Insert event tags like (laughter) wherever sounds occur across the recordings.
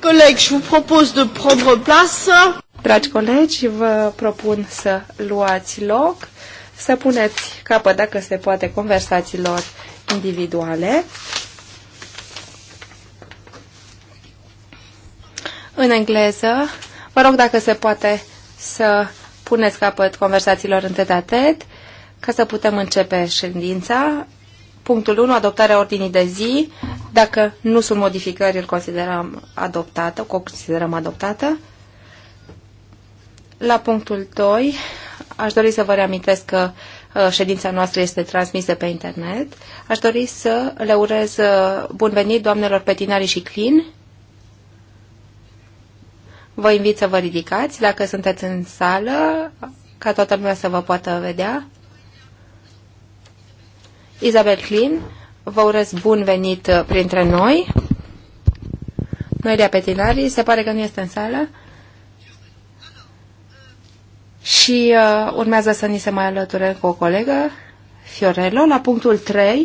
Colegi, vă propun să de prendre place. Dragi colegi, vă propun să luați loc, să puneți capăt, dacă se poate, conversațiilor individuale. În engleză, vă rog dacă se poate să puneți capăt conversațiilor între tet ca să putem începe ședința. Punctul 1, adoptarea ordinii de zi. Dacă nu sunt modificări, îl considerăm adoptată, o considerăm adoptată. La punctul 2, aș dori să vă reamintesc că uh, ședința noastră este transmisă pe internet. Aș dori să le urez uh, bun venit doamnelor Petinari și Clin. Vă invit să vă ridicați dacă sunteți în sală, ca toată lumea să vă poată vedea. Isabel Klin, vă urez bun venit uh, printre noi. Noelia Petinari, se pare că nu este în sală. Și uh, urmează să ni se mai alăture cu o colegă, Fiorello. La punctul 3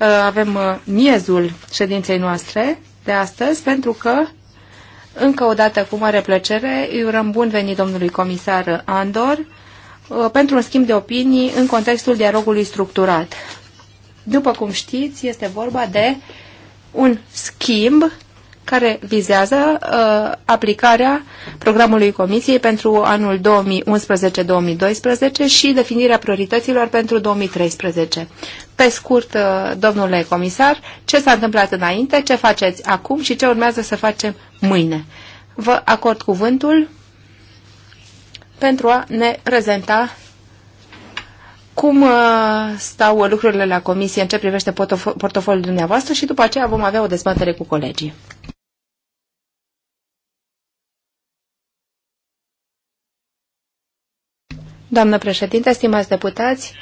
uh, avem uh, miezul ședinței noastre de astăzi, pentru că încă o dată, cu mare plăcere, îi urăm bun venit domnului comisar Andor, Uh, pentru un schimb de opinii în contextul dialogului structurat. După cum știți, este vorba de un schimb care vizează uh, aplicarea programului Comisiei pentru anul 2011-2012 și definirea priorităților pentru 2013. Pe scurt, uh, domnule comisar, ce s-a întâmplat înainte, ce faceți acum și ce urmează să facem mâine. Vă acord cuvântul pentru a ne prezenta cum uh, stau lucrurile la comisie în ce privește portofoliul dumneavoastră și după aceea vom avea o dezbatere cu colegii. Doamnă președinte, stimați deputați,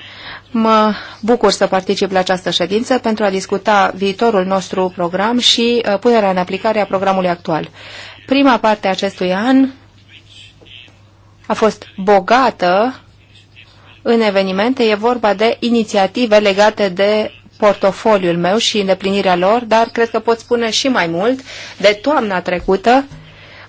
mă bucur să particip la această ședință pentru a discuta viitorul nostru program și uh, punerea în aplicare a programului actual. Prima parte a acestui an a fost bogată în evenimente. E vorba de inițiative legate de portofoliul meu și îndeplinirea lor, dar cred că pot spune și mai mult. De toamna trecută,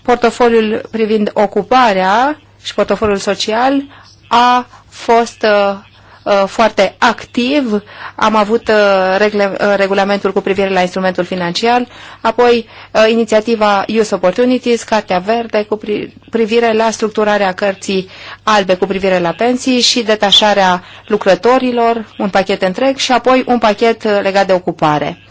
portofoliul privind ocuparea și portofoliul social a fost uh, Uh, foarte activ. Am avut uh, regle, uh, regulamentul cu privire la instrumentul financiar, apoi inițiativa Use Opportunities, Cartea Verde cu privire la structurarea cărții albe cu privire la pensii și detașarea lucrătorilor, un pachet întreg și apoi un pachet legat de ocupare.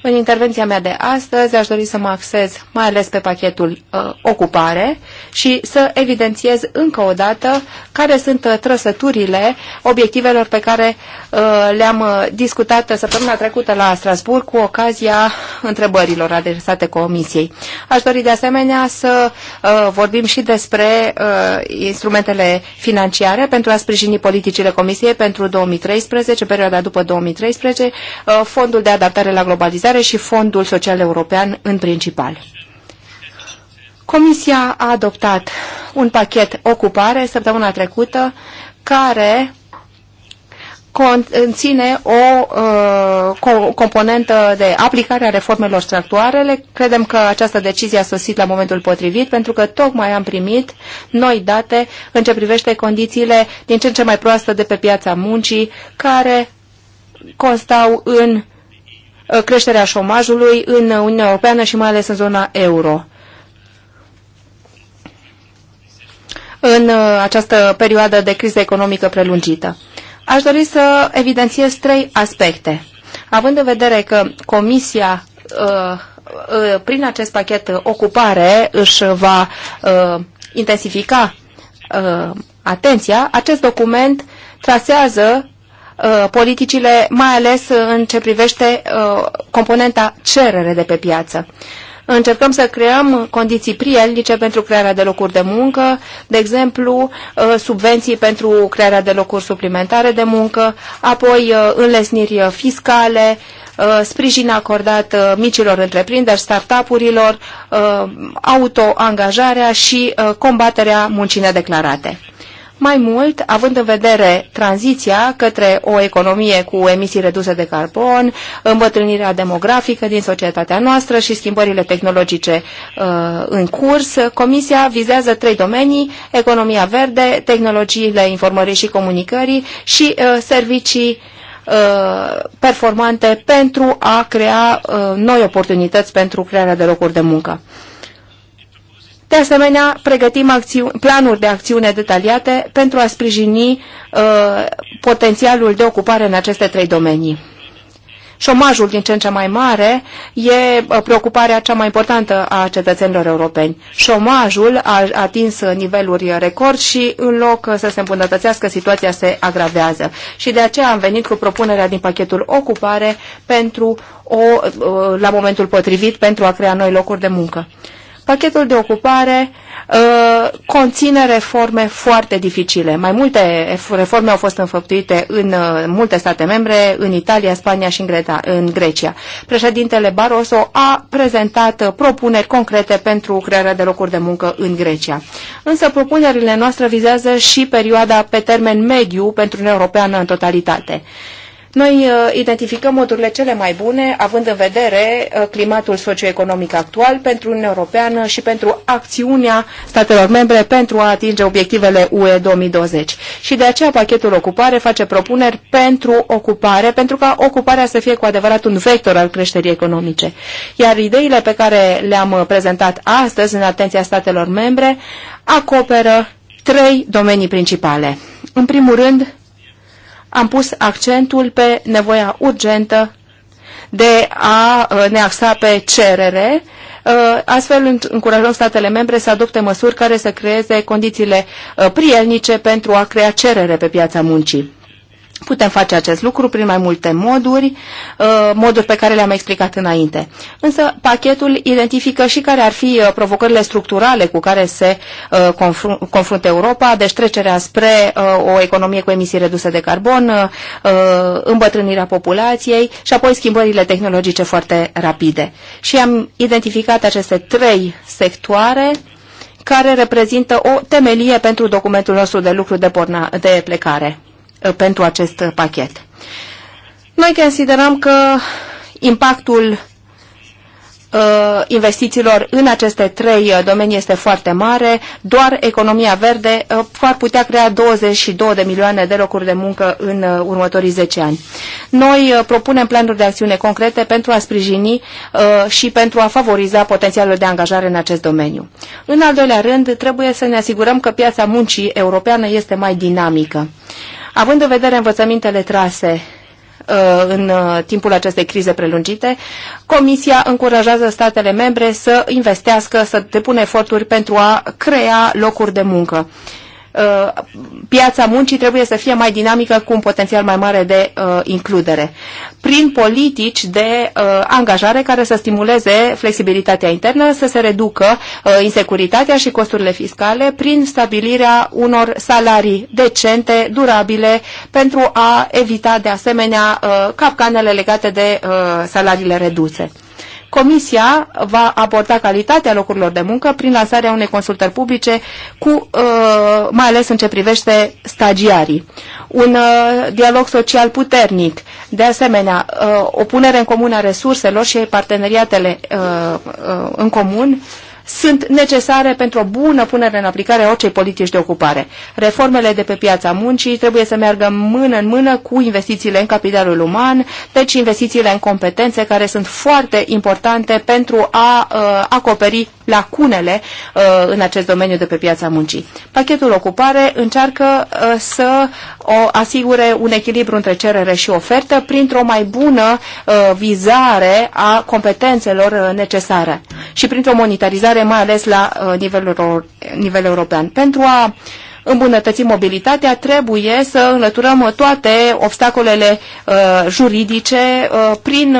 În intervenția mea de astăzi aș dori să mă axez mai ales pe pachetul uh, ocupare și să evidențiez încă o dată care sunt uh, trăsăturile obiectivelor pe care uh, le-am uh, discutat săptămâna trecută la Strasburg cu ocazia întrebărilor adresate Comisiei. Aș dori de asemenea să uh, vorbim și despre uh, instrumentele financiare pentru a sprijini politicile Comisiei pentru 2013, perioada după 2013, uh, fondul de adaptare la globalizare Dezvoltare și Fondul Social European în principal. Comisia a adoptat un pachet ocupare săptămâna trecută care conține o uh, co componentă de aplicare a reformelor structurale. Credem că această decizie a sosit la momentul potrivit pentru că tocmai am primit noi date în ce privește condițiile din ce în ce mai proaste de pe piața muncii care constau în Uh, creșterea șomajului în Uniunea Europeană și mai ales în zona euro. în uh, această perioadă de criză economică prelungită. Aș dori să evidențiez trei aspecte. Având în vedere că Comisia uh, prin acest pachet ocupare își va intensifica atenția, acest document trasează Uh, politicile, mai ales uh, în ce privește uh, componenta cerere de pe piață. Încercăm să creăm condiții prielnice pentru crearea de locuri de muncă, de exemplu, subvenții pentru crearea de locuri suplimentare de muncă, apoi înlesniri fiscale, sprijin acordat micilor întreprinderi, startup-urilor, autoangajarea și combaterea muncii nedeclarate. Mai mult, având în vedere tranziția către o economie cu emisii reduse de carbon, îmbătrânirea demografică din societatea noastră și schimbările tehnologice uh, în curs, Comisia vizează trei domenii, economia verde, tehnologiile informării și comunicării și uh, servicii uh, performante pentru a crea uh, noi oportunități pentru crearea de locuri de muncă. De asemenea, pregătim planuri de acțiune detaliate pentru a sprijini uh, potențialul de ocupare în aceste trei domenii. Șomajul din ce în ce mai mare e uh, preocuparea cea mai importantă a cetățenilor europeni. Șomajul a atins niveluri record și în loc uh, să se îmbunătățească, situația se agravează. Și de aceea am venit cu propunerea din pachetul ocupare pentru o, uh, la momentul potrivit pentru a crea noi locuri de muncă. Pachetul de ocupare uh, conține reforme foarte dificile. Mai multe reforme au fost înfăptuite în uh, multe state membre, în Italia, Spania și în, în Grecia. Președintele Barroso a prezentat uh, propuneri concrete pentru crearea de locuri de muncă în Grecia. Însă propunerile noastre vizează și perioada pe termen mediu pentru Uniunea Europeană în totalitate. Noi uh, identificăm modurile cele mai bune, având în vedere uh, climatul socioeconomic actual pentru Uniunea Europeană și pentru acțiunea statelor membre pentru a atinge obiectivele UE 2020. Și de aceea pachetul ocupare face propuneri pentru ocupare, pentru ca ocuparea să fie cu adevărat un vector al creșterii economice. Iar ideile pe care le-am uh, prezentat astăzi în atenția statelor membre acoperă trei domenii principale. În primul rând, am pus accentul pe nevoia urgentă de a uh, ne axa pe cerere, uh, astfel încurajăm statele membre să adopte măsuri care să creeze condițiile uh, prielnice pentru a crea cerere pe piața muncii. Putem face acest lucru prin mai multe moduri, uh, moduri pe care le-am explicat înainte. Însă pachetul identifică și care ar fi uh, provocările structurale cu care se uh, confruntă Europa, deci trecerea spre o economie cu emisii reduse de carbon, îmbătrânirea populației și apoi schimbările tehnologice foarte rapide. Și am identificat aceste trei sectoare care reprezintă o temelie pentru documentul nostru de lucru de, porna, de plecare. Uh, pentru acest uh, pachet. Noi considerăm că impactul uh, investițiilor în aceste trei domenii este foarte mare. Doar economia verde ar putea crea 22 de milioane de locuri de muncă în următorii 10 ani. Noi propunem planuri de acțiune concrete pentru a sprijini și pentru a favoriza potențialul de angajare în acest domeniu. În al doilea rând, trebuie să ne asigurăm că piața muncii europeană este mai dinamică. Având în vedere învățămintele trase uh, în uh, timpul acestei crize prelungite, Comisia încurajează statele membre să investească, să depună eforturi pentru a crea locuri de muncă. Uh, Uh, piața muncii trebuie să fie mai dinamică cu un potențial mai mare de uh, includere. Prin politici de uh, angajare care să stimuleze flexibilitatea internă, să se reducă insecuritatea și costurile fiscale prin stabilirea unor salarii decente, durabile, pentru a evita de asemenea capcanele legate de salariile reduse. Comisia va aborda calitatea locurilor de muncă prin lansarea unei consultări publice, cu, uh, mai ales în ce privește stagiarii. Un uh, dialog social puternic, de asemenea, uh, o punere în comun a resurselor și parteneriatele în comun, sunt necesare pentru o bună punere în aplicare a orice politici de ocupare. Reformele de pe piața muncii trebuie să meargă mână în mână cu investițiile în capitalul uman, deci investițiile în competențe care sunt foarte importante pentru a uh, acoperi lacunele uh, în acest domeniu de pe piața muncii. Pachetul ocupare încearcă uh, să o asigure un echilibru între cerere și ofertă printr-o mai bună uh, vizare a competențelor necesare și printr-o monitorizare mai ales la nivelul, nivel european. Pentru a îmbunătăți mobilitatea, trebuie să înlăturăm toate obstacolele uh, juridice uh, prin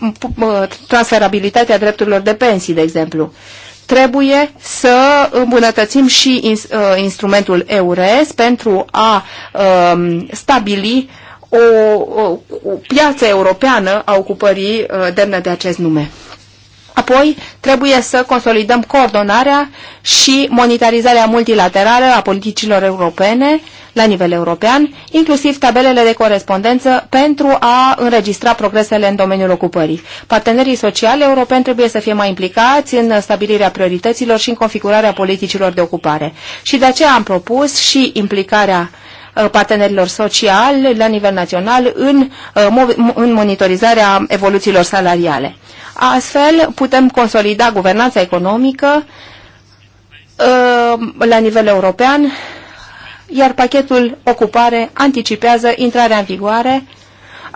uh, transferabilitatea drepturilor de pensii, de exemplu. Uh, trebuie să îmbunătățim și uh, instrumentul EURES pentru a um, stabili o, o, o piață europeană a ocupării uh, demnă de acest nume. Apoi, trebuie să consolidăm coordonarea și monitorizarea multilaterală a politicilor europene la nivel european, inclusiv tabelele de corespondență pentru a înregistra progresele în domeniul ocupării. Partenerii sociali europeni trebuie să fie mai implicați în stabilirea priorităților și în configurarea politicilor de ocupare. Și de aceea am propus și implicarea Uh, partenerilor sociali la nivel național în, uh, în monitorizarea evoluțiilor salariale. Astfel putem consolida guvernanța economică uh, la nivel european, iar pachetul ocupare anticipează intrarea în vigoare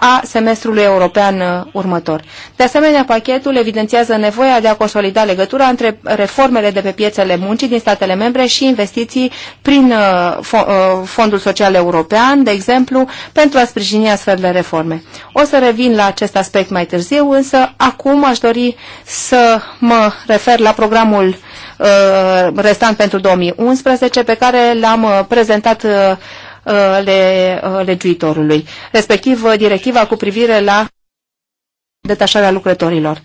a semestrului european uh, următor. De asemenea, pachetul evidențiază nevoia de a consolida legătura între reformele de pe piețele muncii din statele membre și investiții prin uh, uh, Fondul Social European, de exemplu, pentru a sprijini astfel de reforme. O să revin la acest aspect mai târziu, însă acum aș dori să mă refer la programul restant pentru 2011 pe care l-am prezentat ale uh, uh, legiuitorului, respectiv uh, directiva cu privire la detașarea lucrătorilor.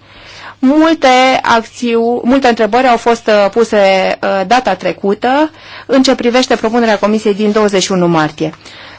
Multe, acțiu, multe întrebări au fost puse data trecută în ce privește propunerea Comisiei din 21 martie.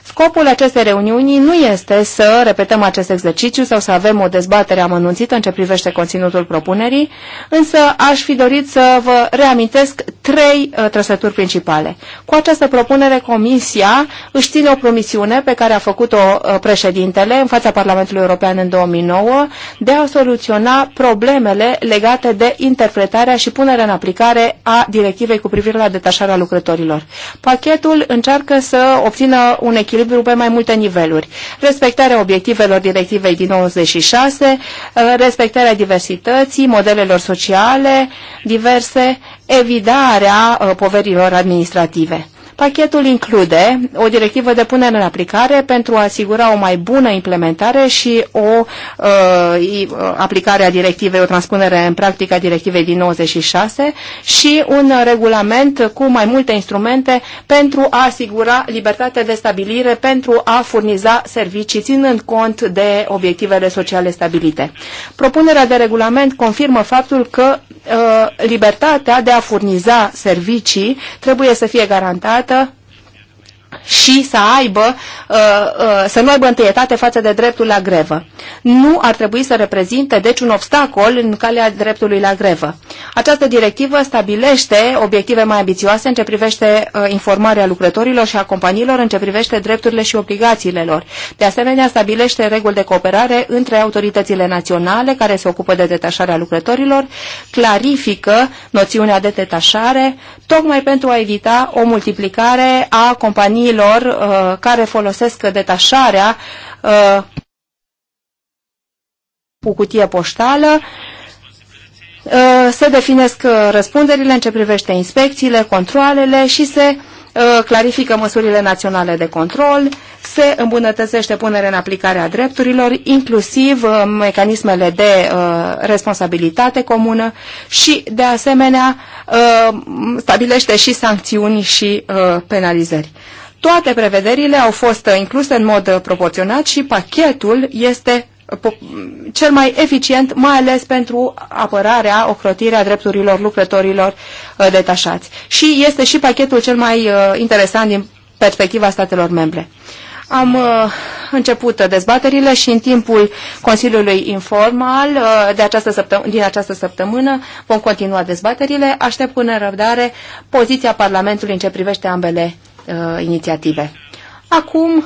Scopul acestei reuniuni nu este să repetăm acest exercițiu sau să avem o dezbatere amănunțită în ce privește conținutul propunerii, însă aș fi dorit să vă reamintesc trei uh, trăsături principale. Cu această propunere, Comisia își ține o promisiune pe care a făcut-o uh, președintele în fața Parlamentului European în 2009 de a soluționa problemele legate de interpretarea și punerea în aplicare a directivei cu privire la detașarea lucrătorilor. Pachetul încearcă să obțină un echilibru echilibru pe mai multe niveluri. Respectarea obiectivelor directivei din 96, uh, respectarea diversității, modelelor sociale diverse, evitarea uh, poverilor administrative. Pachetul include o directivă de punere în aplicare pentru a asigura o mai bună implementare și o uh, uh aplicare a directivei, o transpunere în practică a directivei din 96 și un regulament cu mai multe instrumente pentru a asigura libertatea de stabilire pentru a furniza servicii ținând cont de obiectivele sociale stabilite. Propunerea de regulament confirmă faptul că uh, libertatea de a furniza servicii trebuie să fie garantată Deocamdată și să aibă, uh, uh, să nu aibă întâietate față de dreptul la grevă. Nu ar trebui să reprezinte, deci, un obstacol în calea dreptului la grevă. Această directivă stabilește obiective mai ambițioase în ce privește uh, informarea lucrătorilor și a companiilor, în ce privește drepturile și obligațiile lor. De asemenea, stabilește reguli de cooperare între autoritățile naționale care se ocupă de detașarea lucrătorilor, clarifică noțiunea de detașare, tocmai pentru a evita o multiplicare a companiilor companiilor uh, care folosesc detașarea uh, cu cutie poștală. Uh, se definesc uh, răspunderile în ce privește inspecțiile, controlele și se uh, clarifică măsurile naționale de control, se îmbunătățește punerea în aplicare a drepturilor, inclusiv mecanismele de responsabilitate comună și, de asemenea, stabilește și sancțiuni și penalizări. Toate prevederile au fost incluse în mod uh, proporționat și pachetul este uh, cel mai eficient, mai ales pentru apărarea, ocrotirea drepturilor lucrătorilor uh, detașați. Și este și pachetul cel mai interesant din perspectiva statelor membre. Am uh, început dezbaterile și în timpul Consiliului Informal uh, de această din această săptămână vom continua dezbaterile. Aștept cu nerăbdare poziția Parlamentului în ce privește ambele uh, inițiative. Acum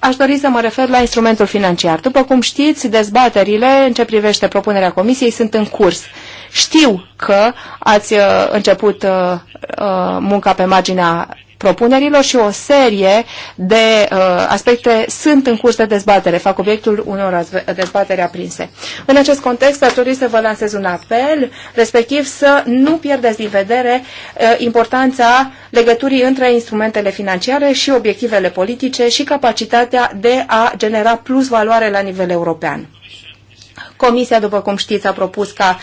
aș dori să mă refer la instrumentul financiar. După cum știți, dezbaterile în ce privește propunerea comisiei sunt în curs. Știu că ați uh, început uh, uh, munca pe marginea propunerilor și o serie de uh, aspecte sunt în curs de dezbatere, fac obiectul unor dezbatere aprinse. În acest context, ar trebui să vă lansez un apel, respectiv să nu pierdeți din vedere uh, importanța legăturii între instrumentele financiare și obiectivele politice și capacitatea de a genera plus valoare la nivel european. Comisia, după cum știți, a propus ca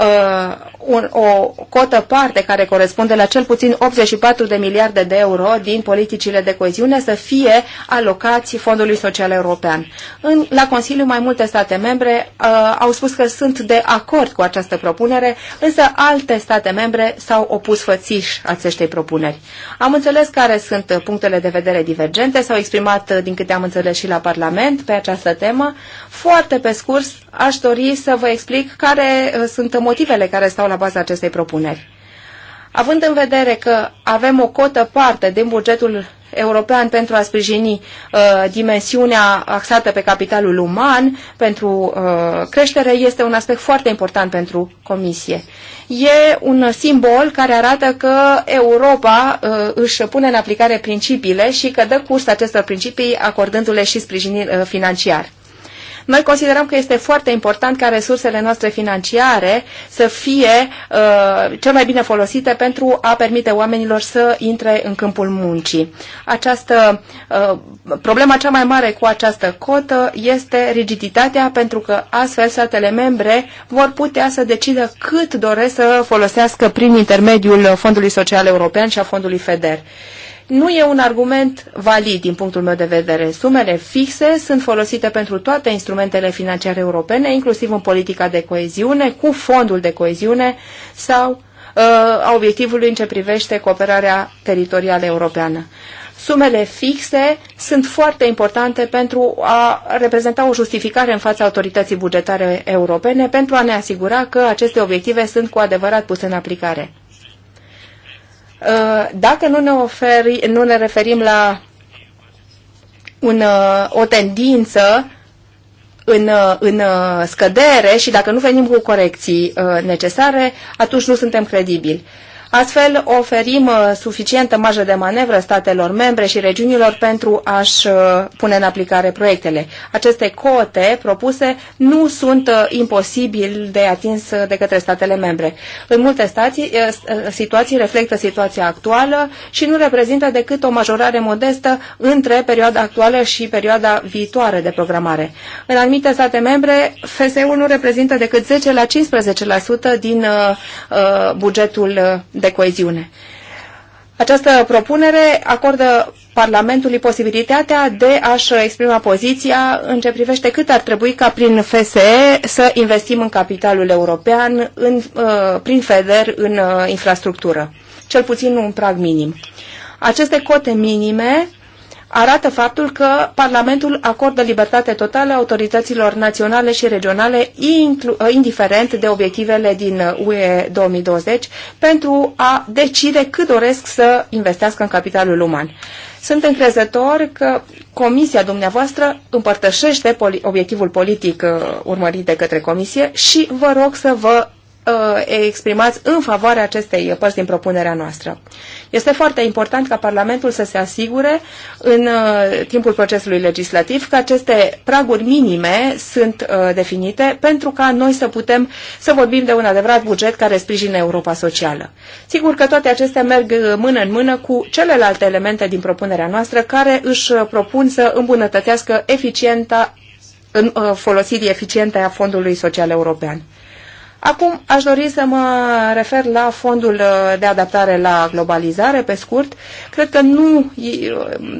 uh, un, o cotă parte care corespunde la cel puțin 84 de miliarde de euro din politicile de coeziune să fie alocați Fondului Social European. În, la Consiliu, mai multe state membre uh, au spus că sunt de acord cu această propunere, însă alte state membre s-au opus fățiși acestei propuneri. Am înțeles care sunt punctele de vedere divergente, s-au exprimat, uh, din câte am înțeles, și la Parlament pe această temă. Foarte pe scurs, aș dori să vă explic care uh, sunt motivele care stau la la baza acestei propuneri. Având în vedere că avem o cotă parte din bugetul european pentru a sprijini uh, dimensiunea axată pe capitalul uman, pentru uh, creștere, este un aspect foarte important pentru Comisie. E un simbol care arată că Europa uh, își pune în aplicare principiile și că dă curs acestor principii acordându-le și sprijin uh, financiar. Noi considerăm că este foarte important ca resursele noastre financiare să fie uh, cel mai bine folosite pentru a permite oamenilor să intre în câmpul muncii. Această, uh, problema cea mai mare cu această cotă este rigiditatea, pentru că astfel statele membre vor putea să decidă cât doresc să folosească prin intermediul Fondului Social European și a Fondului FEDER. Uh, nu e un argument valid din punctul meu de vedere. Sumele fixe sunt folosite pentru toate instrumentele financiare europene, inclusiv în politica de coeziune, cu fondul de coeziune sau uh, a obiectivului în ce privește cooperarea teritorială europeană. Sumele fixe sunt foarte importante pentru a reprezenta o justificare în fața autorității bugetare europene pentru a ne asigura că aceste obiective sunt cu adevărat puse în aplicare. Uh, dacă nu ne, oferi, nu ne referim la un, uh, o tendință în, uh, în scădere și dacă nu venim cu corecții necesare, atunci nu suntem credibili. Astfel, oferim uh, suficientă marjă de manevră statelor membre și regiunilor pentru a-și uh, pune în aplicare proiectele. Aceste cote propuse nu sunt uh, imposibil de atins de către statele membre. În multe stații, situații reflectă situația actuală și nu reprezintă decât o majorare modestă între perioada actuală și perioada viitoare de programare. În anumite state membre, FSE-ul nu reprezintă decât 10 la 15% din bugetul de de coeziune. Această propunere acordă Parlamentului posibilitatea de a-și exprima poziția în ce privește cât ar trebui ca prin FSE să investim în capitalul european, în, uh, prin FEDER, în uh, infrastructură, cel puțin un prag minim. Aceste cote minime arată faptul că Parlamentul acordă libertate totală autorităților naționale și regionale, ă, indiferent de obiectivele din UE 2020, pentru a decide cât doresc să investească în capitalul uman. Sunt încrezător că Comisia dumneavoastră împărtășește obiectivul politic ă, urmărit de către Comisie și vă rog să vă Uh, exprimați în favoarea acestei părți din propunerea noastră. Este foarte important ca Parlamentul să se asigure în uh, timpul procesului legislativ că aceste praguri minime sunt uh, definite pentru ca noi să putem să vorbim de un adevărat buget care sprijină Europa socială. Sigur că toate acestea merg mână în mână cu celelalte elemente din propunerea noastră care își propun să îmbunătățească eficienta în folosirii eficiente a Fondului Social European. Acum aș dori să mă refer la fondul uh, de adaptare la globalizare, pe scurt. Cred că nu uh,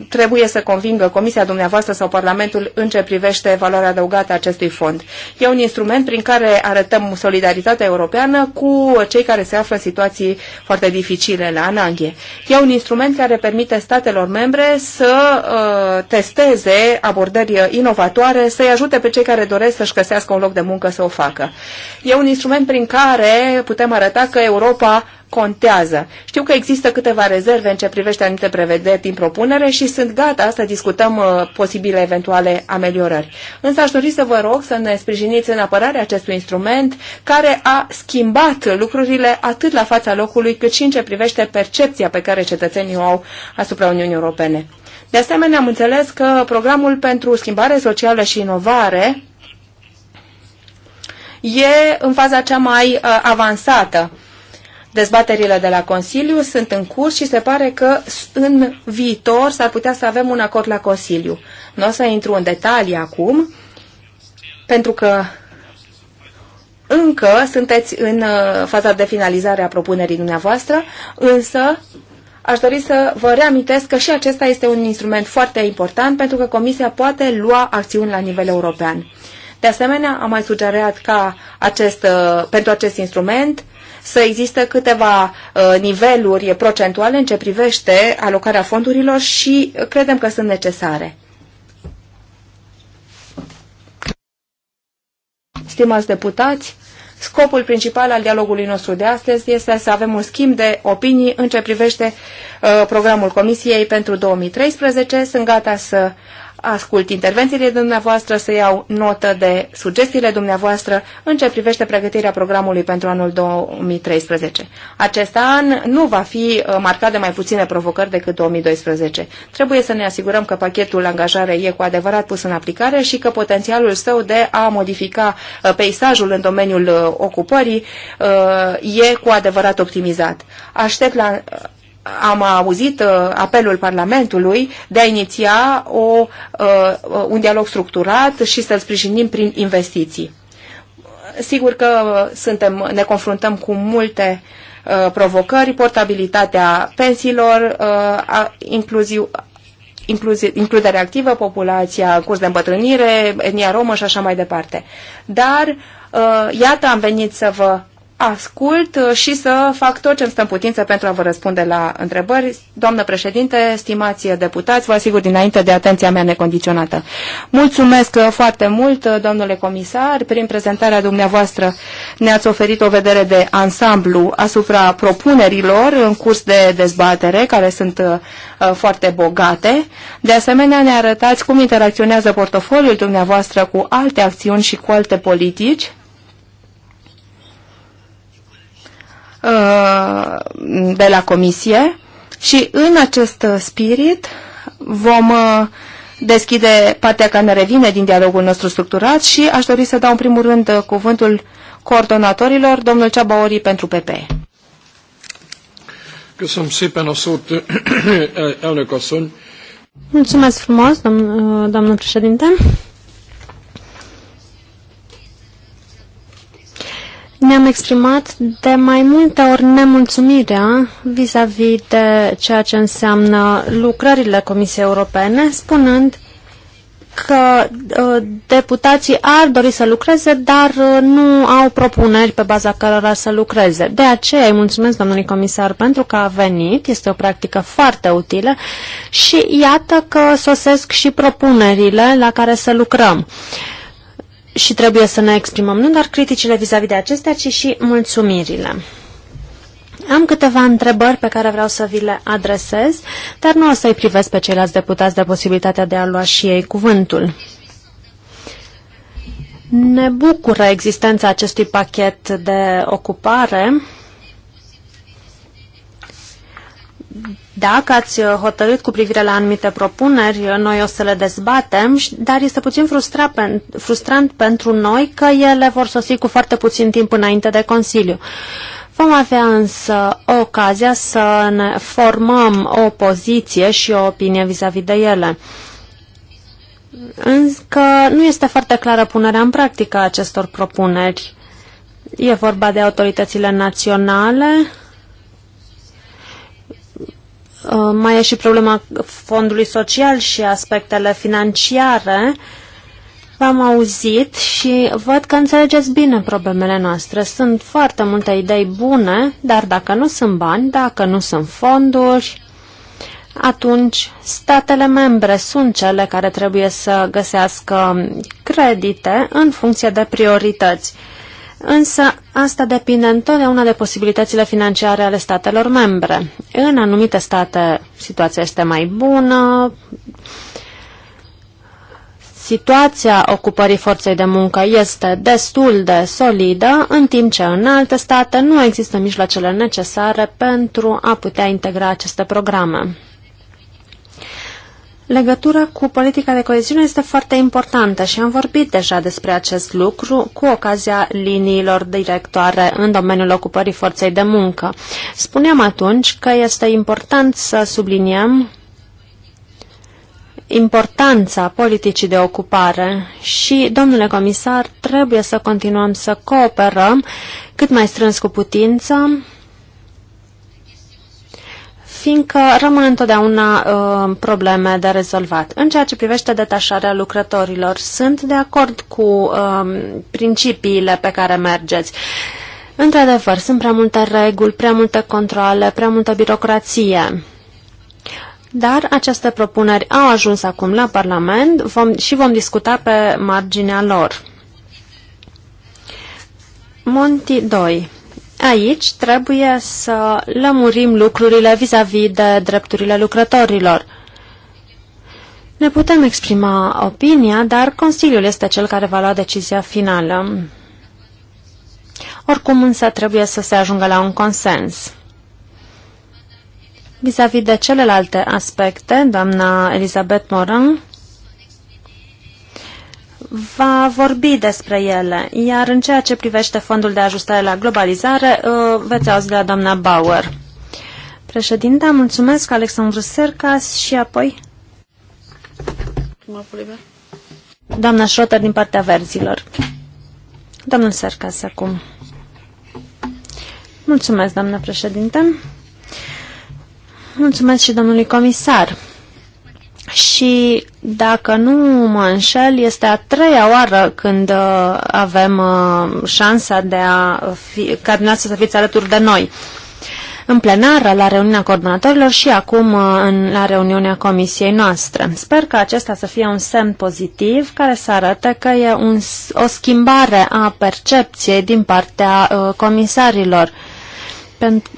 trebuie să convingă Comisia dumneavoastră sau Parlamentul în ce privește valoarea adăugată a acestui fond. E un instrument prin care arătăm solidaritatea europeană cu cei care se află în situații foarte dificile la Ananghie. E un instrument care permite statelor membre să uh, testeze abordări inovatoare, să-i ajute pe cei care doresc să-și găsească un loc de muncă să o facă. E un instrument instrument prin care putem arăta că Europa contează. Știu că există câteva rezerve în ce privește anumite prevederi din propunere și sunt gata să discutăm uh, posibile eventuale ameliorări. Însă aș dori să vă rog să ne sprijiniți în apărarea acestui instrument care a schimbat lucrurile atât la fața locului cât și în ce privește percepția pe care cetățenii o au asupra Uniunii Europene. De asemenea, am înțeles că programul pentru schimbare socială și inovare e în faza cea mai uh, avansată. Dezbaterile de la Consiliu sunt în curs și se pare că în viitor s-ar putea să avem un acord la Consiliu. Nu o să intru în detalii acum, pentru că încă sunteți în uh, faza de finalizare a propunerii dumneavoastră, însă aș dori să vă reamintesc că și acesta este un instrument foarte important pentru că Comisia poate lua acțiuni la nivel european. De asemenea, am mai sugerat ca acest, uh, pentru acest instrument să existe câteva uh, niveluri procentuale în ce privește alocarea fondurilor și credem că sunt necesare. Stimați deputați, Scopul principal al dialogului nostru de astăzi este să avem un schimb de opinii în ce privește uh, programul Comisiei pentru 2013. Sunt gata să ascult intervențiile dumneavoastră, să iau notă de sugestiile dumneavoastră în ce privește pregătirea programului pentru anul 2013. Acest an nu va fi uh, marcat de mai puține provocări decât 2012. Trebuie să ne asigurăm că pachetul angajare e cu adevărat pus în aplicare și că potențialul său de a modifica uh, peisajul în domeniul uh, ocupării e cu adevărat optimizat. Aștept la am auzit uh, apelul Parlamentului de a iniția o, uh, un dialog structurat și să-l sprijinim prin investiții. Sigur că suntem, ne confruntăm cu multe uh, provocări, portabilitatea pensiilor, inclusiv includere activă, populația, curs de îmbătrânire, etnia romă și așa mai departe. Dar, iată, am venit să vă ascult uh, și să fac tot ce îmi stă în putință pentru a vă răspunde la întrebări. Doamnă președinte, stimați deputați, vă asigur dinainte de atenția mea necondiționată. Mulțumesc uh, foarte mult, uh, domnule comisar. Prin prezentarea dumneavoastră ne-ați oferit o vedere de ansamblu asupra propunerilor în curs de dezbatere, care sunt foarte bogate. De asemenea, ne arătați cum interacționează portofoliul dumneavoastră cu alte acțiuni și cu alte politici Uh, de la comisie și în acest spirit vom uh, deschide partea care ne revine din dialogul nostru structurat și aș dori să dau în primul rând uh, cuvântul coordonatorilor, domnul Ceabaori pentru PP. (clears throat) Mulțumesc frumos, doamnă președinte. ne-am exprimat de mai multe ori nemulțumirea vis-a-vis -vis de ceea ce înseamnă lucrările Comisiei Europene, spunând că uh, deputații ar dori să lucreze, dar uh, nu au propuneri pe baza cărora să lucreze. De aceea îi mulțumesc domnului comisar pentru că a venit, este o practică foarte utilă și iată că sosesc și propunerile la care să lucrăm. Uh, și trebuie să ne exprimăm nu doar criticile vis-a-vis -vis de acestea, ci și mulțumirile. Am câteva întrebări pe care vreau să vi le adresez, dar nu o să-i privesc pe ceilalți deputați de posibilitatea de a lua și ei cuvântul. Ne bucură existența acestui pachet de ocupare, dacă ați uh, hotărât cu privire la anumite propuneri, uh, noi o să le dezbatem, dar este puțin frustrant pentru noi că ele vor sosi cu foarte puțin timp înainte de Consiliu. Vom avea însă ocazia să ne formăm o poziție și o opinie vis-a-vis -vis de ele. Încă nu este foarte clară punerea în practică a acestor propuneri. E vorba de autoritățile naționale, Uh, mai e și problema fondului social și aspectele financiare. V-am auzit și văd că înțelegeți bine problemele noastre. Sunt foarte multe idei bune, dar dacă nu sunt bani, dacă nu sunt fonduri, atunci statele membre sunt cele care trebuie să găsească credite în funcție de priorități. Însă asta depinde întotdeauna de posibilitățile financiare ale statelor membre. În anumite state situația este mai bună, situația ocupării forței de muncă este destul de solidă, în timp ce în alte state nu există mijloacele necesare pentru a putea integra aceste programe. Legătura cu politica de coeziune este foarte importantă și am vorbit deja despre acest lucru cu ocazia liniilor directoare în domeniul ocupării forței de muncă. Spuneam atunci că este important să subliniem importanța politicii de ocupare și, domnule comisar, trebuie să continuăm să cooperăm cât mai strâns cu putință fiindcă rămân întotdeauna uh, probleme de rezolvat. În ceea ce privește detașarea lucrătorilor, sunt de acord cu uh, principiile pe care mergeți. Într-adevăr, sunt prea multe reguli, prea multe controle, prea multă birocrație. Dar aceste propuneri au ajuns acum la Parlament vom, și vom discuta pe marginea lor. Monti 2. Aici trebuie să lămurim lucrurile vis-a-vis -vis de drepturile lucrătorilor. Ne putem exprima opinia, dar Consiliul este cel care va lua decizia finală. Oricum însă trebuie să se ajungă la un consens. Vis-a-vis -vis de celelalte aspecte, doamna Elizabeth Moran va vorbi despre ele. Iar în ceea ce privește fondul de ajustare la globalizare, uh, veți auzi de la doamna Bauer. Președinta, mulțumesc, Alexandru Sercas și apoi... Doamna Schrotter din partea verzilor. Domnul Sercas acum. Mulțumesc, doamna președinte. Mulțumesc și domnului comisar și, dacă nu mă înșel, este a treia oară când uh, avem uh, șansa de a fi, ca dumneavoastră să fiți alături de noi. În plenară, la reuniunea coordonatorilor și acum uh, în, la reuniunea comisiei noastre. Sper că acesta să fie un semn pozitiv care să arate că e un, o schimbare a percepției din partea uh, comisarilor. Pentru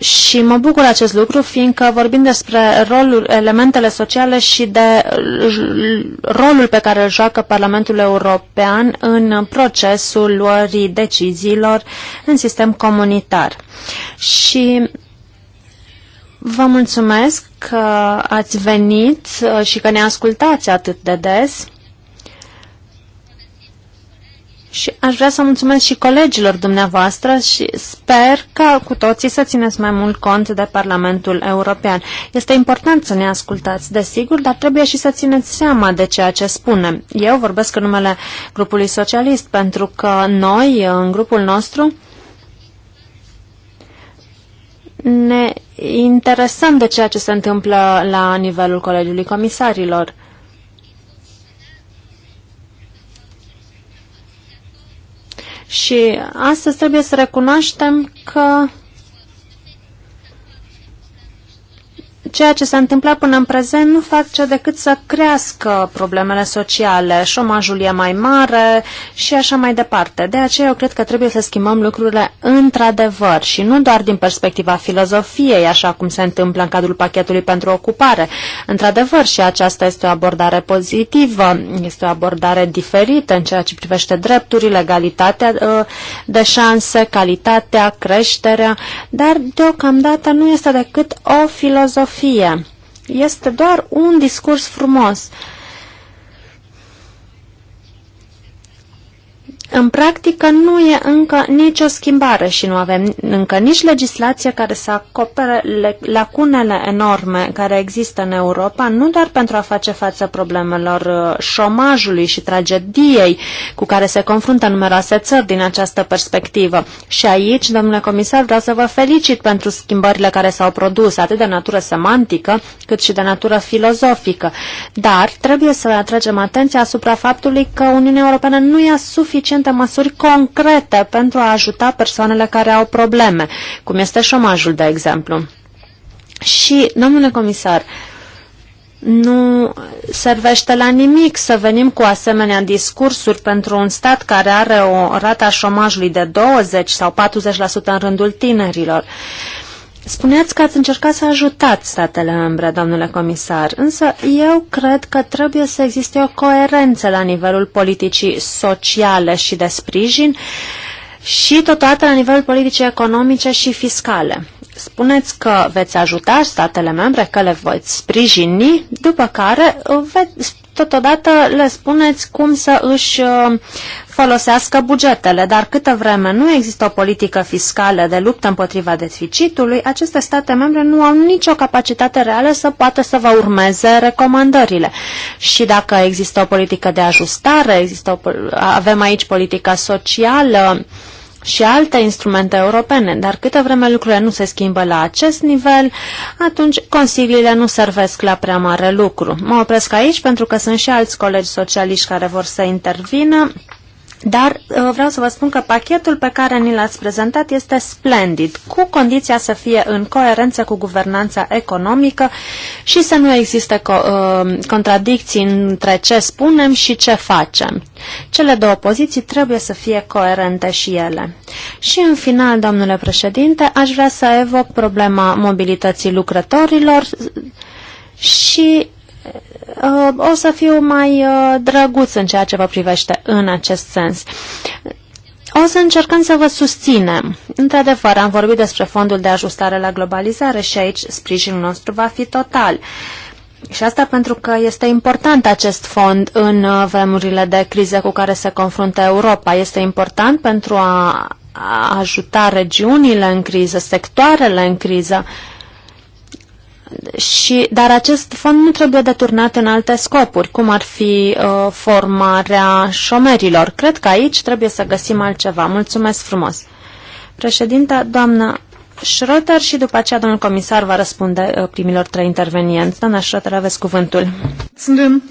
și mă bucur acest lucru, fiindcă vorbim despre rolul, elementele sociale și de rolul pe care îl joacă Parlamentul European în procesul luării deciziilor în sistem comunitar. Și vă mulțumesc că ați venit uh, și că ne ascultați atât de des și aș vrea să mulțumesc și colegilor dumneavoastră și sper că cu toții să țineți mai mult cont de Parlamentul European. Este important să ne ascultați, desigur, dar trebuie și să țineți seama de ceea ce spunem. Eu vorbesc în numele grupului socialist pentru că noi, în grupul nostru, ne interesăm de ceea ce se întâmplă la nivelul Colegiului Comisarilor. Și astăzi trebuie să recunoaștem că ceea ce s-a întâmplat până în prezent nu face decât să crească problemele sociale, șomajul e mai mare și așa mai departe. De aceea eu cred că trebuie să schimbăm lucrurile într-adevăr și nu doar din perspectiva filozofiei, așa cum se întâmplă în cadrul pachetului pentru ocupare. Într-adevăr și aceasta este o abordare pozitivă, este o abordare diferită în ceea ce privește drepturile, egalitatea uh, de șanse, calitatea, creșterea, dar deocamdată nu este decât o filozofie fie. Este doar un discurs frumos. În practică nu e încă nicio schimbare și nu avem încă nici legislație care să acopere lacunele enorme care există în Europa, nu doar pentru a face față problemelor uh, șomajului și tragediei cu care se confruntă numeroase țări din această perspectivă. Și aici, domnule comisar, vreau să vă felicit pentru schimbările care s-au produs, atât de natură semantică, cât și de natură filozofică. Dar trebuie să atragem atenția asupra faptului că Uniunea Europeană nu e suficient urgente măsuri concrete pentru a ajuta persoanele care au probleme, cum este șomajul, de exemplu. Și, domnule comisar, nu servește la nimic să venim cu asemenea discursuri pentru un stat care are o rata șomajului de 20 sau 40% în rândul tinerilor. Uh, Spuneați că ați încercat să ajutați statele membre, domnule comisar, însă eu cred că trebuie să existe o coerență la nivelul politicii sociale și de sprijin și totodată la nivelul politicii economice și fiscale spuneți că veți ajuta statele membre, că le veți sprijini, după care uh, veți, totodată le spuneți cum să își uh, folosească bugetele, dar câtă vreme nu există o politică fiscală de luptă împotriva deficitului, aceste state membre nu au nicio capacitate reală să poată să vă urmeze recomandările. Și dacă există o politică de ajustare, există o, avem aici politica socială, uh, și alte instrumente europene, dar câtă vreme lucrurile nu se schimbă la acest nivel, atunci consiliile nu servesc la prea mare lucru. Mă opresc aici pentru că sunt și alți colegi socialiști care vor să intervină. Dar uh, vreau să vă spun că pachetul pe care ni l-ați prezentat este splendid, cu condiția să fie în coerență cu guvernanța economică și să nu existe co uh, contradicții între ce spunem și ce facem. Cele două poziții trebuie să fie coerente și ele. Și în final, domnule președinte, aș vrea să evoc problema mobilității lucrătorilor și Uh, o să fiu mai uh, drăguț în ceea ce vă privește în acest sens. O să încercăm să vă susținem. Într-adevăr, am vorbit despre fondul de ajustare la globalizare și aici sprijinul nostru va fi total. Și asta pentru că este important acest fond în uh, vremurile de crize cu care se confruntă Europa. Este important pentru a ajuta regiunile în criză, sectoarele în criză, și, dar acest fond nu trebuie deturnat în alte scopuri, cum ar fi uh, formarea șomerilor. Cred că aici trebuie să găsim altceva. Mulțumesc frumos. Președinta, doamna Schroeter și după aceea domnul comisar va răspunde uh, primilor trei intervenienți. Doamna Schroeter, aveți cuvântul. Suntem.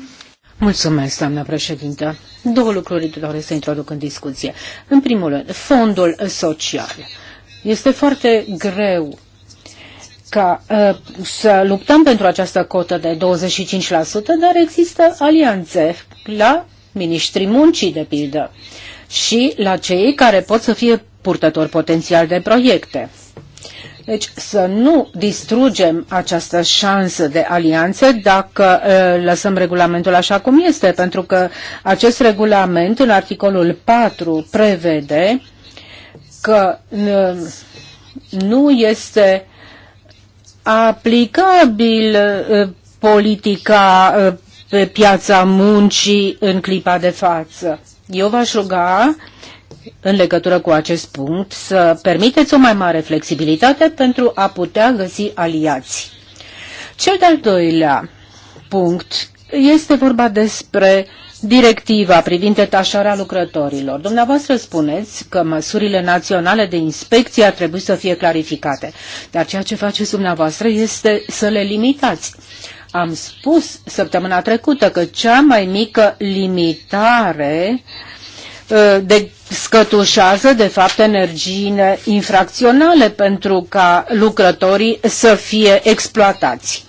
Mulțumesc, doamna președintă. Două lucruri doresc să introduc în discuție. În primul rând, fondul social. Este foarte greu ca uh, să luptăm pentru această cotă de 25%, dar există alianțe la ministrii muncii, de pildă, și la cei care pot să fie purtători potențial de proiecte. Deci să nu distrugem această șansă de alianțe dacă uh, lăsăm regulamentul așa cum este, pentru că acest regulament în articolul 4 prevede că uh, nu este aplicabil uh, politica uh, pe piața muncii în clipa de față. Eu v-aș ruga în legătură cu acest punct să permiteți o mai mare flexibilitate pentru a putea găsi aliați. Cel de-al doilea punct este vorba despre uh, directiva privind detașarea lucrătorilor. Dumneavoastră spuneți că măsurile naționale de inspecție ar trebui să fie clarificate, dar ceea ce faceți dumneavoastră este să le limitați. Am spus săptămâna trecută că cea mai mică limitare ă, de scătușează, de fapt, energiile infracționale pentru ca lucrătorii să fie exploatați.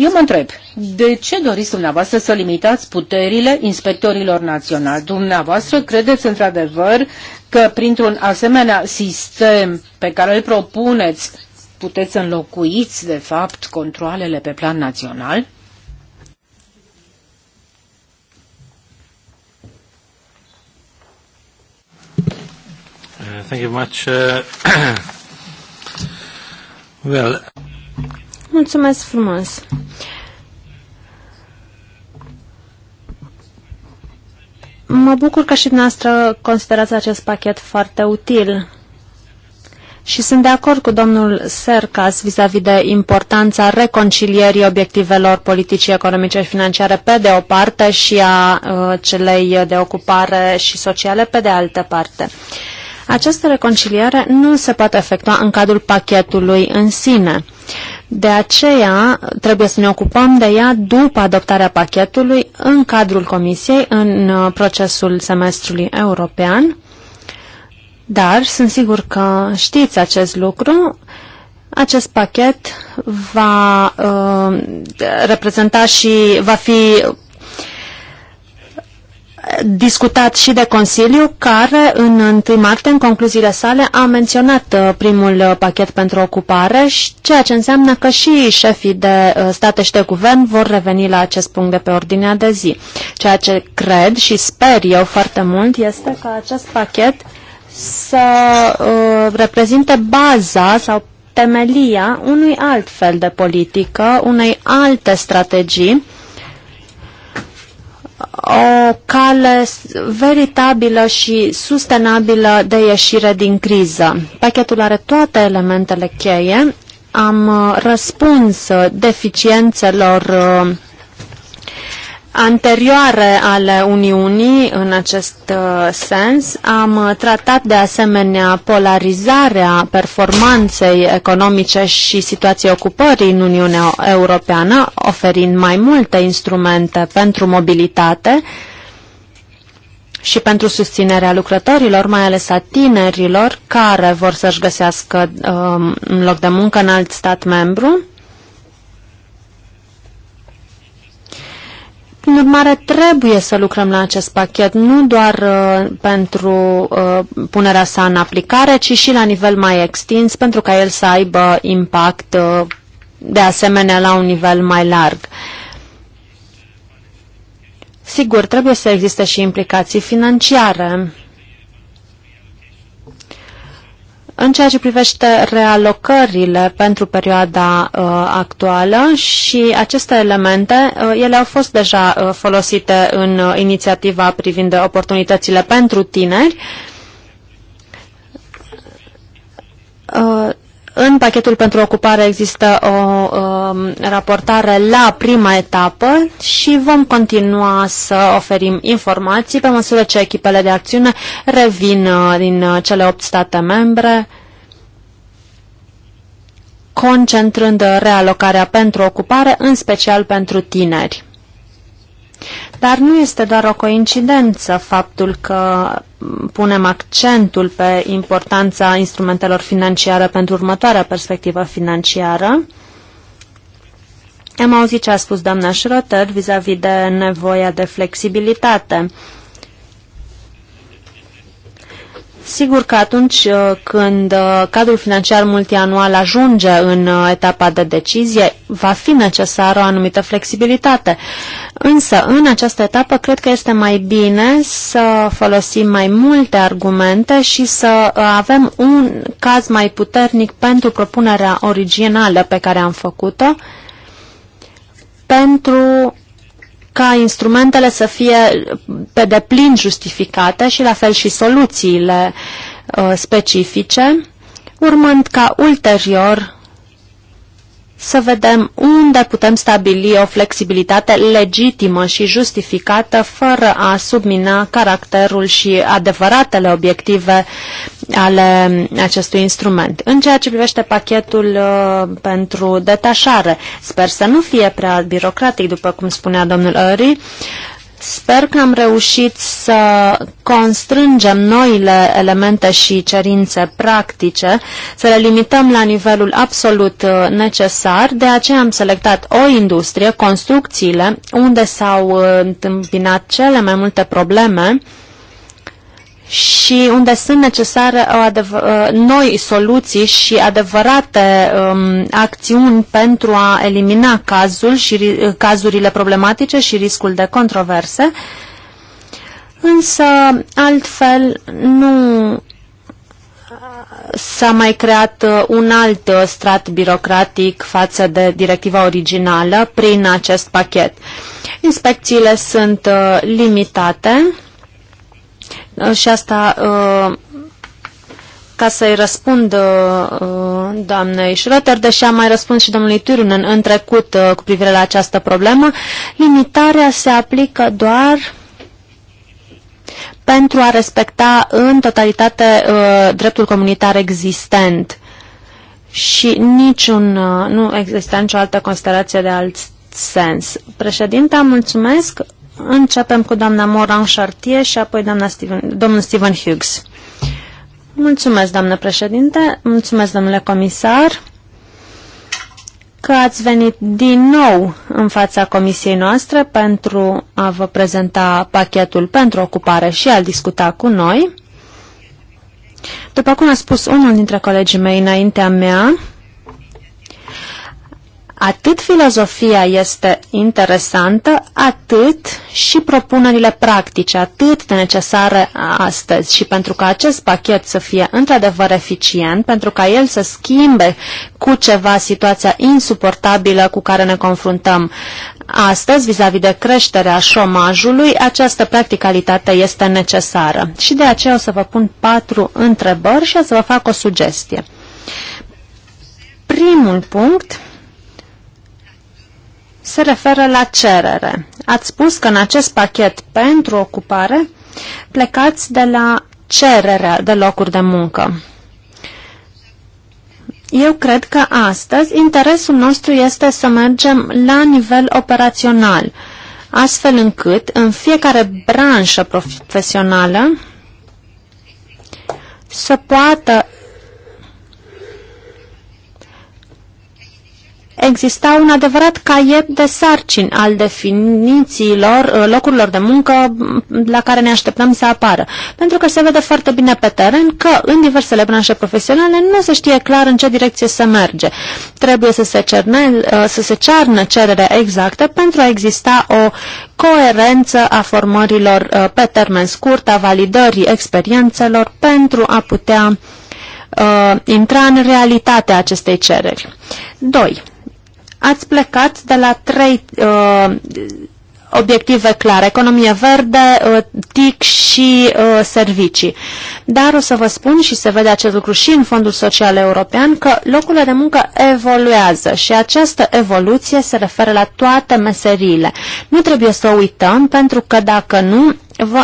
Eu mă întreb, de ce doriți dumneavoastră să limitați puterile inspectorilor naționali? Dumneavoastră credeți într-adevăr că printr-un asemenea sistem pe care îl propuneți puteți înlocuiți, de fapt, controlele pe plan național? Uh, thank you much. Uh, (coughs) well. Mulțumesc frumos! Mă bucur că și dumneavoastră considerați acest pachet foarte util și sunt de acord cu domnul Sercas vis-a-vis -vis de importanța reconcilierii obiectivelor politicii economice și financiare pe de o parte și a uh, celei de ocupare și sociale pe de altă parte. Această reconciliere nu se poate efectua în cadrul pachetului în sine. Uh, de aceea trebuie să ne ocupăm de ea după adoptarea pachetului în cadrul Comisiei, în uh, procesul semestrului european. Dar sunt sigur că știți acest lucru. Acest pachet va uh, reprezenta și va fi discutat și de Consiliu, care în 1 martie, în concluziile sale, a menționat uh, primul uh, pachet pentru ocupare, ceea ce înseamnă că și șefii de uh, state și de guvern vor reveni la acest punct de pe ordinea de zi. Ceea ce cred și sper eu foarte mult este că acest pachet să uh, reprezinte baza sau temelia unui alt fel de politică, unei alte strategii, o cale veritabilă și sustenabilă de ieșire din criză. Pachetul are toate elementele cheie. Am uh, răspuns uh, deficiențelor uh, anterioare ale Uniunii în acest uh, sens. Am uh, tratat de asemenea polarizarea performanței economice și situației ocupării în Uniunea Europeană, oferind mai multe instrumente pentru mobilitate și pentru susținerea lucrătorilor, mai ales a tinerilor care vor să-și găsească um, un loc de muncă în alt stat membru. Prin urmare, trebuie să lucrăm la acest pachet, nu doar uh, pentru uh, punerea sa în aplicare, ci și la nivel mai extins, pentru ca el să aibă impact uh, de asemenea la un nivel mai larg. Sigur, trebuie să existe și implicații financiare. În ceea ce privește realocările pentru perioada uh, actuală și aceste elemente, uh, ele au fost deja uh, folosite în uh, inițiativa privind oportunitățile pentru tineri. Uh, în pachetul pentru ocupare există o uh, raportare la prima etapă și vom continua să oferim informații pe măsură ce echipele de acțiune revin uh, din uh, cele 8 state membre concentrând realocarea pentru ocupare, în special pentru tineri. Dar nu este doar o coincidență faptul că punem accentul pe importanța instrumentelor financiare pentru următoarea perspectivă financiară. Am auzit ce a spus doamna Schroeter vis-a-vis de nevoia de flexibilitate. Sigur că atunci uh, când uh, cadrul financiar multianual ajunge în uh, etapa de decizie, va fi necesară o anumită flexibilitate. Însă, în această etapă, cred că este mai bine să folosim mai multe argumente și să avem un caz mai puternic pentru propunerea originală pe care am făcut-o, pentru ca instrumentele să fie pe deplin justificate și la fel și soluțiile uh, specifice, urmând ca ulterior să vedem unde putem stabili o flexibilitate legitimă și justificată fără a submina caracterul și adevăratele obiective ale acestui instrument. În ceea ce privește pachetul uh, pentru detașare, sper să nu fie prea birocratic, după cum spunea domnul Ori, Sper că am reușit să constrângem noile elemente și cerințe practice, să le limităm la nivelul absolut uh, necesar, de aceea am selectat o industrie, construcțiile, unde s-au uh, întâmpinat cele mai multe probleme, și unde sunt necesare uh, uh, noi soluții și adevărate um, acțiuni pentru a elimina cazul și uh, cazurile problematice și riscul de controverse. Însă, altfel, nu s-a mai creat un alt strat birocratic față de directiva originală prin acest pachet. Inspecțiile sunt limitate Uh, și asta uh, ca să-i răspund uh, doamnei Schröter, deși am mai răspuns și domnului Turunen în trecut cu privire la această problemă, limitarea se aplică doar pentru a respecta în totalitate dreptul comunitar existent și niciun, nu există nicio altă considerație de alt sens. Președinte, mulțumesc. Începem cu doamna Moran Chartier și apoi doamna Steven, domnul Steven Hughes. Mulțumesc, doamnă președinte, mulțumesc, domnule comisar, că ați venit din nou în fața comisiei noastre pentru a vă prezenta pachetul pentru ocupare și a-l discuta cu noi. După cum a spus unul dintre colegii mei înaintea mea, Atât filozofia este interesantă, atât și propunerile practice, atât de necesare astăzi. Și pentru ca acest pachet să fie într-adevăr eficient, pentru ca el să schimbe cu ceva situația insuportabilă cu care ne confruntăm astăzi, vis-a-vis -vis de creșterea șomajului, această practicalitate este necesară. Și de aceea o să vă pun patru întrebări și o să vă fac o sugestie. Primul punct se referă la cerere. Ați spus că în acest pachet pentru ocupare plecați de la cererea de locuri de muncă. Eu cred că astăzi interesul nostru este să mergem la nivel operațional, astfel încât în fiecare branșă profesională să poată exista un adevărat caiet de sarcini al definițiilor uh, locurilor de muncă la care ne așteptăm să apară. Pentru că se vede foarte bine pe teren că în diversele branșe profesionale nu se știe clar în ce direcție se merge. Trebuie să se, cerne, uh, să se cearnă cerere exactă pentru a exista o coerență a formărilor uh, pe termen scurt, a validării experiențelor pentru a putea uh, intra în realitatea acestei cereri. 2 ați plecat de la trei uh, obiective clare, economie verde, uh, TIC și uh, servicii. Dar o să vă spun și se vede acest lucru și în Fondul Social European că locurile de muncă evoluează și această evoluție se referă la toate meseriile. Nu trebuie să uităm pentru că dacă nu,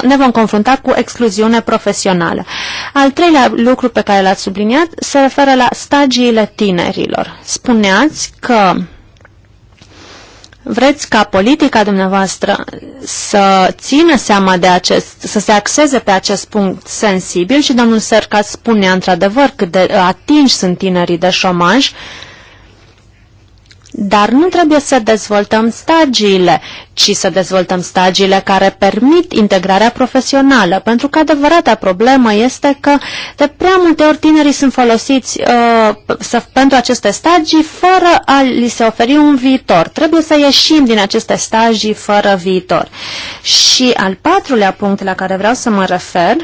ne vom confrunta cu excluziune profesională. Al treilea lucru pe care l-ați subliniat se referă la stagiile tinerilor. Spuneați că Vreți ca politica dumneavoastră să țină seama de acest, să se axeze pe acest punct sensibil și domnul Sercat spune într-adevăr cât de atinși sunt tinerii de șomaj, uh, dar nu trebuie să dezvoltăm stagiile, ci să dezvoltăm stagiile care permit integrarea profesională, pentru că adevărata problemă este că de prea multe ori tinerii sunt folosiți uh, să, pentru aceste stagii fără a li se oferi un viitor. Trebuie să ieșim din aceste stagii fără viitor. Și al patrulea punct la care vreau să mă refer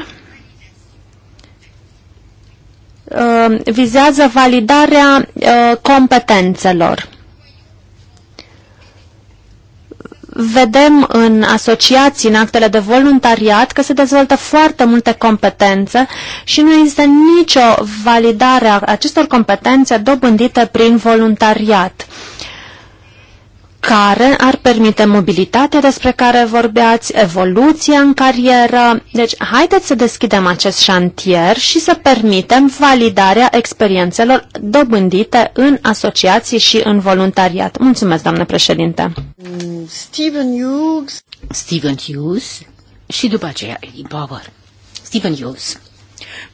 uh, vizează validarea uh, competențelor. vedem în asociații, în actele de voluntariat, că se dezvoltă foarte multe competențe și nu există nicio validare a acestor competențe dobândite prin voluntariat care ar permite mobilitatea despre care vorbeați, evoluția în carieră. Deci, haideți să deschidem acest șantier și să permitem validarea experiențelor dobândite în asociații și în voluntariat. Mulțumesc, doamnă președinte. Stephen Hughes. Stephen Hughes și după aceea Eddie Bauer. Stephen Hughes.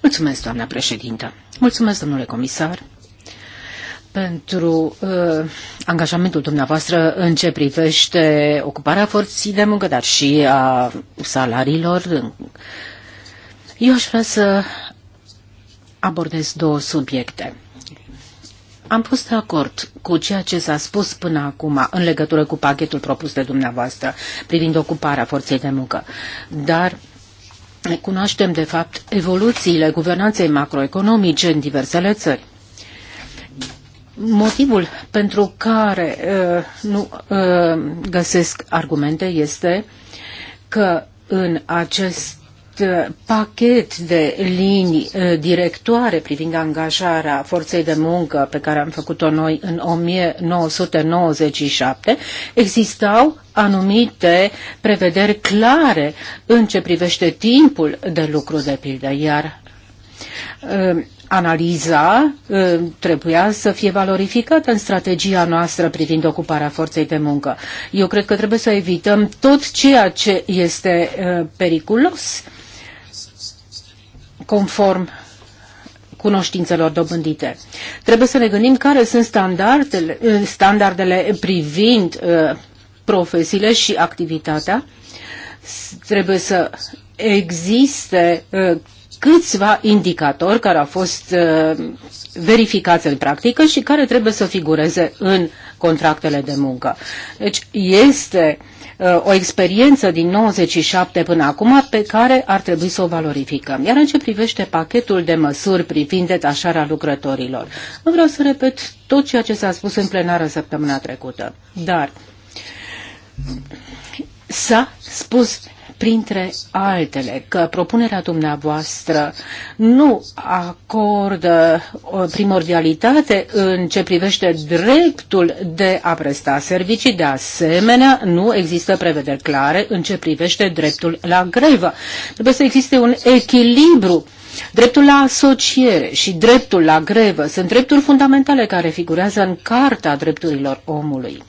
Mulțumesc, doamna președintă. Mulțumesc, domnule comisar pentru uh, angajamentul dumneavoastră în ce privește ocuparea forții de muncă, dar și a salariilor. Eu aș vrea să abordez două subiecte. Am fost de acord cu ceea ce s-a spus până acum în legătură cu pachetul propus de dumneavoastră privind ocuparea forței de muncă, dar cunoaștem de fapt evoluțiile guvernanței macroeconomice în diversele țări. Motivul pentru care uh, nu uh, găsesc argumente este că în acest uh, pachet de linii uh, directoare privind angajarea forței de muncă pe care am făcut-o noi în 1997, existau anumite prevederi clare în ce privește timpul de lucru de pildă, iar analiza trebuia să fie valorificată în strategia noastră privind ocuparea forței de muncă. Eu cred că trebuie să evităm tot ceea ce este periculos conform cunoștințelor dobândite. Trebuie să ne gândim care sunt standardele, standardele privind profesiile și activitatea. Trebuie să existe câțiva indicatori care au fost uh, verificați în practică și care trebuie să figureze în contractele de muncă. Deci este uh, o experiență din 97 până acum pe care ar trebui să o valorificăm. Iar în ce privește pachetul de măsuri privind detașarea lucrătorilor, nu vreau să repet tot ceea ce s-a spus în plenară săptămâna trecută, dar s-a spus printre altele, că propunerea dumneavoastră nu acordă o uh, primordialitate în ce privește dreptul de a presta servicii, de asemenea nu există prevederi clare în ce privește dreptul la grevă. Trebuie să existe un echilibru Dreptul la asociere și dreptul la grevă sunt drepturi fundamentale care figurează în Carta Drepturilor Omului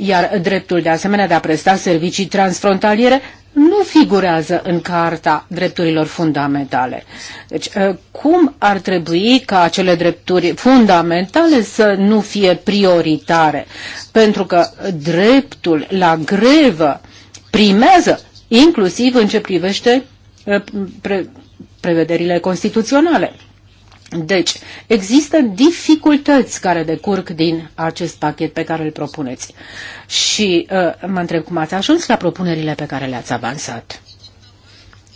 iar dreptul de asemenea de a presta servicii transfrontaliere nu figurează în Carta Drepturilor Fundamentale. Deci, ă, cum ar trebui ca acele drepturi fundamentale să nu fie prioritare? Pentru că dreptul la grevă primează, inclusiv în ce privește ă, pre prevederile constituționale. Deci, există dificultăți care decurg din acest pachet pe care îl propuneți. Și uh, mă întreb cum ați ajuns la propunerile pe care le-ați avansat.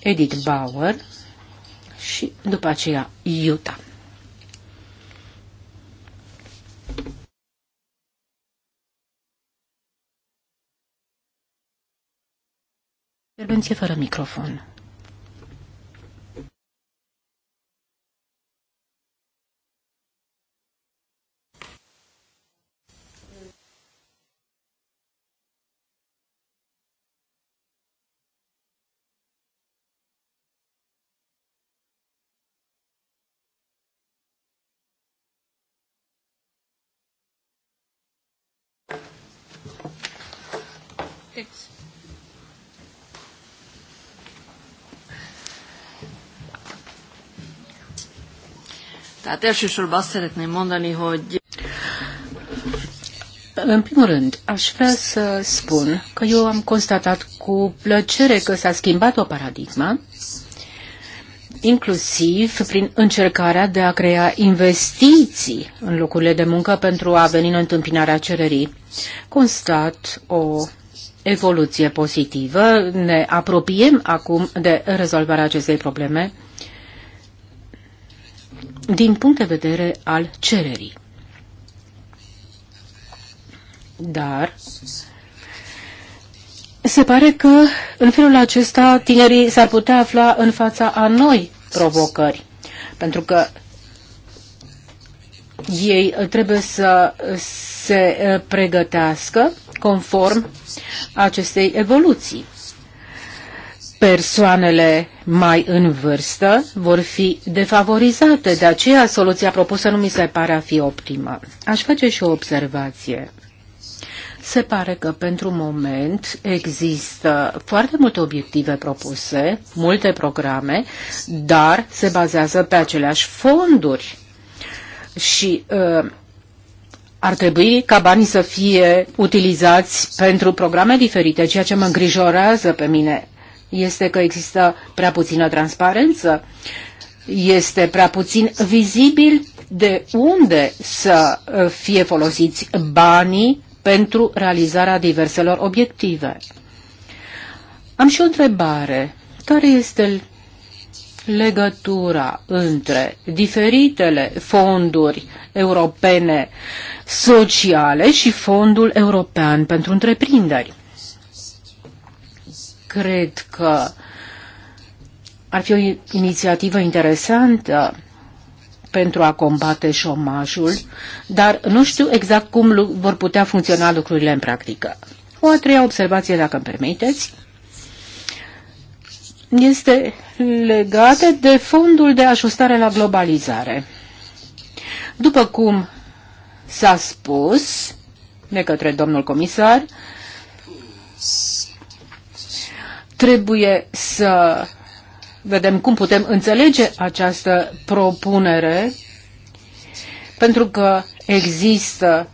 Edith Bauer și după aceea Iuta. Intervenție fără microfon. It's Tehát elsősorban azt szeretném mondani, hogy în primul rând, aș vrea să spun că eu am constatat cu plăcere că s-a schimbat o paradigmă, inclusiv prin încercarea de a crea investiții în locurile de muncă pentru a veni în întâmpinarea cererii. Constat o evoluție pozitivă. Ne apropiem acum de rezolvarea acestei probleme din punct de vedere al cererii. Dar se pare că în felul acesta tinerii s-ar putea afla în fața a noi provocări, pentru că ei trebuie să se pregătească conform acestei evoluții. Persoanele mai în vârstă vor fi defavorizate, de aceea soluția propusă nu mi se pare a fi optimă. Aș face și o observație. Se pare că pentru moment există foarte multe obiective propuse, multe programe, dar se bazează pe aceleași fonduri. Și uh, ar trebui ca banii să fie utilizați pentru programe diferite. Ceea ce mă îngrijorează pe mine este că există prea puțină transparență, este prea puțin vizibil de unde să uh, fie folosiți banii pentru realizarea diverselor obiective. Am și o întrebare. Care este legătura între diferitele fonduri europene sociale și Fondul European pentru Întreprinderi. Cred că ar fi o inițiativă interesantă pentru a combate șomajul, dar nu știu exact cum vor putea funcționa lucrurile în practică. O a treia observație, dacă îmi permiteți, este legată de fondul de ajustare la globalizare. După cum s-a spus de către domnul comisar, trebuie să vedem cum putem înțelege această propunere, pentru că există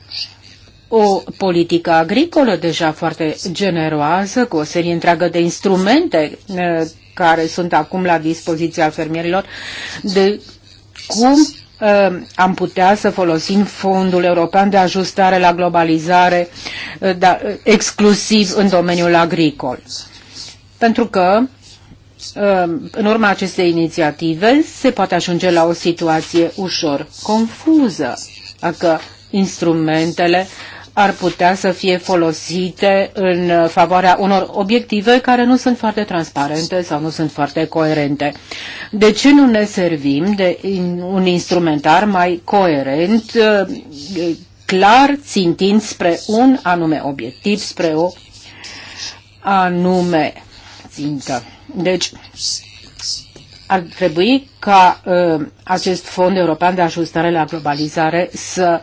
o politică agricolă deja foarte generoasă, cu o serie întreagă de instrumente eh, care sunt acum la dispoziția fermierilor, de cum uh, am putea să folosim Fondul European de Ajustare la Globalizare uh, da, uh, exclusiv în domeniul agricol. Pentru că în urma acestei inițiative se poate ajunge la o situație ușor confuză, dacă instrumentele ar putea să fie folosite în favoarea unor obiective care nu sunt foarte transparente sau nu sunt foarte coerente. De ce nu ne servim de un instrumentar mai coerent, uh, clar țintind spre un anume obiectiv, spre o anume țintă? Deci, ar trebui ca uh, acest fond european de ajustare la globalizare să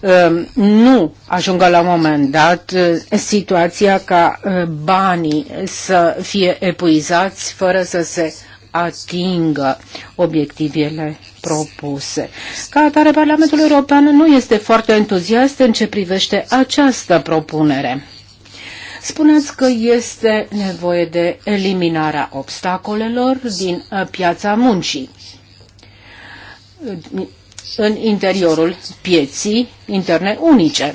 uh, nu ajungă la un moment dat uh, situația ca uh, banii să fie epuizați fără să se atingă obiectivele propuse. Ca atare, Parlamentul European nu este foarte entuziast în ce privește această propunere. Spuneți că este nevoie de eliminarea obstacolelor din uh, piața muncii în interiorul pieții interne unice.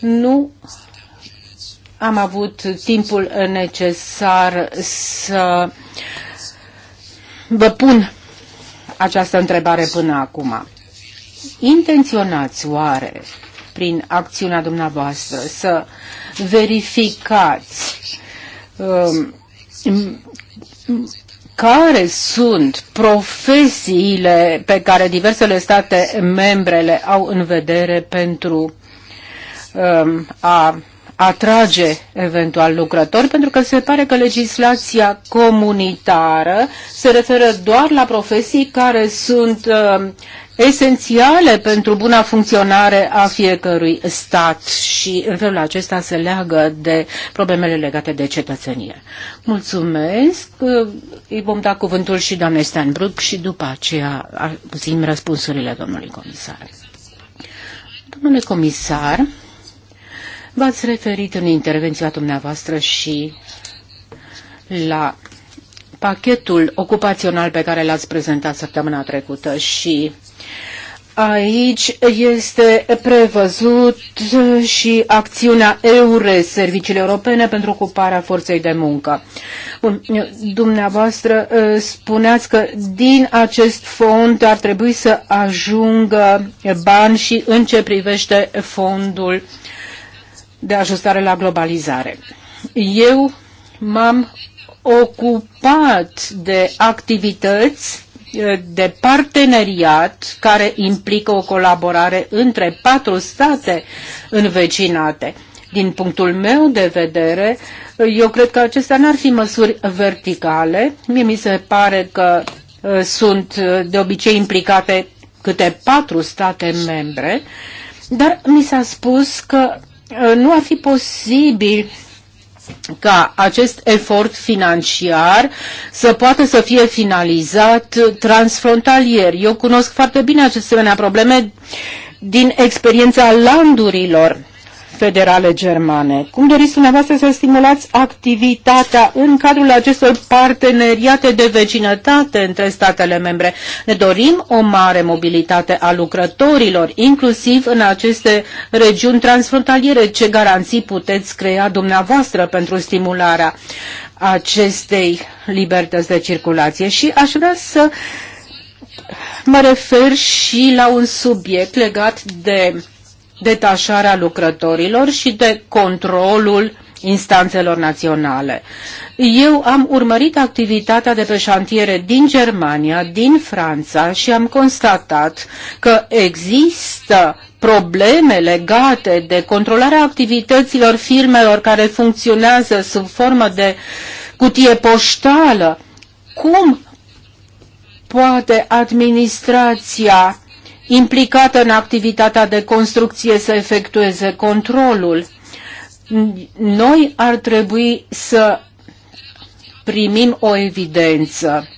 Nu am avut timpul necesar să vă pun această întrebare până acum. Intenționați oare prin acțiunea dumneavoastră, să verificați um, care sunt profesiile pe care diversele state membre le au în vedere pentru um, a atrage eventual lucrători, pentru că se pare că legislația comunitară se referă doar la profesii care sunt uh, esențiale pentru buna funcționare a fiecărui stat și în felul acesta se leagă de problemele legate de cetățenie. Mulțumesc, uh, îi vom da cuvântul și doamnei Steinbrück și după aceea auzim răspunsurile domnului comisar. Domnule comisar, V-ați referit în intervenția dumneavoastră și la pachetul ocupațional pe care l-ați prezentat săptămâna trecută și aici este prevăzut și acțiunea EURES, Serviciile Europene pentru Ocuparea Forței de Muncă. Bun, dumneavoastră ă, spuneați că din acest fond ar trebui să ajungă bani și în ce privește fondul de ajustare la globalizare. Eu m-am ocupat de activități eh, de parteneriat care implică o colaborare între patru state învecinate. Din punctul meu de vedere, eh, eu cred că acestea n-ar fi măsuri verticale. Mie mi se pare că eh, sunt de obicei implicate câte patru state membre, dar mi s-a spus că Uh, nu ar fi posibil ca acest efort financiar să poată să fie finalizat transfrontalier. Eu cunosc foarte bine aceste asemenea probleme din experiența landurilor federale germane. Cum doriți dumneavoastră să stimulați activitatea în cadrul acestor parteneriate de vecinătate între statele membre? Ne dorim o mare mobilitate a lucrătorilor, inclusiv în aceste regiuni transfrontaliere. Ce garanții puteți crea dumneavoastră pentru stimularea acestei libertăți de circulație? Și aș vrea să mă refer și la un subiect legat de detașarea lucrătorilor și de controlul instanțelor naționale. Eu am urmărit activitatea de pe șantiere din Germania, din Franța și am constatat că există probleme legate de controlarea activităților firmelor care funcționează sub formă de cutie poștală. Cum poate administrația implicată în activitatea de construcție să efectueze controlul. Noi ar trebui să primim o evidență,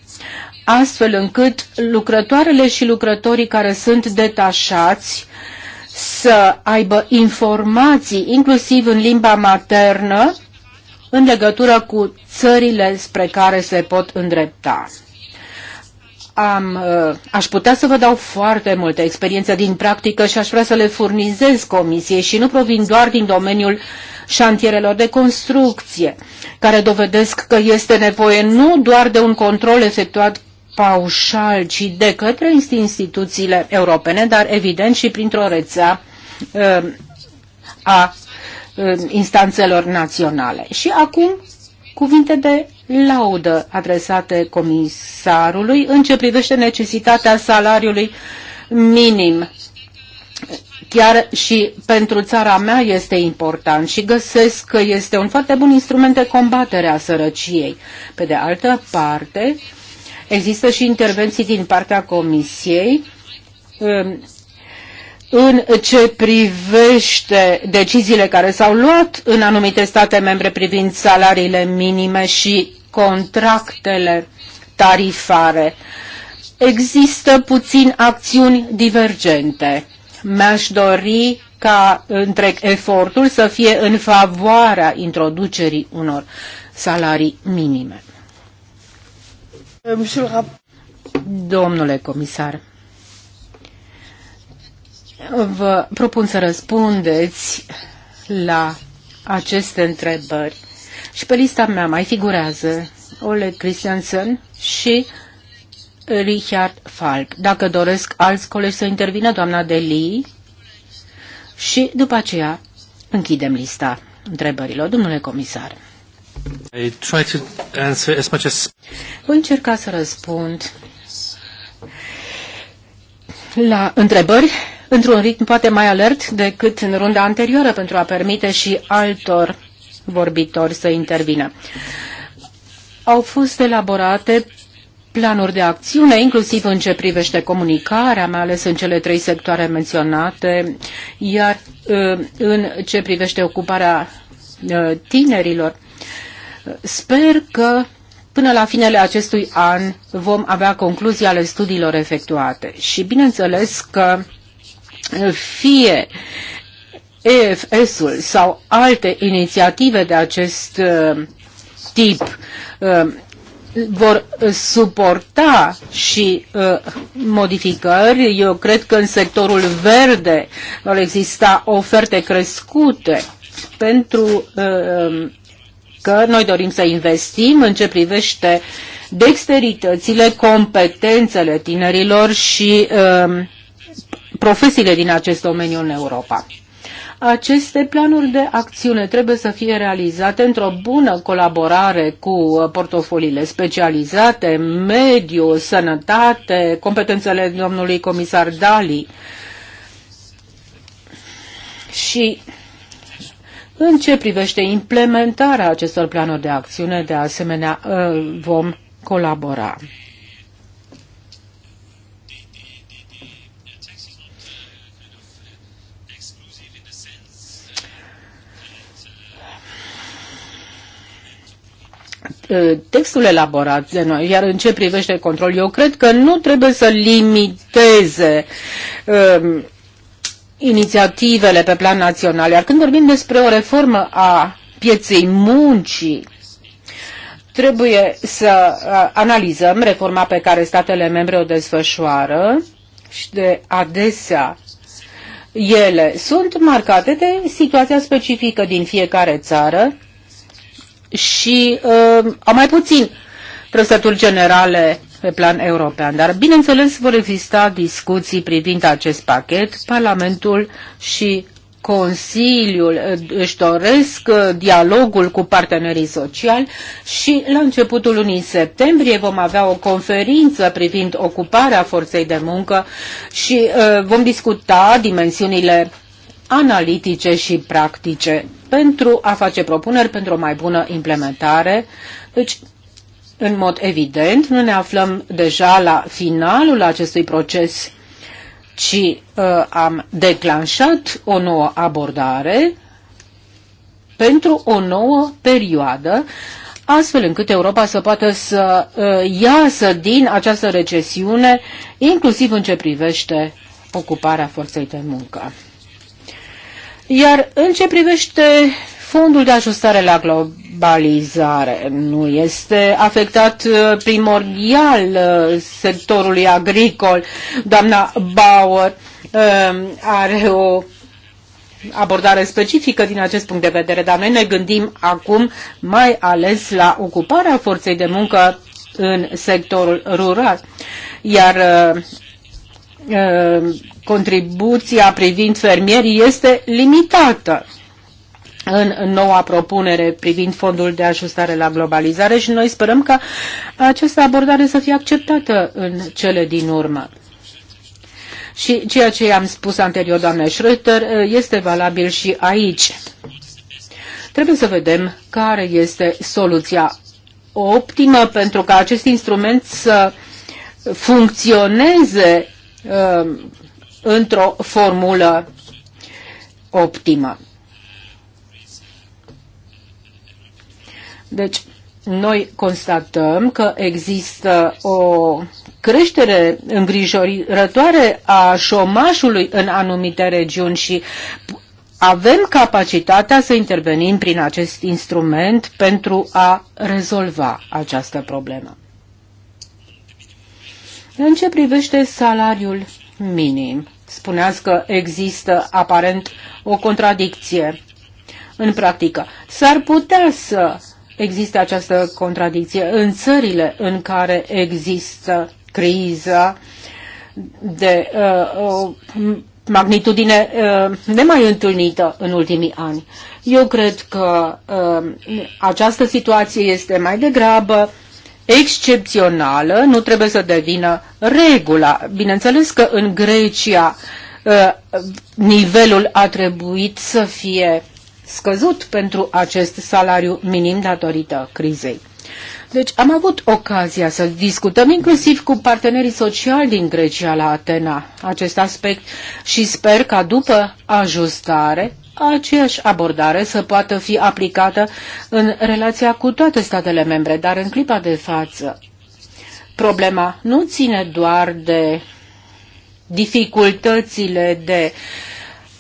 astfel încât lucrătoarele și lucrătorii care sunt detașați să aibă informații, inclusiv în limba maternă, în legătură cu țările spre care se pot îndrepta am, uh, aș putea să vă dau foarte multe experiențe din practică și aș vrea să le furnizez comisiei și nu provin doar din domeniul șantierelor de construcție, care dovedesc că este nevoie nu doar de un control efectuat paușal, ci de către instituțiile europene, dar evident și printr-o rețea uh, a uh, instanțelor naționale. Și acum cuvinte de laudă adresate comisarului în ce privește necesitatea salariului minim. Chiar și pentru țara mea este important și găsesc că este un foarte bun instrument de combatere a sărăciei. Pe de altă parte, există și intervenții din partea Comisiei um, în ce privește deciziile care s-au luat în anumite state membre privind salariile minime și contractele tarifare. Există puțin acțiuni divergente. Mi-aș dori ca întreg efortul să fie în favoarea introducerii unor salarii minime. Domnule comisar, vă propun să răspundeți la aceste întrebări. Și pe lista mea mai figurează Ole Christiansen și Richard Falk. Dacă doresc alți colegi să intervină, doamna Deli, și după aceea închidem lista întrebărilor. Domnule comisar. I try to answer as much as... Voi încerca să răspund la întrebări într-un ritm poate mai alert decât în runda anterioară pentru a permite și altor vorbitori să intervină. Au fost elaborate planuri de acțiune, inclusiv în ce privește comunicarea, mai ales în cele trei sectoare menționate, iar uh, în ce privește ocuparea uh, tinerilor. Sper că până la finele acestui an vom avea concluzii ale studiilor efectuate și bineînțeles că fie uh, EFS-ul sau alte inițiative de acest uh, tip uh, vor suporta și uh, modificări. Eu cred că în sectorul verde vor exista oferte crescute pentru uh, că noi dorim să investim în ce privește dexteritățile, competențele tinerilor și uh, profesiile din acest domeniu în Europa. Aceste planuri de acțiune trebuie să fie realizate într-o bună colaborare cu uh, portofoliile specializate, mediu, sănătate, competențele domnului comisar Dali. Și în ce privește implementarea acestor planuri de acțiune, de asemenea, uh, vom colabora. Uh, textul elaborat de noi. Iar în ce privește control, eu cred că nu trebuie să limiteze um, inițiativele pe plan național. Iar când vorbim despre o reformă a pieței muncii, trebuie să uh, analizăm reforma pe care statele membre o desfășoară și de adesea ele sunt marcate de situația specifică din fiecare țară și uh, au mai puțin trăsături generale pe plan european. Dar, bineînțeles, vor exista discuții privind acest pachet. Parlamentul și Consiliul uh, își doresc uh, dialogul cu partenerii sociali și la începutul lunii septembrie vom avea o conferință privind ocuparea forței de muncă și uh, vom discuta dimensiunile analitice și practice pentru a face propuneri pentru o mai bună implementare. Deci, în mod evident, nu ne aflăm deja la finalul acestui proces, ci uh, am declanșat o nouă abordare pentru o nouă perioadă, astfel încât Europa să poată să uh, iasă din această recesiune, inclusiv în ce privește ocuparea forței de muncă. Iar în ce privește fondul de ajustare la globalizare, nu este afectat uh, primordial uh, sectorului agricol. Doamna Bauer um, are o abordare specifică din acest punct de vedere, dar noi ne gândim acum mai ales la ocuparea forței de muncă în sectorul rural. Iar uh, uh contribuția privind fermierii este limitată în noua propunere privind fondul de ajustare la globalizare și noi sperăm ca această abordare să fie acceptată în cele din urmă. Și ceea ce am spus anterior, doamne Schröter, este valabil și aici. Trebuie să vedem care este soluția optimă pentru ca acest instrument să funcționeze uh, într-o formulă optimă. Deci, noi constatăm că există o creștere îngrijorătoare a șomajului în anumite regiuni și avem capacitatea să intervenim prin acest instrument pentru a rezolva această problemă. În ce privește salariul minim. Spuneați că există aparent o contradicție în practică. S-ar putea să existe această contradicție în țările în care există criza de uh, o magnitudine uh, nemai întâlnită în ultimii ani. Eu cred că uh, această situație este mai degrabă excepțională nu trebuie să devină regula. Bineînțeles că în Grecia ă, nivelul a trebuit să fie scăzut pentru acest salariu minim datorită crizei. Deci am avut ocazia să discutăm inclusiv cu partenerii sociali din Grecia la Atena acest aspect și sper ca după ajustare aceeași abordare să poată fi aplicată în relația cu toate statele membre, dar în clipa de față problema nu ține doar de dificultățile de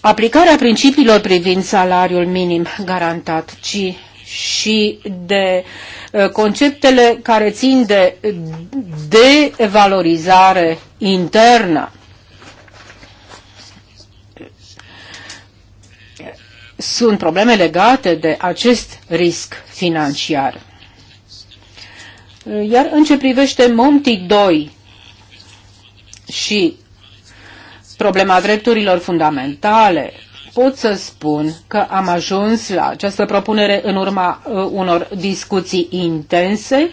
aplicarea principiilor privind salariul minim garantat, ci și de uh, conceptele care țin de devalorizare internă. sunt probleme legate de acest risc financiar. Iar în ce privește Monti 2 și problema drepturilor fundamentale, pot să spun că am ajuns la această propunere în urma uh, unor discuții intense.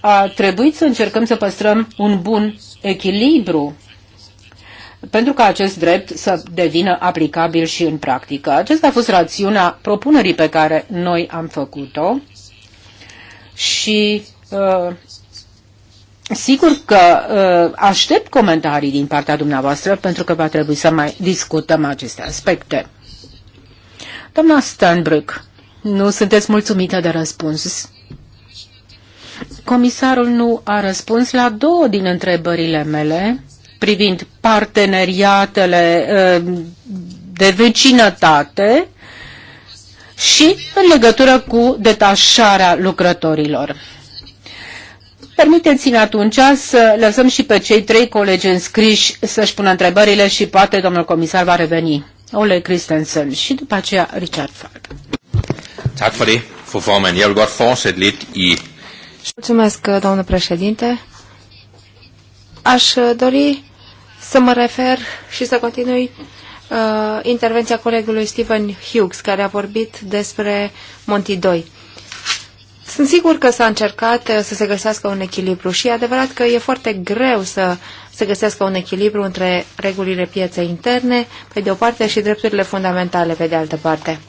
A trebuit să încercăm să păstrăm un bun echilibru pentru ca acest drept să devină aplicabil și în practică. Acesta a fost rațiunea propunerii pe care noi am făcut-o și uh, Sigur că uh, aștept comentarii din partea dumneavoastră pentru că va trebui să mai discutăm aceste aspecte. Doamna Steinbrück, nu sunteți mulțumită de răspuns? Comisarul nu a răspuns la două din întrebările mele privind parteneriatele eh, de vecinătate și în legătură cu detașarea lucrătorilor. Permiteți-mi atunci să lăsăm și pe cei trei colegi înscriși să-și pună întrebările și poate domnul comisar va reveni. Ole Christensen și după aceea Richard Falk. Mulțumesc, doamnă președinte. Aș dori să mă refer și să continui uh, intervenția colegului Stephen Hughes, care a vorbit despre Monti 2. Sunt sigur că s-a încercat uh, să se găsească un echilibru și e adevărat că e foarte greu să se găsească un echilibru între regulile pieței interne, pe de o parte, și drepturile fundamentale, pe de altă parte.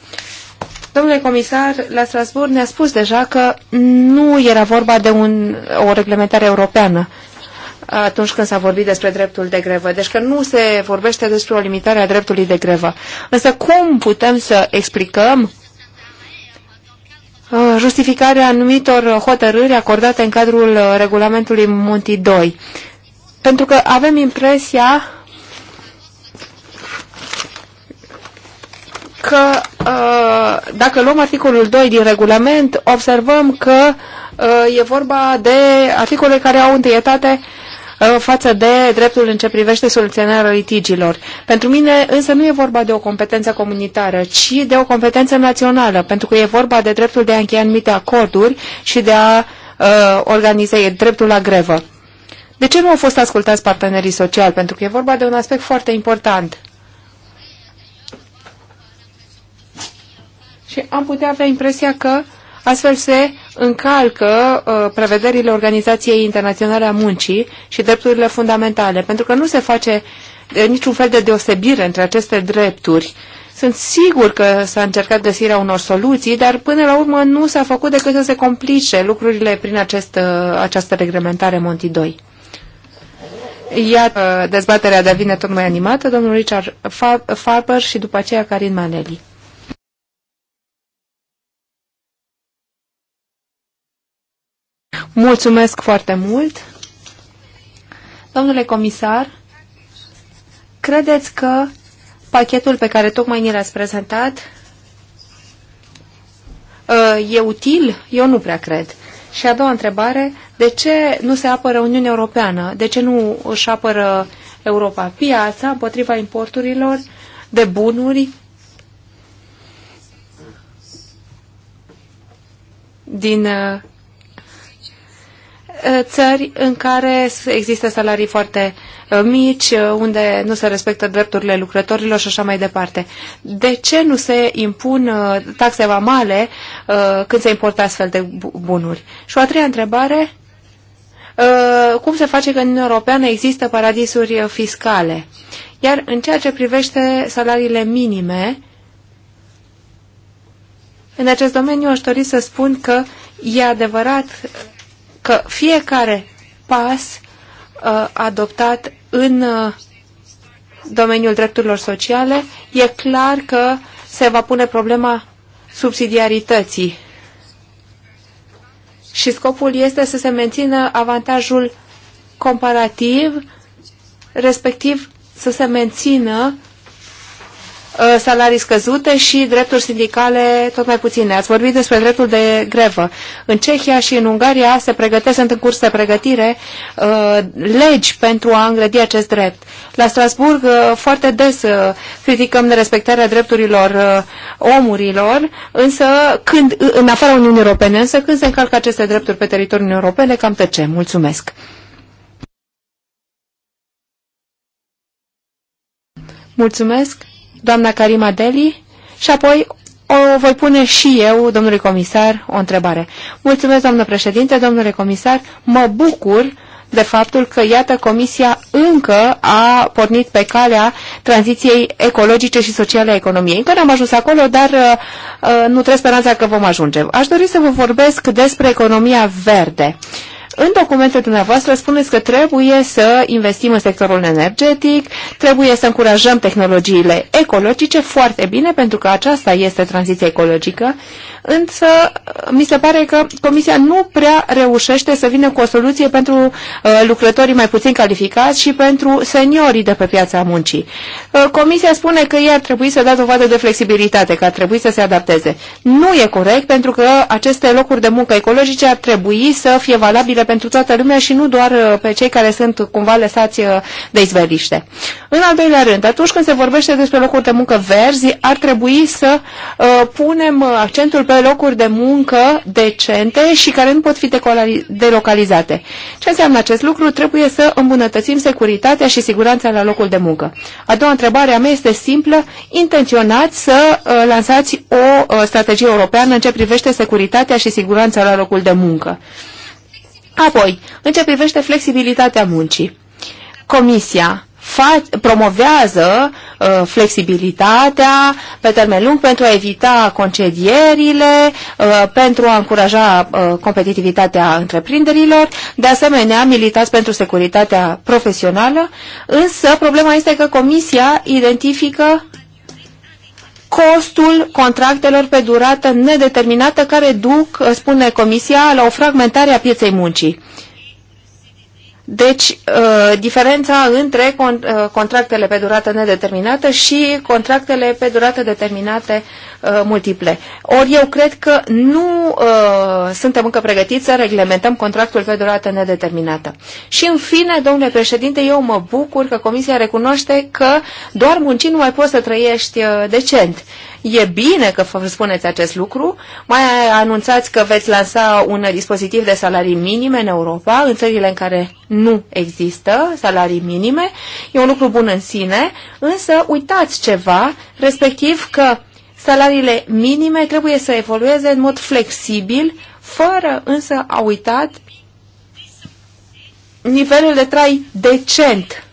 Domnule comisar, la Strasbourg ne-a spus deja că nu era vorba de un, o reglementare europeană, atunci când s-a vorbit despre dreptul de grevă. Deci că nu se vorbește despre o limitare a dreptului de grevă. Însă cum putem să explicăm uh, justificarea anumitor hotărâri acordate în cadrul uh, regulamentului Monti 2? Pentru că avem impresia că uh, dacă luăm articolul 2 din regulament, observăm că e vorba de articole care au întâietate uh, Uh, față de dreptul în ce privește soluționarea litigilor. Pentru mine însă nu e vorba de o competență comunitară, ci de o competență națională, pentru că e vorba de dreptul de a încheia anumite acorduri și de a uh, organiza dreptul la grevă. De ce nu au fost ascultați partenerii sociali? Pentru că e vorba de un aspect foarte important. Și am putea avea impresia că uh, Astfel se încalcă uh, prevederile Organizației Internaționale a Muncii și drepturile fundamentale, pentru că nu se face uh, niciun fel de deosebire între aceste drepturi. Sunt sigur că s-a încercat găsirea unor soluții, dar până la urmă nu s-a făcut decât să se complice lucrurile prin acest, uh, această reglementare Monti 2. Iată, uh, dezbaterea devine tot mai animată, domnul Richard Farber și după aceea Karin Maneli. Mulțumesc foarte mult. Domnule comisar, credeți că pachetul pe care tocmai ni l-ați prezentat uh, e util? Eu nu prea cred. Și a doua întrebare, de ce nu se apără Uniunea Europeană? De ce nu își apără Europa piața împotriva importurilor de bunuri din uh, Eh, țări în care există salarii foarte eh, mici, eh, unde nu se respectă drepturile lucrătorilor și așa mai departe. De ce nu se impun taxe vamale când se importă astfel de bunuri? Și o a treia întrebare, cum se face că în Europeană există paradisuri fiscale? Iar în ceea ce privește salariile minime, în acest domeniu aș dori să spun că e adevărat că fiecare pas uh, adoptat în uh, domeniul drepturilor sociale, e clar că se va pune problema subsidiarității. Și scopul este să se mențină avantajul comparativ, respectiv să se mențină Uh, salarii scăzute și drepturi sindicale tot mai puține. Ați vorbit despre dreptul de grevă. În Cehia și în Ungaria se pregătesc, sunt în curs de pregătire uh, legi pentru a îngrădi acest drept. La Strasburg uh, foarte des criticăm nerespectarea drepturilor omurilor, însă când, în afara Uniunii Europene, însă când se încalcă aceste drepturi pe teritoriul Uniunii Europene, cam tăcem. Mulțumesc! Mulțumesc! doamna Karima Deli și apoi o voi pune și eu, domnului comisar, o întrebare. Mulțumesc, doamnă președinte, domnule comisar, mă bucur de faptul că, iată, Comisia încă a pornit pe calea tranziției ecologice și sociale a economiei. Încă n-am ajuns acolo, dar uh, uh nu trebuie speranța că vom ajunge. Aș dori să vă vorbesc despre economia verde. Uh, în documentul dumneavoastră spuneți că trebuie să investim în sectorul energetic, trebuie să încurajăm tehnologiile ecologice foarte bine, pentru că aceasta este tranziția ecologică, însă mi se pare că Comisia nu prea reușește să vină cu o soluție pentru uh, lucrătorii mai puțin calificați și pentru seniorii de pe piața muncii. Uh, comisia spune că ei ar trebui să dea dovadă de flexibilitate, că ar trebui să se adapteze. Nu e corect pentru că aceste locuri de muncă ecologice ar trebui să fie valabile pentru toată lumea și nu doar uh, pe cei care sunt cumva lăsați de izveliște. În al doilea rând, atunci când se vorbește despre locuri de muncă verzi, ar trebui să uh, punem accentul pe pe locuri de muncă decente și care nu pot fi delocalizate. Ce înseamnă acest lucru? Trebuie să îmbunătățim securitatea și siguranța la locul de muncă. A doua întrebare a mea este simplă. Intenționați să uh, lansați o uh, strategie europeană în ce privește securitatea și siguranța la locul de muncă. Apoi, în ce privește flexibilitatea muncii. Comisia promovează uh, flexibilitatea pe termen lung pentru a evita concedierile, uh, pentru a încuraja uh, competitivitatea întreprinderilor, de asemenea militați pentru securitatea profesională, însă problema este că Comisia identifică costul contractelor pe durată nedeterminată care duc, uh, spune Comisia, la o fragmentare a pieței muncii. Deci, uh, diferența între uh, contractele pe durată nedeterminată și contractele pe durată determinate uh, multiple. Ori eu cred că nu suntem încă pregătiți să reglementăm contractul pe durată nedeterminată. Și în fine, domnule președinte, eu mă bucur că Comisia recunoaște că doar muncind nu mai poți să trăiești decent. E bine că spuneți acest lucru. Mai anunțați că veți lansa un dispozitiv de salarii minime în Europa, în țările în care nu există salarii minime. E un lucru bun în sine, însă uitați ceva, respectiv că salariile minime trebuie să evolueze în mod flexibil, fără însă a uitat nivelul de trai decent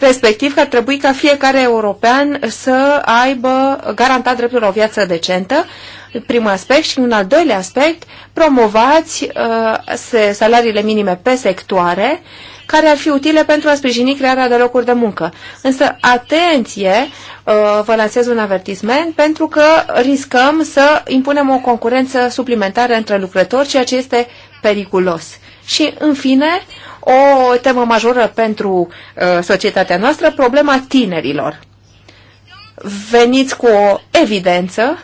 Respectiv că ar trebui ca fiecare european să aibă garantat dreptul la o viață decentă, primul aspect și un al doilea aspect, promovați uh, salariile minime pe sectoare, care ar fi utile pentru a sprijini crearea de locuri de muncă. Însă, atenție, uh, vă lansez un avertisment, pentru că riscăm să impunem o concurență suplimentară între lucrători, ceea ce este periculos. Și, în fine, o temă majoră pentru uh, societatea noastră, problema tinerilor. Veniți cu o evidență,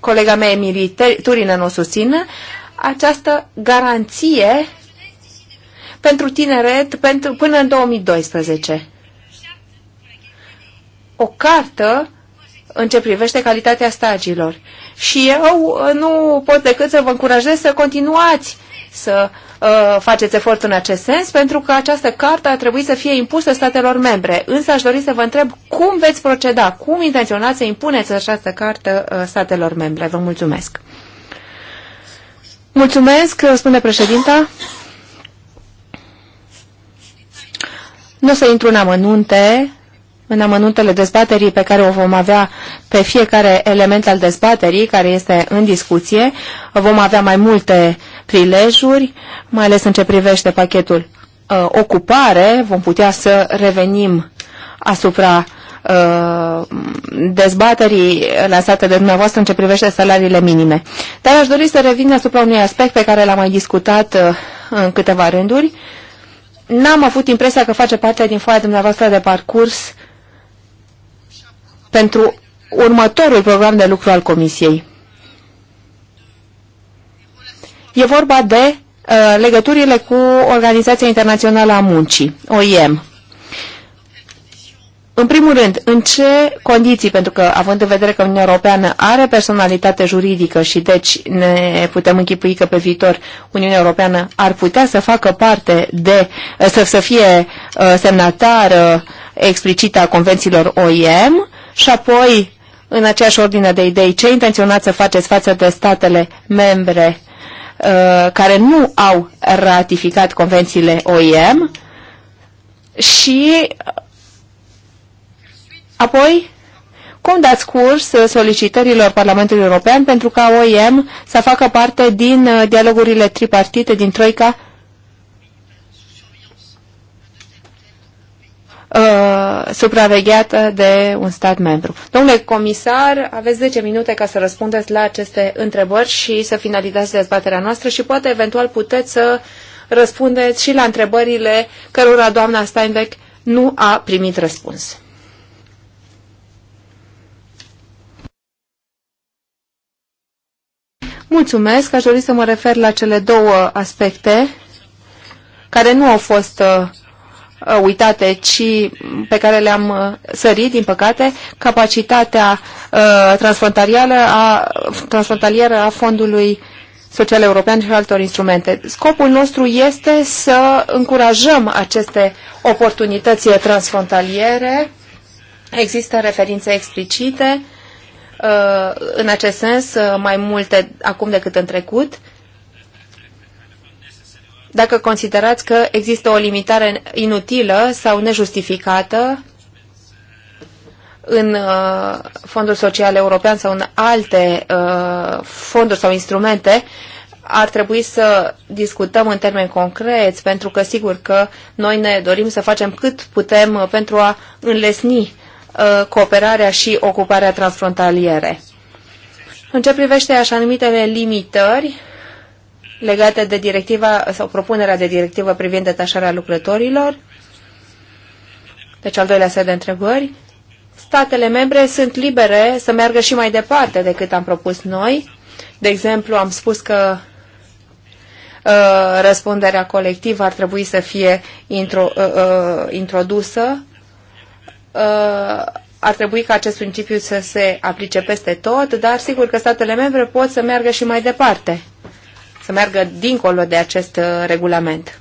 colega mea Emilie Turină o susțină, această garanție pentru tineret pentru, până în 2012. O cartă în ce privește calitatea stagiilor. Și eu uh, nu pot decât să vă încurajez să continuați să Uh, faceți efort în acest sens, pentru că această carte ar trebui să fie impusă statelor membre. Însă aș dori să vă întreb cum veți proceda, cum intenționați să impuneți această carte uh, statelor membre. Vă mulțumesc. Mulțumesc, uh, spune președinta. Nu o să intru în amănunte, în amănuntele dezbaterii pe care o vom avea pe fiecare element al dezbaterii care este în discuție. Vom avea mai multe prilejuri, mai ales în ce privește pachetul uh, ocupare. Vom putea să revenim asupra uh, dezbaterii lansate de dumneavoastră în ce privește salariile minime. Dar aș dori să revin asupra unui aspect pe care l-am mai discutat uh, în câteva rânduri. N-am avut impresia că face parte din foaia dumneavoastră de parcurs pentru următorul program de lucru al Comisiei. E vorba de uh, legăturile cu Organizația Internațională a Muncii, OIM. În primul rând, în ce condiții, pentru că având în vedere că Uniunea Europeană are personalitate juridică și deci ne putem închipui că pe viitor Uniunea Europeană ar putea să facă parte de, uh, să, să fie uh, semnatară explicită a convențiilor OIM și apoi, în aceeași ordine de idei, ce intenționați să faceți față de statele membre Uh, care nu au ratificat convențiile OIM și uh, apoi cum dați curs solicitărilor Parlamentului European pentru ca OIM să facă parte din uh, dialogurile tripartite din Troica Uh, supravegheată de un stat membru. Domnule comisar, aveți 10 minute ca să răspundeți la aceste întrebări și să finalizați dezbaterea noastră și poate eventual puteți să răspundeți și la întrebările cărora doamna Steinbeck nu a primit răspuns. Mulțumesc, aș dori să mă refer la cele două aspecte care nu au fost uh, Uh, uitate, ci pe care le-am uh, sărit, din păcate, capacitatea uh, transfrontalieră a, transfrontalieră a fondului social european și altor instrumente. Scopul nostru este să încurajăm aceste oportunități transfrontaliere. Există referințe explicite în acest sens mai multe acum decât în trecut dacă considerați că există o limitare inutilă sau nejustificată în uh, fondul social european sau în alte uh, fonduri sau instrumente, ar trebui să discutăm în termeni concreți, pentru că sigur că noi ne dorim să facem cât putem uh, pentru a înlesni uh, cooperarea și ocuparea transfrontaliere. În ce privește așa numitele limitări, legate de directiva sau propunerea de directivă privind detașarea lucrătorilor. Deci al doilea set de întrebări. Statele membre sunt libere să meargă și mai departe decât am propus noi. De exemplu, am spus că uh, răspunderea colectivă ar trebui să fie intro, uh, uh, introdusă. Uh, ar trebui ca acest principiu să se aplice peste tot, dar sigur că statele membre pot să meargă și mai departe să meargă dincolo de acest uh, regulament.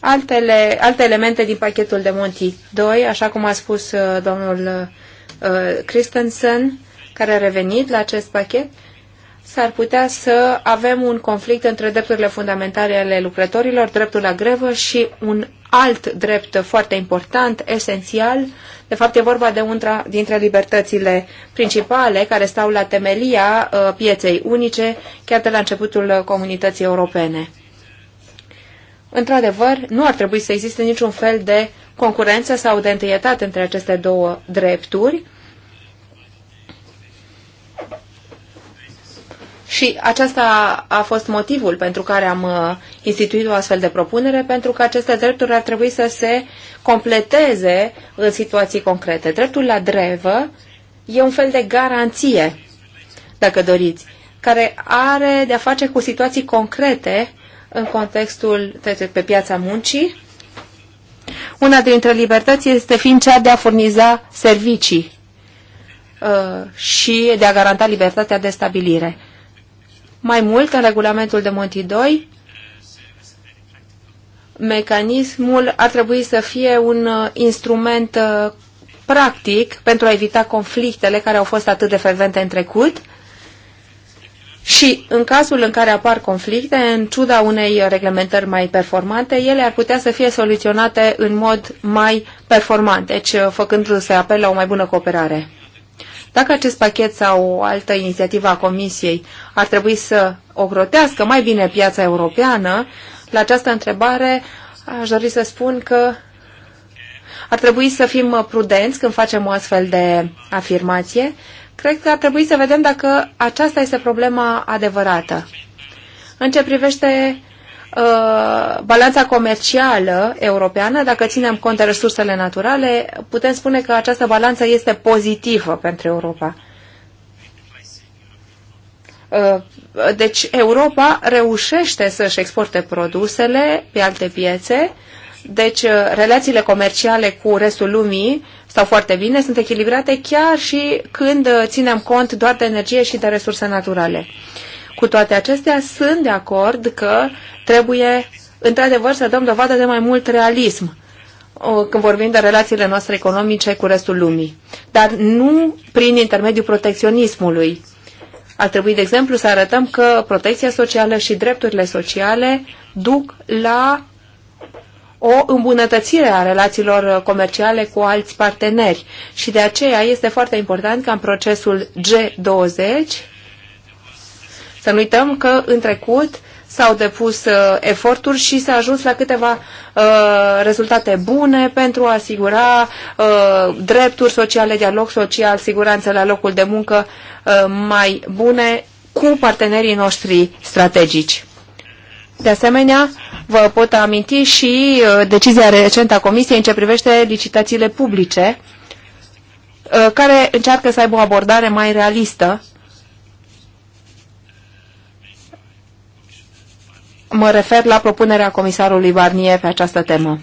Altele, alte elemente din pachetul de Monti 2, așa cum a spus uh, domnul uh, Christensen, care a revenit la acest pachet, s-ar putea să avem un conflict între drepturile fundamentale ale lucrătorilor, dreptul la grevă și un alt drept foarte important, esențial. De fapt, e vorba de una dintre libertățile principale care stau la temelia uh, pieței unice, chiar de la începutul uh, comunității europene. Într-adevăr, nu ar trebui să existe niciun fel de concurență sau de întâietate între aceste două drepturi, Și acesta a fost motivul pentru care am uh, instituit o astfel de propunere, pentru că aceste drepturi ar trebui să se completeze în situații concrete. Dreptul la drevă e un fel de garanție, dacă doriți, care are de-a face cu situații concrete în contextul pe piața muncii. Una dintre libertăți este fiind cea de a furniza servicii uh, și de a garanta libertatea de stabilire. Mai mult, în regulamentul de Monti 2, mecanismul ar trebui să fie un uh, instrument uh, practic pentru a evita conflictele care au fost atât de fervente în trecut și în cazul în care apar conflicte, în ciuda unei reglementări mai performante, ele ar putea să fie soluționate în mod mai performant, deci uh, făcându-se apel la o mai bună cooperare. Dacă acest pachet sau o altă inițiativă a Comisiei ar trebui să ocrotească mai bine piața europeană, la această întrebare aș dori să spun că ar trebui să fim prudenți când facem o astfel de afirmație. Cred că ar trebui să vedem dacă aceasta este problema adevărată. În ce privește Uh, balanța comercială europeană, dacă ținem cont de resursele naturale, putem spune că această balanță este pozitivă pentru Europa. Uh, deci Europa reușește să-și exporte produsele pe alte piețe, deci uh, relațiile comerciale cu restul lumii stau foarte bine, sunt echilibrate chiar și când ținem cont doar de energie și de resurse naturale. Cu toate acestea, sunt de acord că trebuie, într-adevăr, să dăm dovadă de mai mult realism când vorbim de relațiile noastre economice cu restul lumii, dar nu prin intermediul protecționismului. Ar trebui, de exemplu, să arătăm că protecția socială și drepturile sociale duc la o îmbunătățire a relațiilor comerciale cu alți parteneri și de aceea este foarte important ca în procesul G20 să nu uităm că în trecut s-au depus uh, eforturi și s-a ajuns la câteva uh, rezultate bune pentru a asigura uh, drepturi sociale, dialog social, siguranță la locul de muncă uh, mai bune cu partenerii noștri strategici. De asemenea, vă pot aminti și uh, decizia recentă a Comisiei în ce privește licitațiile publice, uh, care încearcă să aibă o abordare mai realistă mă refer la propunerea comisarului Barnier pe această temă.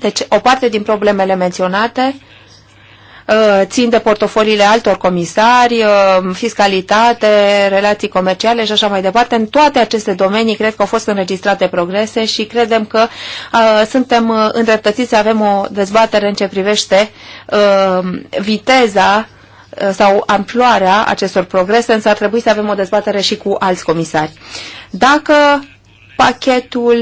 Deci, o parte din problemele menționate uh, țin de portofoliile altor comisari, uh, fiscalitate, relații comerciale și așa mai departe. În toate aceste domenii cred că au fost înregistrate progrese și credem că uh, suntem uh, îndreptățiți să avem o dezbatere în ce privește uh, viteza sau amploarea acestor progrese, însă ar trebui să avem o dezbatere și cu alți comisari. Dacă pachetul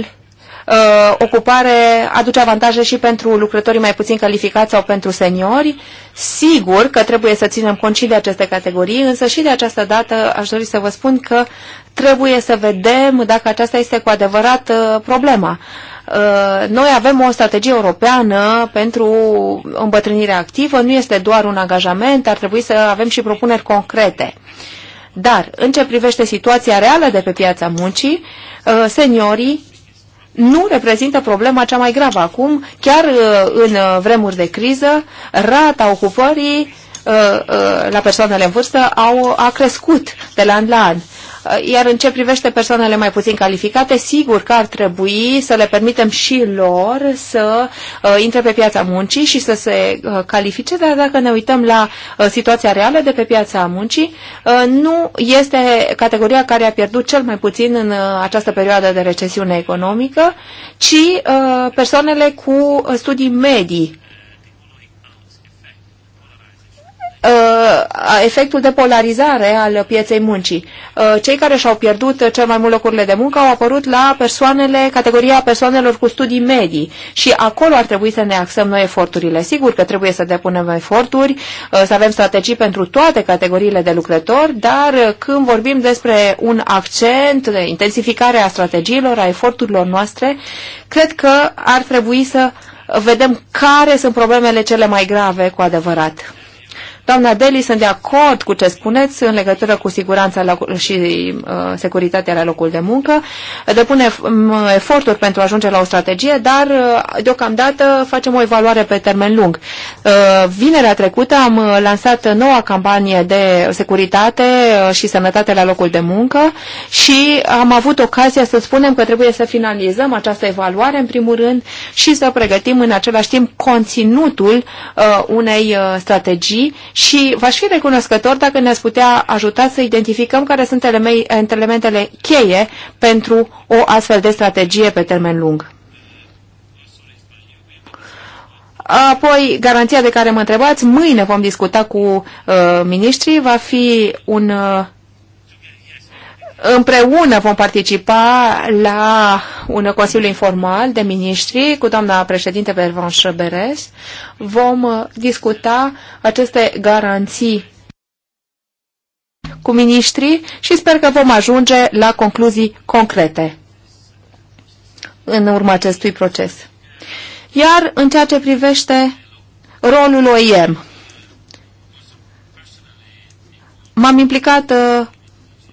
uh, ocupare aduce avantaje și pentru lucrătorii mai puțin calificați sau pentru seniori. Sigur că trebuie să ținem cont și de aceste categorii, însă și de această dată aș dori să vă spun că trebuie să vedem dacă aceasta este cu adevărat uh, problema. Uh, noi avem o strategie europeană pentru îmbătrânirea activă, nu este doar un angajament, ar trebui să avem și propuneri concrete. Uh, dar, în ce privește situația reală de pe piața muncii, uh, seniorii nu reprezintă problema cea mai gravă acum, chiar uh, în uh, vremuri de criză, rata ocupării la persoanele în vârstă au, a crescut de la an la an. Eh, iar în ce privește persoanele mai puțin calificate, sigur că ar trebui să le permitem și lor să eh, intre pe piața muncii și să se eh, califice, dar dacă ne uităm la situația reală de pe piața muncii, nu este categoria care a pierdut cel mai puțin în această perioadă de recesiune economică, ci persoanele cu studii medii Uh, efectul de polarizare al pieței muncii. Uh, cei care și-au pierdut cel mai mult locurile de muncă au apărut la persoanele, categoria persoanelor cu studii medii și acolo ar trebui să ne axăm noi eforturile. Sigur că trebuie să depunem eforturi, uh, să avem strategii pentru toate categoriile de lucrători, dar când vorbim despre un accent, intensificarea strategiilor, a eforturilor noastre, cred că ar trebui să vedem care sunt problemele cele mai grave cu adevărat Doamna Deli, sunt de acord cu ce spuneți în legătură cu siguranța și uh, securitatea la locul de muncă. Depune mm, eforturi pentru a ajunge la o strategie, dar uh, deocamdată facem o evaluare pe termen lung. Uh, vinerea trecută am lansat noua campanie de securitate și sănătate la locul de muncă și am avut ocazia să spunem că trebuie să finalizăm această evaluare în primul rând și să pregătim în același timp conținutul unei strategii și v-aș fi recunoscător dacă ne-ați putea ajuta să identificăm care sunt elementele cheie pentru o astfel de strategie pe termen lung. Apoi, garanția de care mă întrebați, mâine vom discuta cu uh, miniștrii, va fi un uh, Împreună vom participa la un consiliu informal de miniștri cu doamna președinte Bervan Șăberes. Vom discuta aceste garanții cu miniștri și sper că vom ajunge la concluzii concrete în urma acestui proces. Iar în ceea ce privește rolul OIM, m-am implicat uh,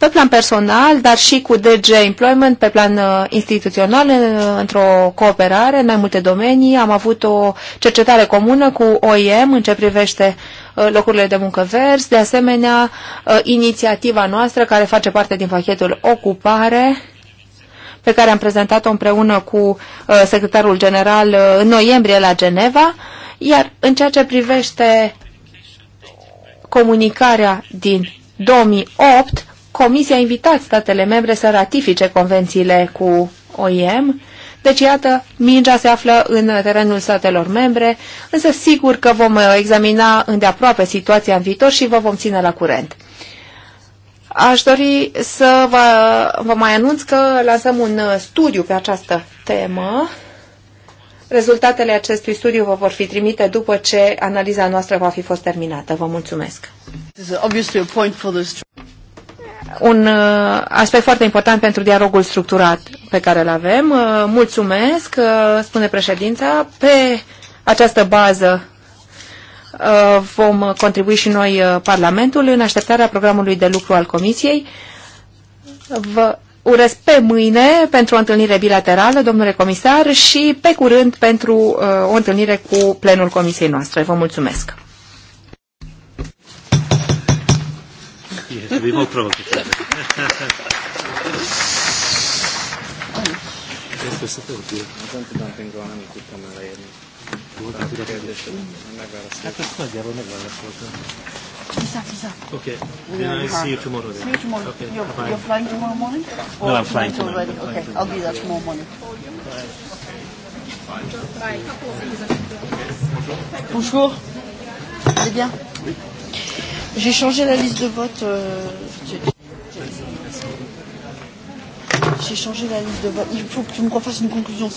pe plan personal, dar și cu DG Employment, pe plan uh, instituțional, uh, într-o cooperare în mai multe domenii. Am avut o cercetare comună cu OIM în ce privește uh, locurile de muncă verzi, de asemenea inițiativa noastră care face parte din pachetul Ocupare, pe care am prezentat-o împreună cu secretarul general în noiembrie la Geneva, iar în ceea ce privește comunicarea din 2008, Comisia a invitat statele membre să ratifice convențiile cu OIM, deci, iată, mingea se află în terenul statelor membre, însă sigur că vom uh, examina îndeaproape situația în viitor și vă vom ține la curent. Aș dori să vă, vă mai anunț că lansăm un uh, studiu pe această temă. Rezultatele acestui studiu vă vor fi trimite după ce analiza noastră va fi fost terminată. Vă mulțumesc! un uh, aspect foarte important pentru dialogul structurat pe care îl avem. Uh, mulțumesc, uh, spune președința. Pe această bază vom contribui și noi Parlamentul în așteptarea programului de lucru al Comisiei. Vă urez pe mâine pentru o întâlnire bilaterală, domnule comisar, și pe curând pentru o întâlnire cu plenul Comisiei noastre. Vă mulțumesc! You have to be Este să te uite. Nu sunt dumping o amică până la el. Atunci noi diavol ne vale ascoltă. Esatto, esatto. Okay, then I'll see you tomorrow then. See you tomorrow. Okay, you're, bye. you're flying tomorrow morning? Or no, I'm flying tomorrow. Already? Okay, flying I'll be there tomorrow morning. Bye. Bye. Bye. Bonjour. Vous allez bien Oui. J'ai changé la liste de vote. Euh, J'ai changé la liste de vote. Il faut que tu me refasses une conclusion.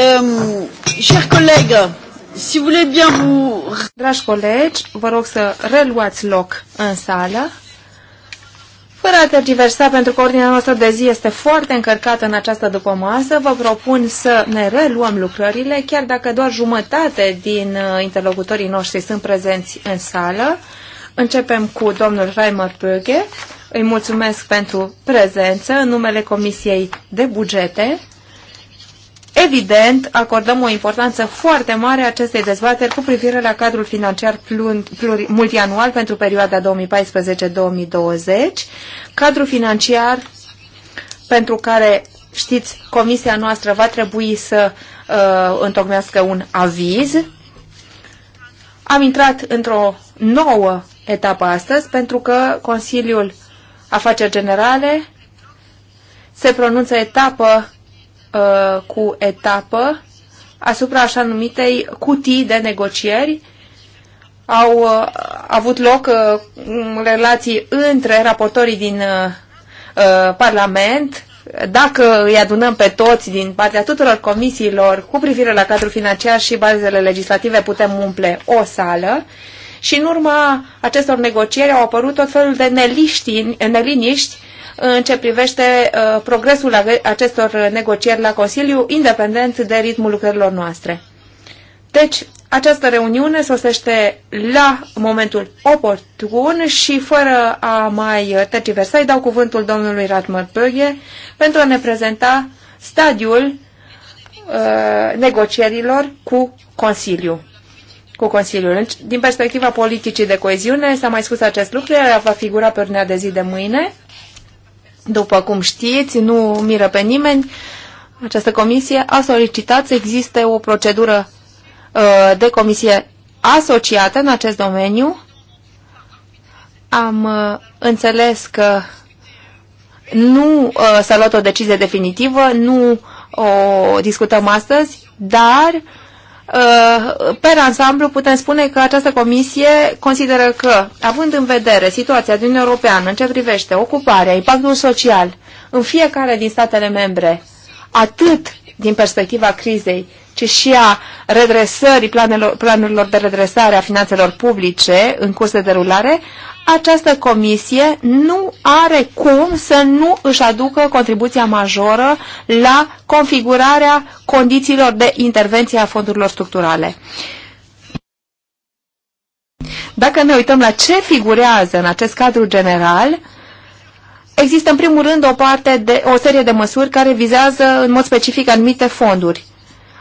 Ehm, si vous voulez bien vous... Dragi colegi, vă rog să reluați loc în sală. Fără a tergiversa, pentru că ordinea noastră de zi este foarte încărcată în această dupămasă, vă propun să ne reluăm lucrările, chiar dacă doar jumătate din uh, interlocutorii noștri sunt prezenți în sală. Începem cu domnul Reimer Böge. Îi mulțumesc pentru prezență în numele Comisiei de Bugete. Evident, acordăm o importanță foarte mare acestei dezbateri cu privire la cadrul financiar multianual pentru perioada 2014-2020, cadrul financiar pentru care, știți, comisia noastră va trebui să uh, întocmească un aviz. Am intrat într-o nouă etapă astăzi pentru că Consiliul Afaceri Generale se pronunță etapă uh, cu etapă asupra așa numitei cutii de negocieri. Au uh, avut loc uh, um, relații între raportorii din uh, uh, Parlament, dacă îi adunăm pe toți din partea tuturor comisiilor cu privire la cadrul financiar și bazele legislative, putem umple o sală. Și în urma acestor negocieri au apărut tot felul de neliniști în ce privește uh, progresul acestor negocieri la Consiliu, independent de ritmul lucrărilor noastre. Deci, această reuniune sosește la momentul oportun și fără a mai tergiversa, îi dau cuvântul domnului Ratmăr Böge pentru a ne prezenta stadiul uh, negocierilor cu Consiliu. Cu Consiliul. Din perspectiva politicii de coeziune, s-a mai spus acest lucru, ea va figura pe ordinea de zi de mâine. După cum știți, nu miră pe nimeni, această comisie a solicitat să existe o procedură uh, de comisie asociată în acest domeniu. Am uh, înțeles că nu uh, s-a luat o decizie definitivă, nu o discutăm astăzi, dar uh, Uh, pe ansamblu putem spune că această comisie consideră că, având în vedere situația din Europeană în ce privește ocuparea, impactul social în fiecare din statele membre, atât din perspectiva crizei, ci și a redresării planelor, planurilor de redresare a finanțelor publice în curs de derulare, această comisie nu are cum să nu își aducă contribuția majoră la configurarea condițiilor de intervenție a fondurilor structurale. Dacă ne uităm la ce figurează în acest cadru general, există în primul rând o, parte de, o serie de măsuri care vizează în mod specific anumite fonduri.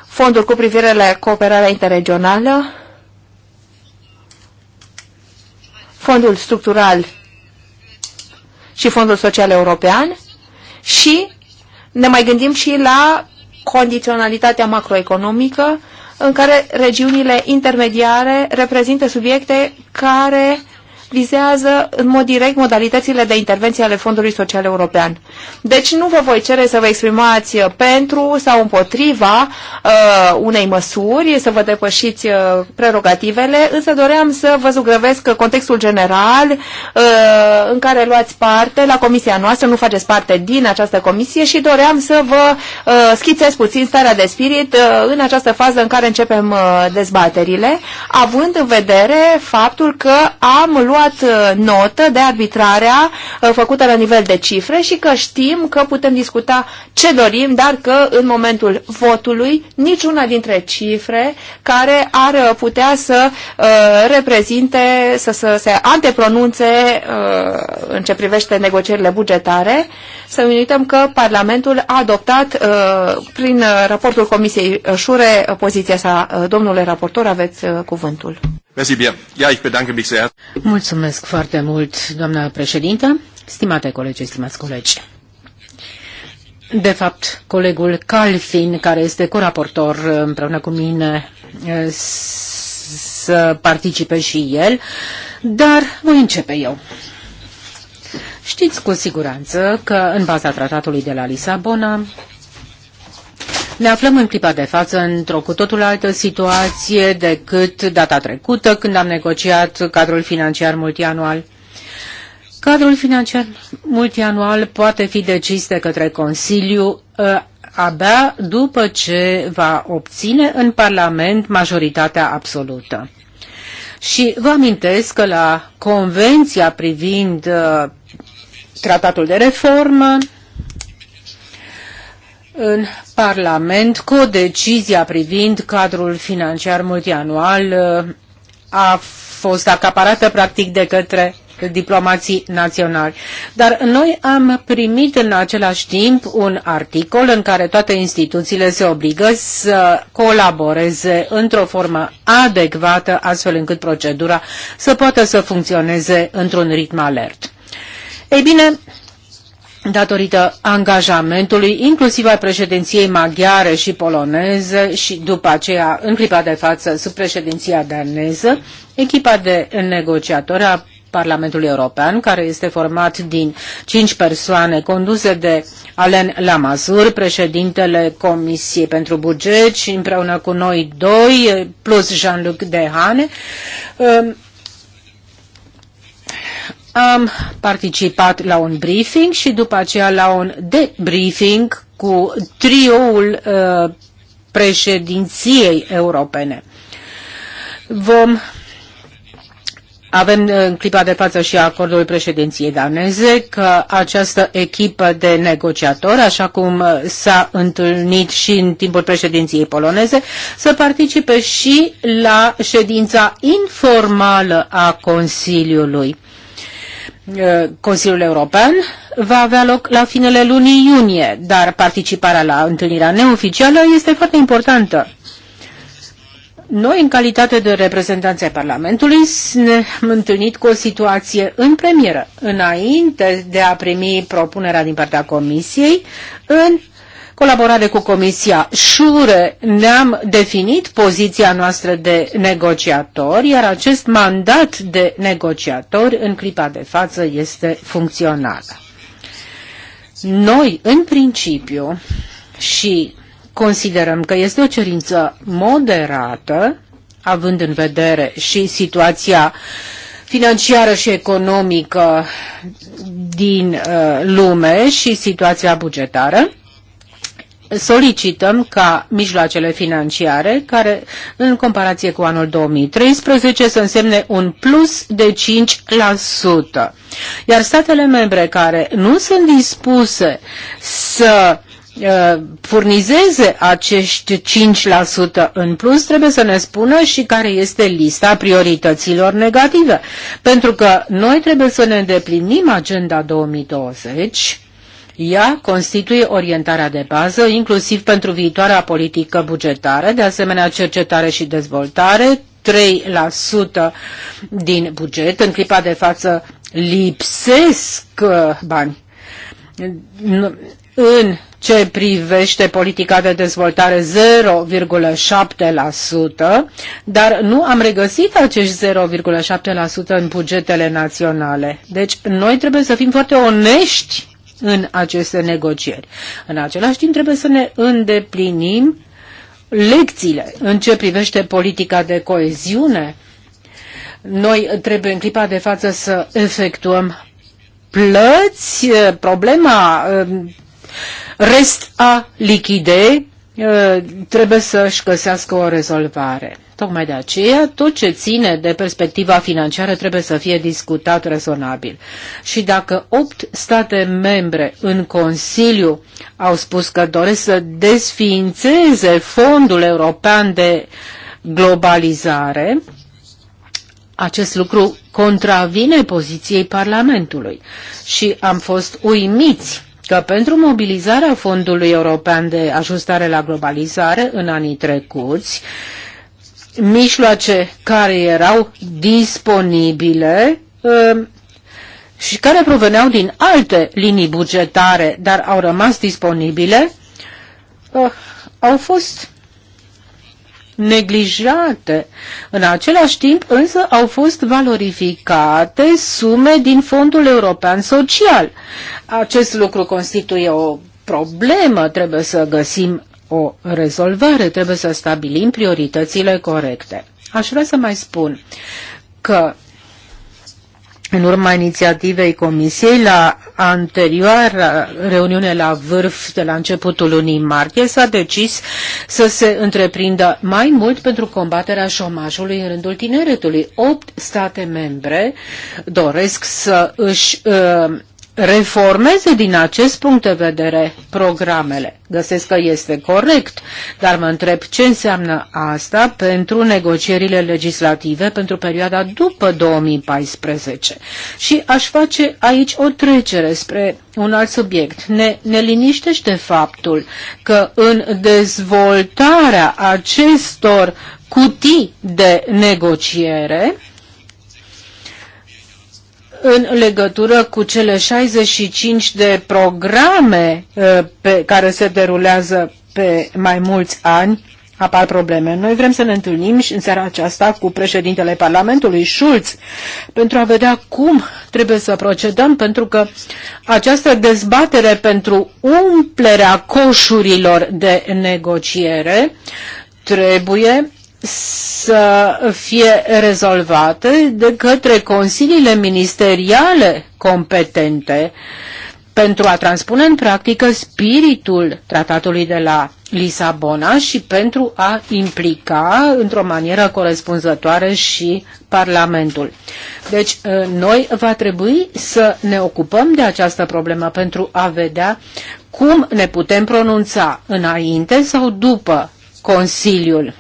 Fonduri cu privire la cooperarea interregională, Fondul Structural și Fondul Social European și ne mai gândim și la condiționalitatea macroeconomică în care regiunile intermediare reprezintă subiecte care vizează în mod direct modalitățile de intervenție ale Fondului Social European. Deci nu vă voi cere să vă exprimați pentru sau împotriva uh, unei măsuri, să vă depășiți uh, prerogativele, însă doream să vă zugrăvesc contextul general uh, în care luați parte la comisia noastră, nu faceți parte din această comisie și doream să vă uh, schițez puțin starea de spirit uh, în această fază în care începem uh, dezbaterile, având în vedere faptul că am luat luat uh, notă de arbitrarea uh, făcută la nivel de cifre și că știm că putem discuta ce dorim, dar că în momentul votului niciuna dintre cifre care ar uh, putea să reprezinte, să, să se antepronunțe în ce privește negocierile bugetare, să nu uităm că Parlamentul a adoptat prin raportul Comisiei Șure poziția sa. Domnule raportor, aveți cuvântul. Mulțumesc foarte mult, doamna președintă, stimate colegi, stimați colegi. De fapt, colegul Calfin, care este coraportor împreună cu mine, să participe și el, dar voi începe eu. Știți cu siguranță că în baza tratatului de la Lisabona, ne aflăm în clipa de față într-o cu totul altă situație decât data trecută când am negociat cadrul financiar multianual. Cadrul financiar multianual poate fi decis de către Consiliu ă, abia după ce va obține în Parlament majoritatea absolută. Și vă amintesc că la Convenția privind uh, Tratatul de Reformă în Parlament cu decizia privind cadrul financiar multianual uh, a fost acaparată practic de către diplomații naționali. Dar noi am primit în același timp un articol în care toate instituțiile se obligă să colaboreze într-o formă adecvată, astfel încât procedura să poată să funcționeze într-un ritm alert. Ei bine, datorită angajamentului inclusiv al președinției maghiare și poloneze și după aceea, în clipa de față, sub președinția daneză, echipa de negociatori a Parlamentului European, care este format din cinci persoane conduse de Alen Lamasur, președintele Comisiei pentru Buget și împreună cu noi doi, plus Jean-Luc Dehane, ehm, am participat la un briefing și după aceea la un debriefing cu trioul uh, președinției europene. Vom avem uh, în clipa de față și acordul președinției daneze că această echipă de negociatori, așa cum uh, s-a întâlnit și în timpul președinției poloneze, să participe și la ședința informală a Consiliului. Eh, Consiliul European va avea loc la finele lunii iunie, dar participarea la întâlnirea neoficială este foarte importantă. Noi, în calitate de reprezentanți ai Parlamentului, ne-am întâlnit cu o situație în premieră, înainte de a primi propunerea din partea Comisiei, în colaborare cu Comisia Șure ne-am definit poziția noastră de negociator, iar acest mandat de negociator în clipa de față este funcțional. Noi, în principiu, și considerăm că este o cerință moderată, având în vedere și situația financiară și economică din uh, lume și situația bugetară, solicităm ca mijloacele financiare, care în comparație cu anul 2013 să însemne un plus de 5%. Iar statele membre care nu sunt dispuse să uh, furnizeze acești 5% în plus, trebuie să ne spună și care este lista priorităților negative. Pentru că noi trebuie să ne îndeplinim agenda 2020 ea constituie orientarea de bază, inclusiv pentru viitoarea politică bugetară, de asemenea cercetare și dezvoltare, 3% din buget. În clipa de față lipsesc uh, bani. În ce privește politica de dezvoltare 0,7%, dar nu am regăsit acești 0,7% în bugetele naționale. Deci noi trebuie să fim foarte onești în aceste negocieri. În același timp trebuie să ne îndeplinim lecțiile în ce privește politica de coeziune. Noi trebuie în clipa de față să efectuăm plăți, problema rest a lichidei trebuie să-și găsească o rezolvare. Tocmai de aceea, tot ce ține de perspectiva financiară trebuie să fie discutat rezonabil. Și dacă opt state membre în Consiliu au spus că doresc să desființeze Fondul European de Globalizare, acest lucru contravine poziției Parlamentului și am fost uimiți că pentru mobilizarea Fondului European de Ajustare la Globalizare în anii trecuți, uh, mijloace care erau disponibile um, și care proveneau din alte linii bugetare, dar au rămas disponibile, uh, au fost neglijate. În același timp, însă, au fost valorificate sume din Fondul European Social. Acest lucru constituie o problemă, trebuie să găsim o rezolvare, trebuie să stabilim prioritățile corecte. Aș vrea să mai spun că în urma inițiativei Comisiei, la anterioară reuniune la vârf de la începutul lunii martie, s-a decis să se întreprindă mai mult pentru combaterea șomajului în rândul tineretului. Opt state membre doresc să își uh, reformeze din acest punct de vedere programele. Găsesc că este corect, dar mă întreb ce înseamnă asta pentru negocierile legislative pentru perioada după 2014. Și aș face aici o trecere spre un alt subiect. Ne, ne liniștește faptul că în dezvoltarea acestor cutii de negociere, în legătură cu cele 65 de programe uh, pe care se derulează pe mai mulți ani, apar probleme. Noi vrem să ne întâlnim și în seara aceasta cu președintele Parlamentului, Schulz, pentru a vedea cum trebuie să procedăm, pentru că această dezbatere pentru umplerea coșurilor de negociere trebuie să fie rezolvate de către consiliile ministeriale competente pentru a transpune în practică spiritul tratatului de la Lisabona și pentru a implica într-o manieră corespunzătoare și Parlamentul. Deci ă, noi va trebui să ne ocupăm de această problemă pentru a vedea cum ne putem pronunța înainte sau după Consiliul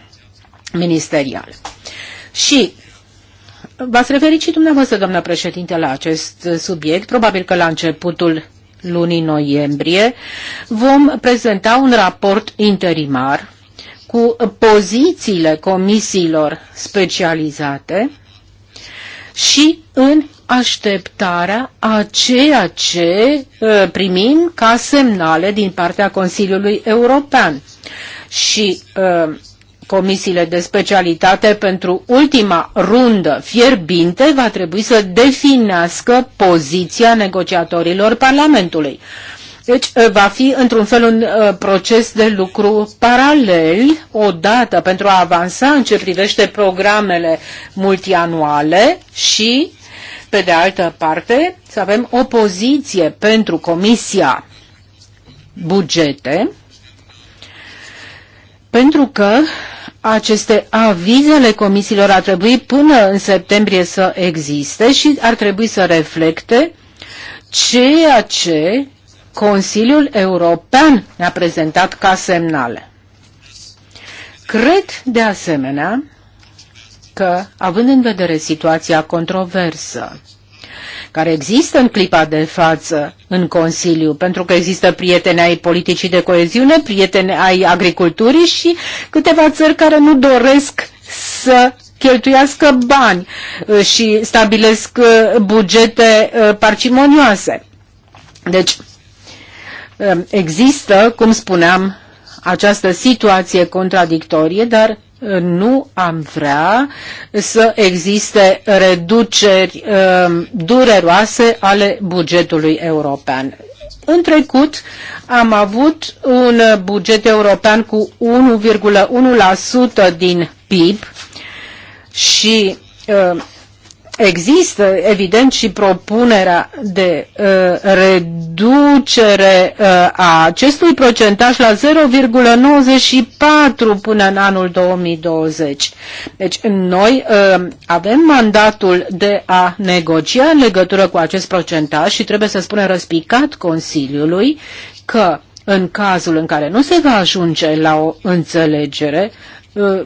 ministerial. Și v-ați referit și dumneavoastră, doamna președinte, la acest subiect, probabil că la începutul lunii noiembrie, vom prezenta un raport interimar cu pozițiile comisiilor specializate și în așteptarea a ceea ce uh, primim ca semnale din partea Consiliului European. Și uh, comisiile de specialitate pentru ultima rundă fierbinte va trebui să definească poziția negociatorilor Parlamentului. Deci eh, va fi într-un fel un uh, proces de lucru paralel odată pentru a avansa în ce privește programele multianuale și, pe de altă parte, să avem o poziție pentru Comisia Bugete, pentru că aceste avizele comisiilor ar trebui până în septembrie să existe și ar trebui să reflecte ceea ce Consiliul European ne-a prezentat ca semnale. Cred, de asemenea, că, având în vedere situația controversă care există în clipa de față în Consiliu, pentru că există prieteni ai politicii de coeziune, prieteni ai agriculturii și câteva țări care nu doresc să cheltuiască bani uh, și stabilesc uh, bugete uh, parcimonioase. Deci, există, cum spuneam, această situație contradictorie, dar nu am vrea să existe reduceri um, dureroase ale bugetului european. În trecut am avut un buget european cu 1,1% din PIB și um, Există, evident, și propunerea de uh, reducere uh, a acestui procentaj la 0,94 până în anul 2020. Deci noi uh, avem mandatul de a negocia în legătură cu acest procentaj și trebuie să spunem răspicat Consiliului că în cazul în care nu se va ajunge la o înțelegere, uh,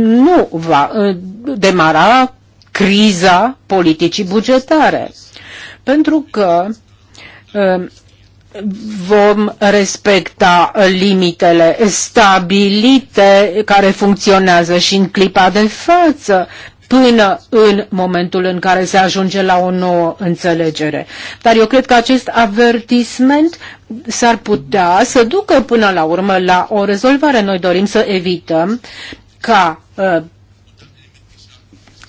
nu va uh, demara criza politicii bugetare. Pentru că um, vom respecta limitele stabilite care funcționează și în clipa de față până în momentul în care se ajunge la o nouă înțelegere. Dar eu cred că acest avertisment s-ar putea să ducă până la urmă la o rezolvare. Noi dorim să evităm ca uh,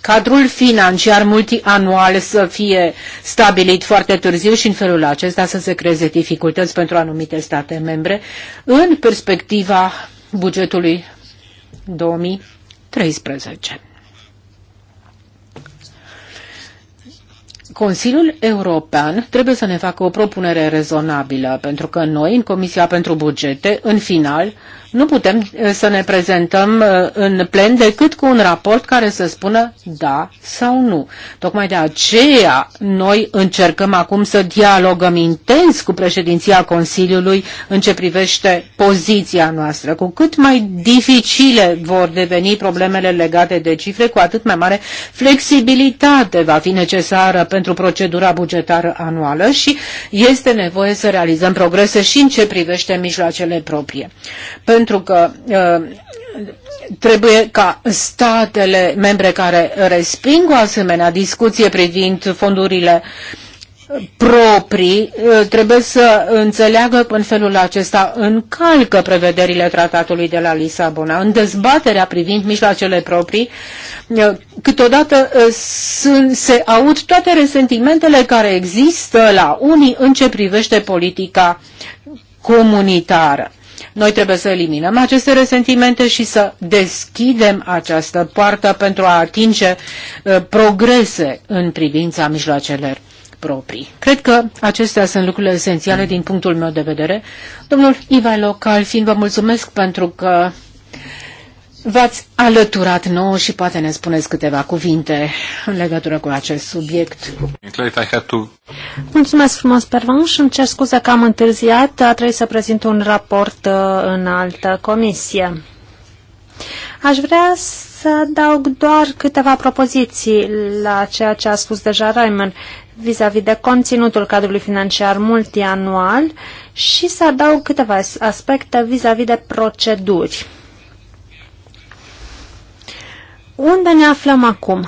cadrul financiar multianual să fie stabilit foarte târziu și în felul acesta să se creeze dificultăți pentru anumite state membre în perspectiva bugetului 2013. Consiliul European trebuie să ne facă o propunere rezonabilă, pentru că noi, în Comisia pentru Bugete, în final, nu putem să ne prezentăm în plen decât cu un raport care să spună da sau nu. Tocmai de aceea noi încercăm acum să dialogăm intens cu președinția Consiliului în ce privește poziția noastră. Cu cât mai dificile vor deveni problemele legate de cifre, cu atât mai mare flexibilitate va fi necesară pentru procedura bugetară anuală și este nevoie să realizăm progrese și în ce privește mijloacele proprie. Pentru pentru că ă, trebuie ca statele membre care resping o asemenea discuție privind fondurile proprii ă, trebuie să înțeleagă că în felul acesta încalcă prevederile tratatului de la Lisabona. În dezbaterea privind mijloacele proprii, ă, câteodată se aud toate resentimentele care există la unii în ce privește politica comunitară. Noi trebuie să eliminăm aceste resentimente și să deschidem această poartă pentru a atinge uh, progrese în privința mijloacelor proprii. Cred că acestea sunt lucrurile esențiale din punctul meu de vedere. Domnul Ivailo Calfin, vă mulțumesc pentru că V-ați alăturat nouă și poate ne spuneți câteva cuvinte în legătură cu acest subiect. Mulțumesc frumos, Pervan, și îmi cer scuze că am întârziat. A trebuit să prezint un raport uh, în altă comisie. Aș vrea să adaug doar câteva propoziții la ceea ce a spus deja Raymond vis-a-vis -vis de conținutul cadrului financiar multianual și să adaug câteva aspecte vis-a-vis -vis de proceduri. Unde ne aflăm acum?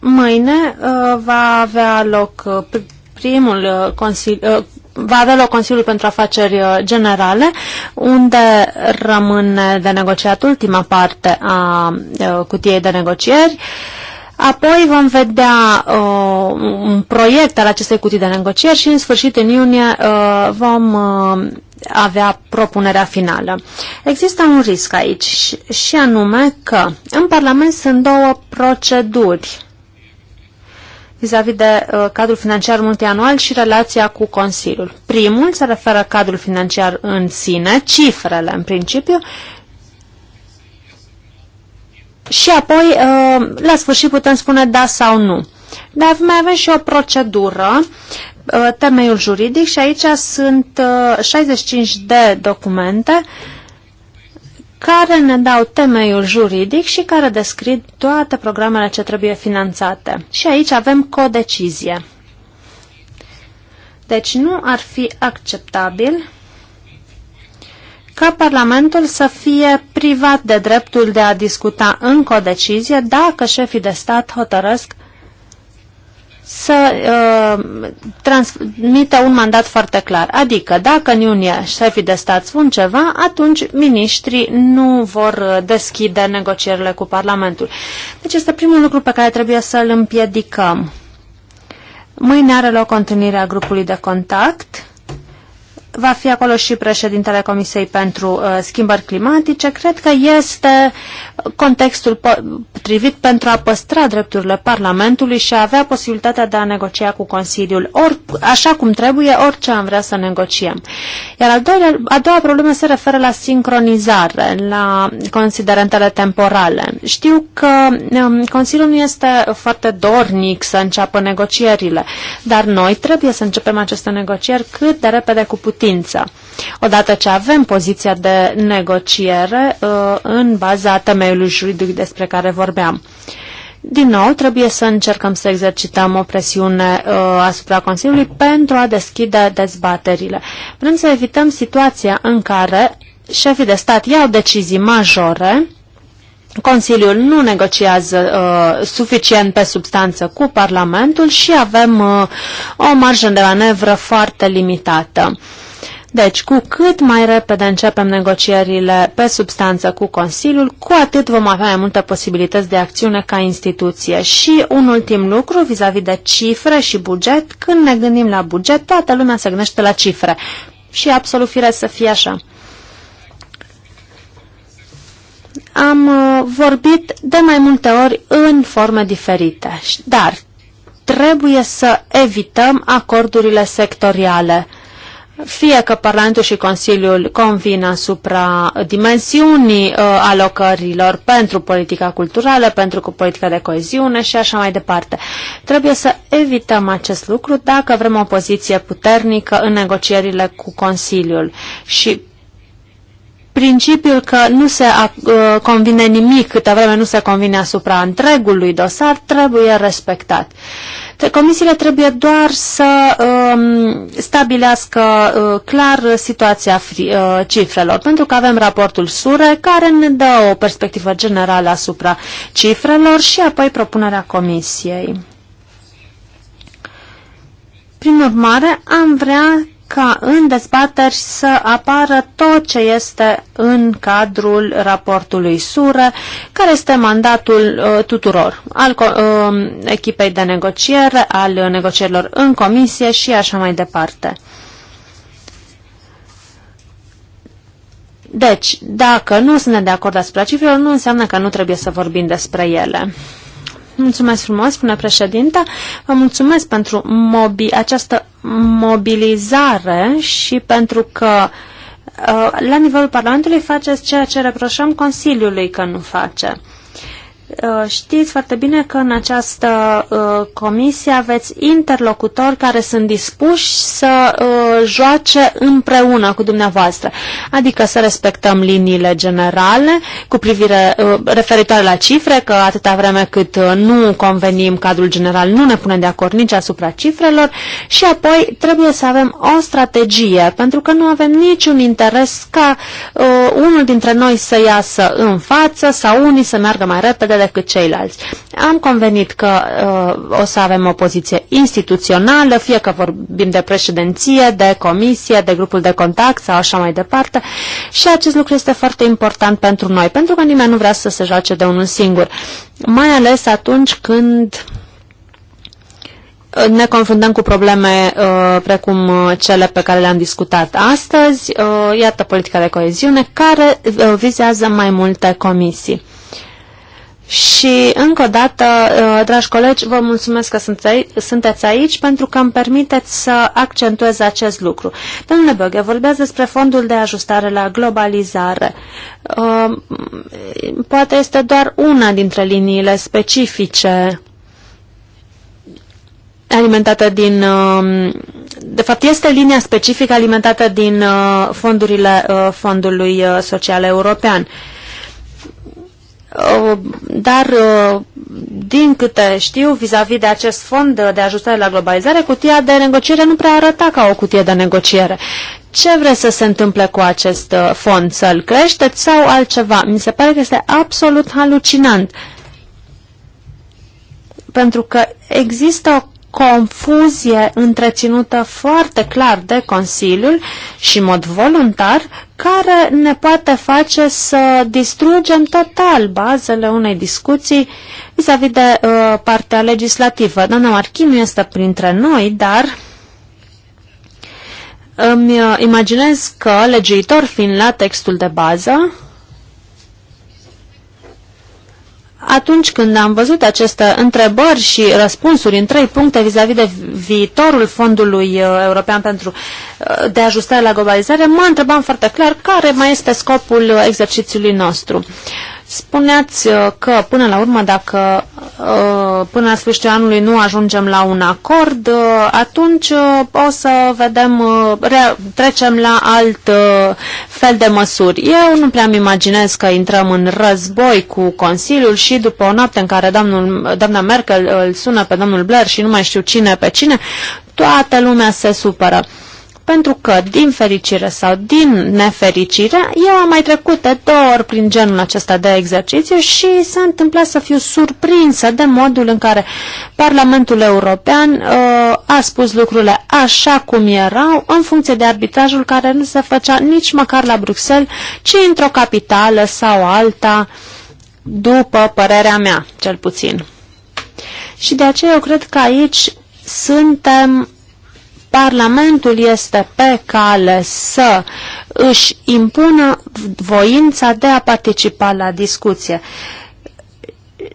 Mâine uh, va avea loc uh, primul uh, consiliu, uh, va avea loc Consiliul pentru Afaceri uh, Generale, unde rămâne de negociat ultima parte a cutiei de negocieri. Uh, Apoi vom vedea uh, un proiect al acestei cutii de negocieri și în sfârșit, în iunie, uh, vom uh, avea propunerea finală. Există un risc aici și, și anume că în Parlament sunt două proceduri vis-a-vis -vis de uh, cadrul financiar multianual și relația cu Consiliul. Primul se referă cadrul financiar în sine, cifrele în principiu, și apoi, uh, la sfârșit, putem spune da sau nu. Dar mai avem și o procedură, uh, temeiul juridic și aici sunt 65 uh, de documente care ne dau temeiul juridic și care descrie toate programele ce trebuie finanțate. Și aici avem codecizie. Deci nu ar fi acceptabil ca Parlamentul să fie privat de dreptul de a discuta încă o decizie dacă șefii de stat hotărăsc să uh, transmită un mandat foarte clar. Adică, dacă în iunie șefii de stat spun ceva, atunci miniștrii nu vor deschide negocierile cu Parlamentul. Deci este primul lucru pe care trebuie să-l împiedicăm. Mâine are loc întâlnirea grupului de contact va fi acolo și președintele Comisiei pentru uh, Schimbări Climatice. Cred că este contextul potrivit pentru a păstra drepturile Parlamentului și a avea posibilitatea de a negocia cu Consiliul, or, așa cum trebuie, orice am vrea să negociem. Iar al doilea, a doua problemă se referă la sincronizare, la considerentele temporale. Știu că um, Consiliul nu este foarte dornic să înceapă negocierile, dar noi trebuie să începem aceste negocieri cât de repede cu putință cunoștință. Odată ce avem poziția de negociere uh, în baza temeiului juridic despre care vorbeam. Din nou, trebuie să încercăm să exercităm o presiune uh, asupra Consiliului pentru a deschide dezbaterile. Vrem să evităm situația în care șefii de stat iau decizii majore, Consiliul nu negociază uh, suficient pe substanță cu Parlamentul și avem uh, o marjă de manevră foarte limitată. Uh, deci, cu cât mai repede începem negocierile pe substanță cu Consiliul, cu atât vom avea mai multe posibilități de acțiune ca instituție. Și un ultim lucru, vis-a-vis -vis de cifre și buget, când ne gândim la buget, toată lumea se gândește la cifre. Și absolut firesc să fie așa. Am uh, vorbit de mai multe ori în forme diferite, dar trebuie să evităm acordurile sectoriale fie că Parlamentul și Consiliul convin asupra dimensiunii uh, alocărilor pentru politica culturală, pentru politica de coeziune și așa mai departe. Trebuie să evităm acest lucru dacă vrem o poziție puternică în negocierile cu Consiliul și principiul că nu se uh, convine nimic câtă vreme nu se convine asupra întregului dosar trebuie respectat. Comisiile trebuie doar să um, stabilească uh, clar situația uh, cifrelor, pentru că avem raportul SURE care ne dă o perspectivă generală asupra cifrelor și apoi propunerea Comisiei. Prin urmare, am vrea ca în dezbateri să apară tot ce este în cadrul raportului SURE, care este mandatul uh, tuturor, al uh, echipei de negociere, al negocierilor în comisie și așa mai departe. Deci, dacă nu suntem de acord asupra cifrelor, nu înseamnă că nu trebuie să vorbim despre ele. Mulțumesc frumos, spune președinte. Vă mulțumesc pentru mobi această mobilizare și pentru că uh, la nivelul Parlamentului faceți ceea ce reproșăm Consiliului că nu face. Uh, știți foarte bine că în această uh, comisie aveți interlocutori care sunt dispuși să uh, joace împreună cu dumneavoastră, adică să respectăm liniile generale cu privire referitoare la cifre, că atâta vreme cât nu convenim cadrul general, nu ne punem de acord nici asupra cifrelor și apoi trebuie să avem o strategie, pentru că nu avem niciun interes ca unul dintre noi să iasă în față sau unii să meargă mai repede repede decât ceilalți. Am convenit că uh, o să avem o poziție instituțională, fie că vorbim de președinție, de comisie, de grupul de contact sau așa mai departe și acest lucru este foarte important pentru noi, pentru că nimeni nu vrea să se joace de unul singur, mai ales atunci când uh, ne confruntăm cu probleme uh, precum uh, cele pe care le-am discutat astăzi, uh, iată politica de coeziune, care uh, vizează mai multe comisii. Și încă o dată, uh, dragi colegi, vă mulțumesc că sunteți aici pentru că îmi permiteți să accentuez acest lucru. Domnule Băghe, vorbeați despre fondul de ajustare la globalizare. Uh, poate este doar una dintre liniile specifice alimentată din... Uh, de fapt, este linia specifică alimentată din fondurile Fondului Social European. Uh, dar uh, din câte știu, vis-a-vis -vis de acest fond de ajustare la globalizare, cutia de negociere nu prea arăta ca o cutie de negociere. Ce vreți să se întâmple cu acest uh, fond? Să-l creșteți sau altceva? Mi se pare că este absolut halucinant. Pentru că există o confuzie întreținută foarte clar de Consiliul și în mod voluntar care ne poate face să distrugem total bazele unei discuții vis-a-vis -vis de uh, partea legislativă. Doamna Marchin nu este printre noi, dar îmi uh, imaginez că legiuitor fiind la textul de bază, Atunci când am văzut aceste întrebări și răspunsuri în trei puncte vis-a-vis -vis de viitorul Fondului uh, European pentru uh, de ajustare la globalizare, mă întrebam foarte clar care mai este scopul exercițiului nostru. Uh, Spuneați uh, că, până la urmă, dacă uh, până la sfârșitul anului nu ajungem la un acord, uh, atunci o să vedem, trecem la alt fel de măsuri. Eu nu prea îmi imaginez că intrăm în război cu Consiliul și după o noapte în care domnul, doamna Merkel îl sună pe domnul Blair și nu mai știu cine pe cine, toată lumea se supără pentru că, din fericire sau din nefericire, eu am mai trecut de două ori prin genul acesta de exercițiu și s-a întâmplat să fiu surprinsă de modul în care Parlamentul European uh, a spus lucrurile așa cum erau, în funcție de arbitrajul care nu se făcea nici măcar la Bruxelles, ci într-o capitală sau alta, după părerea mea, cel puțin. Și de aceea eu cred că aici suntem Parlamentul este pe cale să își impună voința de a participa la discuție.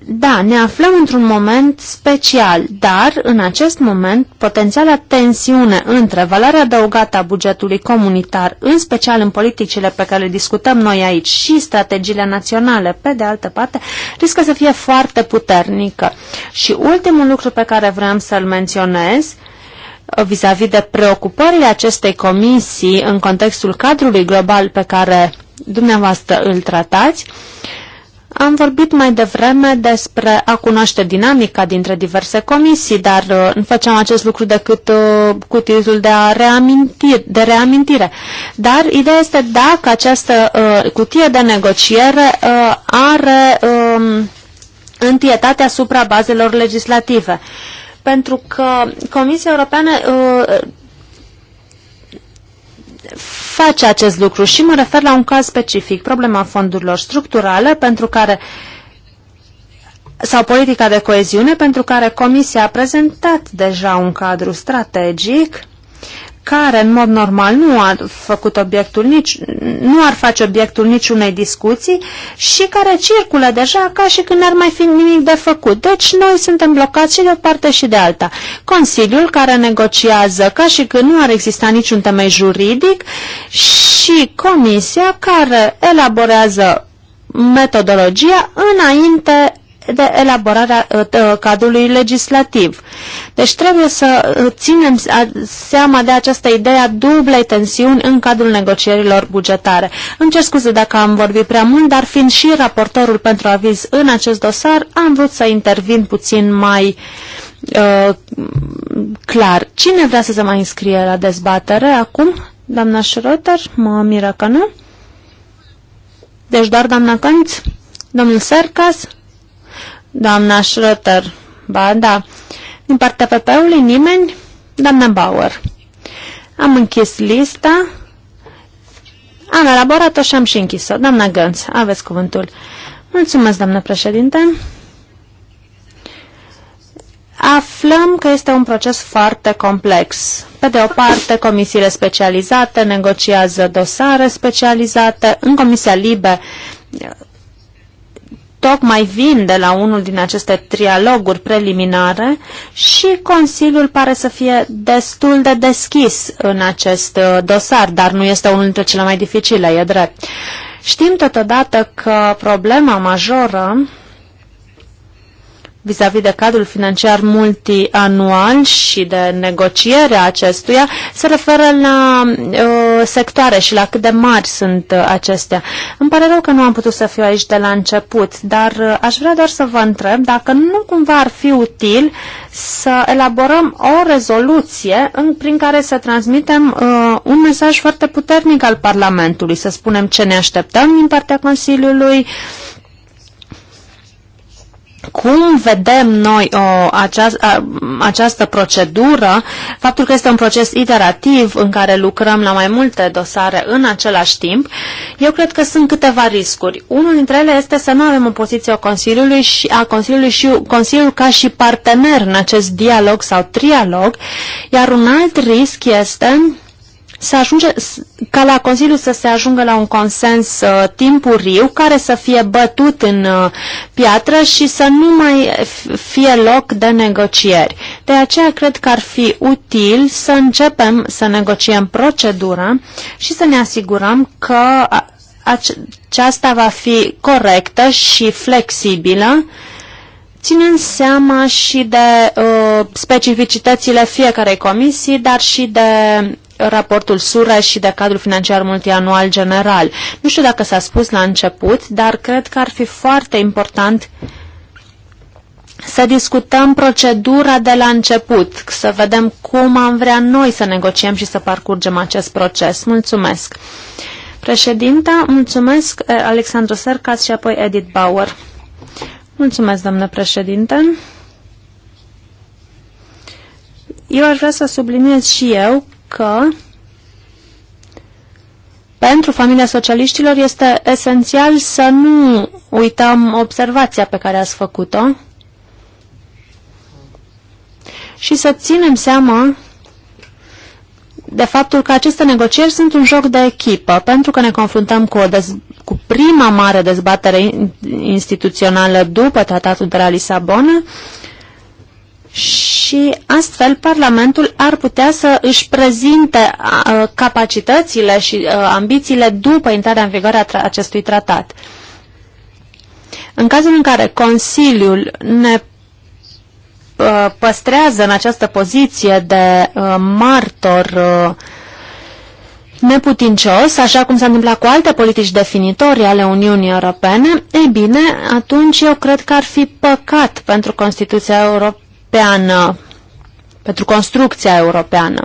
Da, ne aflăm într-un moment special, dar în acest moment potențiala tensiune între valoarea adăugată a bugetului comunitar, în special în politicile pe care le discutăm noi aici și strategiile naționale, pe de altă parte, riscă să fie foarte puternică. Și ultimul lucru pe care vreau să-l menționez, uh, Uh, vis-a-vis -vis de preocupările acestei comisii în contextul cadrului global pe care dumneavoastră îl tratați, am vorbit mai devreme despre a cunoaște dinamica dintre diverse comisii, dar uh, nu făceam acest lucru decât uh, cu titlul de, a reaminti, de reamintire. Dar ideea este dacă această uh, cutie de negociere uh, are uh, um, întietate asupra bazelor legislative. Uh, pentru că Comisia Europeană uh, face acest lucru și mă refer la un caz specific, problema fondurilor structurale pentru care sau politica de coeziune pentru care Comisia a prezentat deja un cadru strategic care în mod normal nu a făcut obiectul nici, nu ar face obiectul niciunei discuții și care circulă deja ca și când n-ar mai fi nimic de făcut. Deci noi suntem blocați și de o parte și de alta. Consiliul care negociază ca și când nu ar exista niciun temei juridic și Comisia care elaborează metodologia înainte de elaborarea ă, cadrului legislativ. Deci trebuie să ă, ținem seama de această idee a dublei tensiuni în cadrul negocierilor bugetare. Îmi cer scuze dacă am vorbit prea mult, dar fiind și raportorul pentru aviz în acest dosar, am vrut să intervin puțin mai ă, clar. Cine vrea să se mai înscrie la dezbatere acum? Doamna Schroeder? Mă miră că nu. Deci doar doamna Cănț, Domnul Sercas? Doamna Schröter. Ba, da. Din partea PP-ului nimeni? Doamna Bauer. Am închis lista. Am elaborat-o și am și închis-o. Doamna Gânț, aveți cuvântul. Mulțumesc, doamnă președinte. Aflăm că este un proces foarte complex. Pe de o parte, comisiile specializate negociază dosare specializate. În Comisia Libe tocmai vin de la unul din aceste trialoguri preliminare și Consiliul pare să fie destul de deschis în acest uh, dosar, dar nu este unul dintre cele mai dificile, e drept. Știm totodată că problema majoră vis-a-vis -vis de cadrul financiar multianual și de negocierea acestuia se referă la uh, sectoare și la cât de mari sunt uh, acestea. Îmi pare rău că nu am putut să fiu aici de la început, dar uh, aș vrea doar să vă întreb dacă nu cumva ar fi util să elaborăm o rezoluție în, prin care să transmitem uh, un mesaj foarte puternic al Parlamentului, să spunem ce ne așteptăm din partea Consiliului, cum vedem noi o, aceast, a, această procedură, faptul că este un proces iterativ în care lucrăm la mai multe dosare în același timp, eu cred că sunt câteva riscuri. Unul dintre ele este să nu avem o poziție a Consiliului și a Consiliului și Consiliul ca și partener în acest dialog sau trialog, iar un alt risc este să ajunge, ca la Consiliu să se ajungă la un consens uh, timpuriu care să fie bătut în uh, piatră și să nu mai fie loc de negocieri. De aceea cred că ar fi util să începem să negociem procedura și să ne asigurăm că aceasta va fi corectă și flexibilă ținând seama și de uh, specificitățile fiecarei comisii, dar și de raportul sura și de cadrul financiar multianual general. Nu știu dacă s-a spus la început, dar cred că ar fi foarte important să discutăm procedura de la început, să vedem cum am vrea noi să negociem și să parcurgem acest proces. Mulțumesc. Președinta, mulțumesc eh, Alexandru Sercas și apoi Edith Bauer. Mulțumesc, doamnă președinte. Eu aș vrea să subliniez și eu că pentru familia socialiștilor este esențial să nu uităm observația pe care ați făcut-o și să ținem seama de faptul că aceste negocieri sunt un joc de echipă, pentru că ne confruntăm cu, o dez cu prima mare dezbatere instituțională după tratatul de la Lisabona și și astfel Parlamentul ar putea să își prezinte capacitățile și ambițiile după intrarea în vigoare a acestui tratat. În cazul în care Consiliul ne păstrează în această poziție de martor neputincios, așa cum s-a întâmplat cu alte politici definitorii ale Uniunii Europene, ei bine, atunci eu cred că ar fi păcat pentru Constituția Europeană europeană, pentru construcția europeană.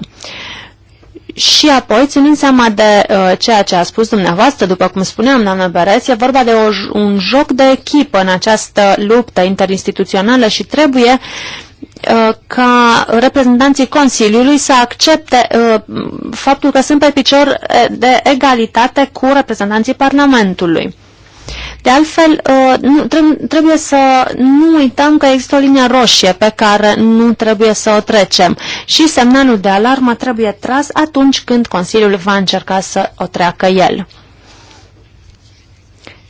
Și apoi, ținând seama de uh, ceea ce a spus dumneavoastră, după cum spuneam, doamnă Beres, e vorba de o, un joc de echipă în această luptă interinstituțională și trebuie uh, ca reprezentanții Consiliului să accepte uh, faptul că sunt pe picior uh, de egalitate cu reprezentanții Parlamentului. De altfel, ă, trebuie să nu uităm că există o linie roșie pe care nu trebuie să o trecem și semnalul de alarmă trebuie tras atunci când Consiliul va încerca să o treacă el.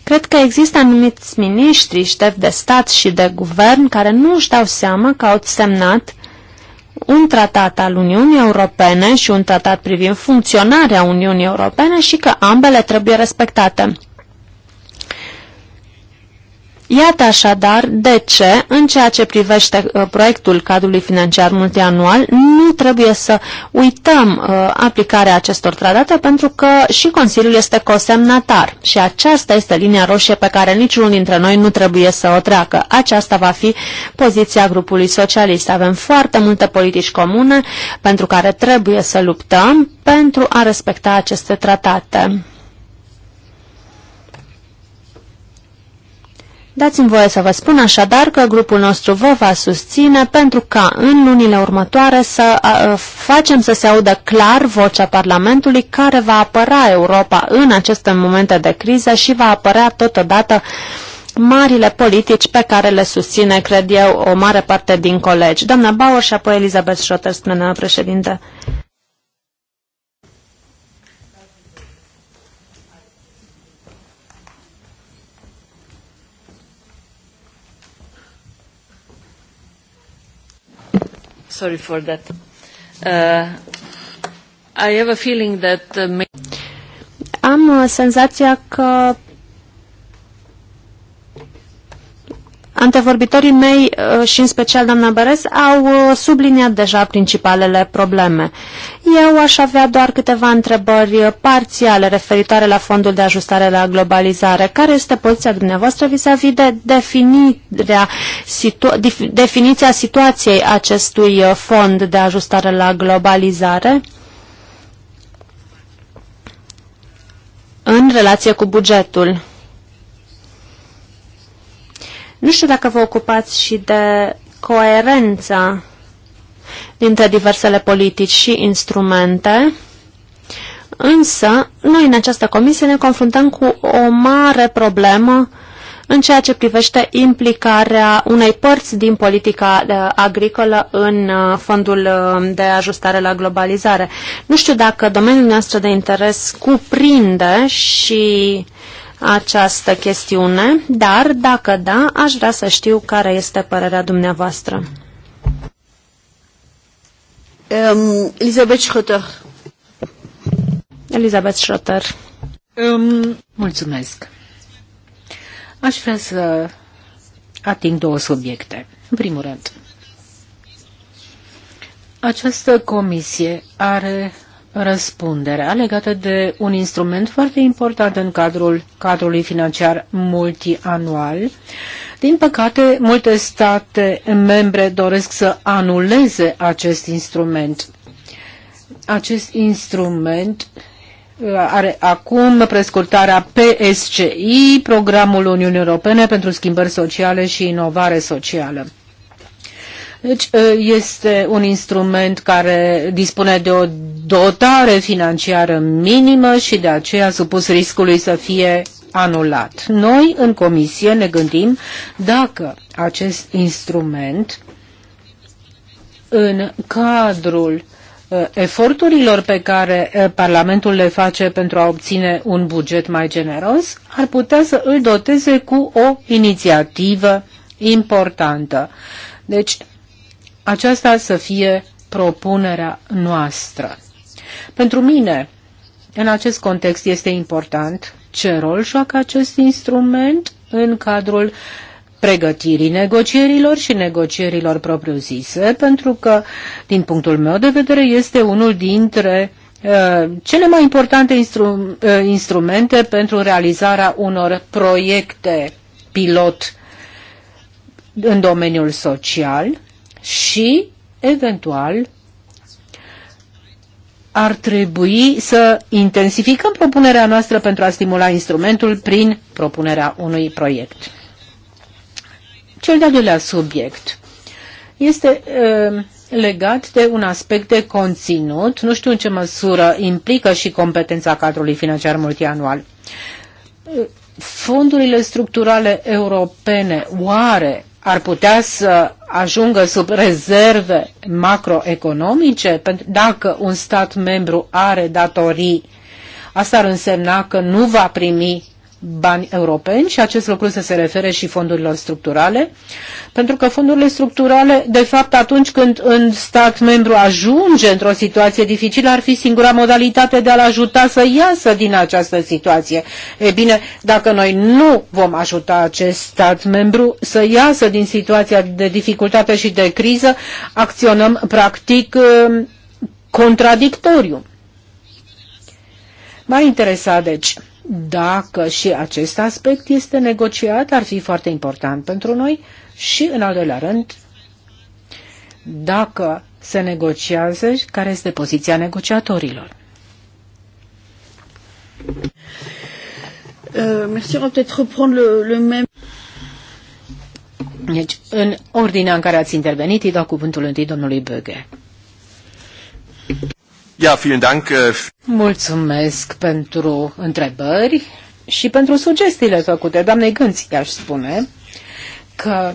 Cred că există anumiți miniștri, ștefi de stat și de guvern care nu își dau seama că au semnat un tratat al Uniunii Europene și un tratat privind funcționarea Uniunii Europene și că ambele trebuie respectate. Iată așadar de ce, în ceea ce privește uh, proiectul cadrului financiar multianual, nu trebuie să uităm uh, aplicarea acestor tratate pentru că și Consiliul este cosemnatar și aceasta este linia roșie pe care niciunul dintre noi nu trebuie să o treacă. Aceasta va fi poziția grupului socialist. Avem foarte multe politici comune pentru care trebuie să luptăm pentru a respecta aceste tratate. Dați-mi voie să vă spun așadar că grupul nostru vă va susține pentru ca în lunile următoare să facem să se audă clar vocea Parlamentului care va apăra Europa în aceste momente de criză și va apărea totodată marile politici pe care le susține, cred eu, o mare parte din colegi. Doamna Bauer și apoi Elizabeth Schotter, spune președinte. Sorry for that. Uh, I have a feeling that... Uh, Am uh, senzația că Antevorbitorii mei uh, și în special doamna Băres au uh, subliniat deja principalele probleme. Eu aș avea doar câteva întrebări uh, parțiale referitoare la fondul de ajustare la globalizare. Care este poziția dumneavoastră vis-a-vis -vis de definirea, situ, definiția situației acestui fond de ajustare la globalizare? în relație cu bugetul. Nu știu dacă vă ocupați și de coerența dintre diversele politici și instrumente, însă noi în această comisie ne confruntăm cu o mare problemă în ceea ce privește implicarea unei părți din politica agricolă în uh, fondul uh, de ajustare la globalizare. Nu știu dacă domeniul nostru de interes cuprinde și această chestiune, dar dacă da, aș vrea să știu care este părerea dumneavoastră. Um, Elizabeth Schroeter. Elizabeth Schroeter. Um, mulțumesc. Aș vrea să ating două subiecte. În primul rând, această comisie are răspunderea legată de un instrument foarte important în cadrul cadrului financiar multianual. Din păcate, multe state membre doresc să anuleze acest instrument. Acest instrument uh, are acum prescurtarea PSCI, Programul Uniunii Europene pentru Schimbări Sociale și Inovare Socială. Deci este un instrument care dispune de o dotare financiară minimă și de aceea supus riscului să fie anulat. Noi în comisie ne gândim dacă acest instrument în cadrul eforturilor pe care Parlamentul le face pentru a obține un buget mai generos, ar putea să îl doteze cu o inițiativă importantă. Deci, aceasta să fie propunerea noastră. Pentru mine, în acest context este important ce rol joacă acest instrument în cadrul pregătirii negocierilor și negocierilor propriu-zise, pentru că, din punctul meu de vedere, este unul dintre uh, cele mai importante instru uh, instrumente pentru realizarea unor proiecte pilot în domeniul social și, eventual, ar trebui să intensificăm propunerea noastră pentru a stimula instrumentul prin propunerea unui proiect. Cel de-al doilea subiect este uh, legat de un aspect de conținut, nu știu în ce măsură implică și competența cadrului financiar multianual. Uh, fondurile structurale europene oare ar putea să ajungă sub rezerve macroeconomice? Dacă un stat membru are datorii, asta ar însemna că nu va primi bani europeni și acest lucru să se refere și fondurilor structurale, pentru că fondurile structurale, de fapt, atunci când un stat membru ajunge într-o situație dificilă, ar fi singura modalitate de a-l ajuta să iasă din această situație. E bine, dacă noi nu vom ajuta acest stat membru să iasă din situația de dificultate și de criză, acționăm practic ă, contradictoriu. M-a interesat, deci, dacă și acest aspect este negociat, ar fi foarte important pentru noi și, în al doilea rând, dacă se negociază, care este poziția negociatorilor. Euh, merci, Deci, în ordinea în care ați intervenit, îi dau cuvântul întâi domnului Böge vielen Dank. Äh, Mulțumesc pentru întrebări și pentru sugestiile făcute. Doamnei Gânți, aș spune că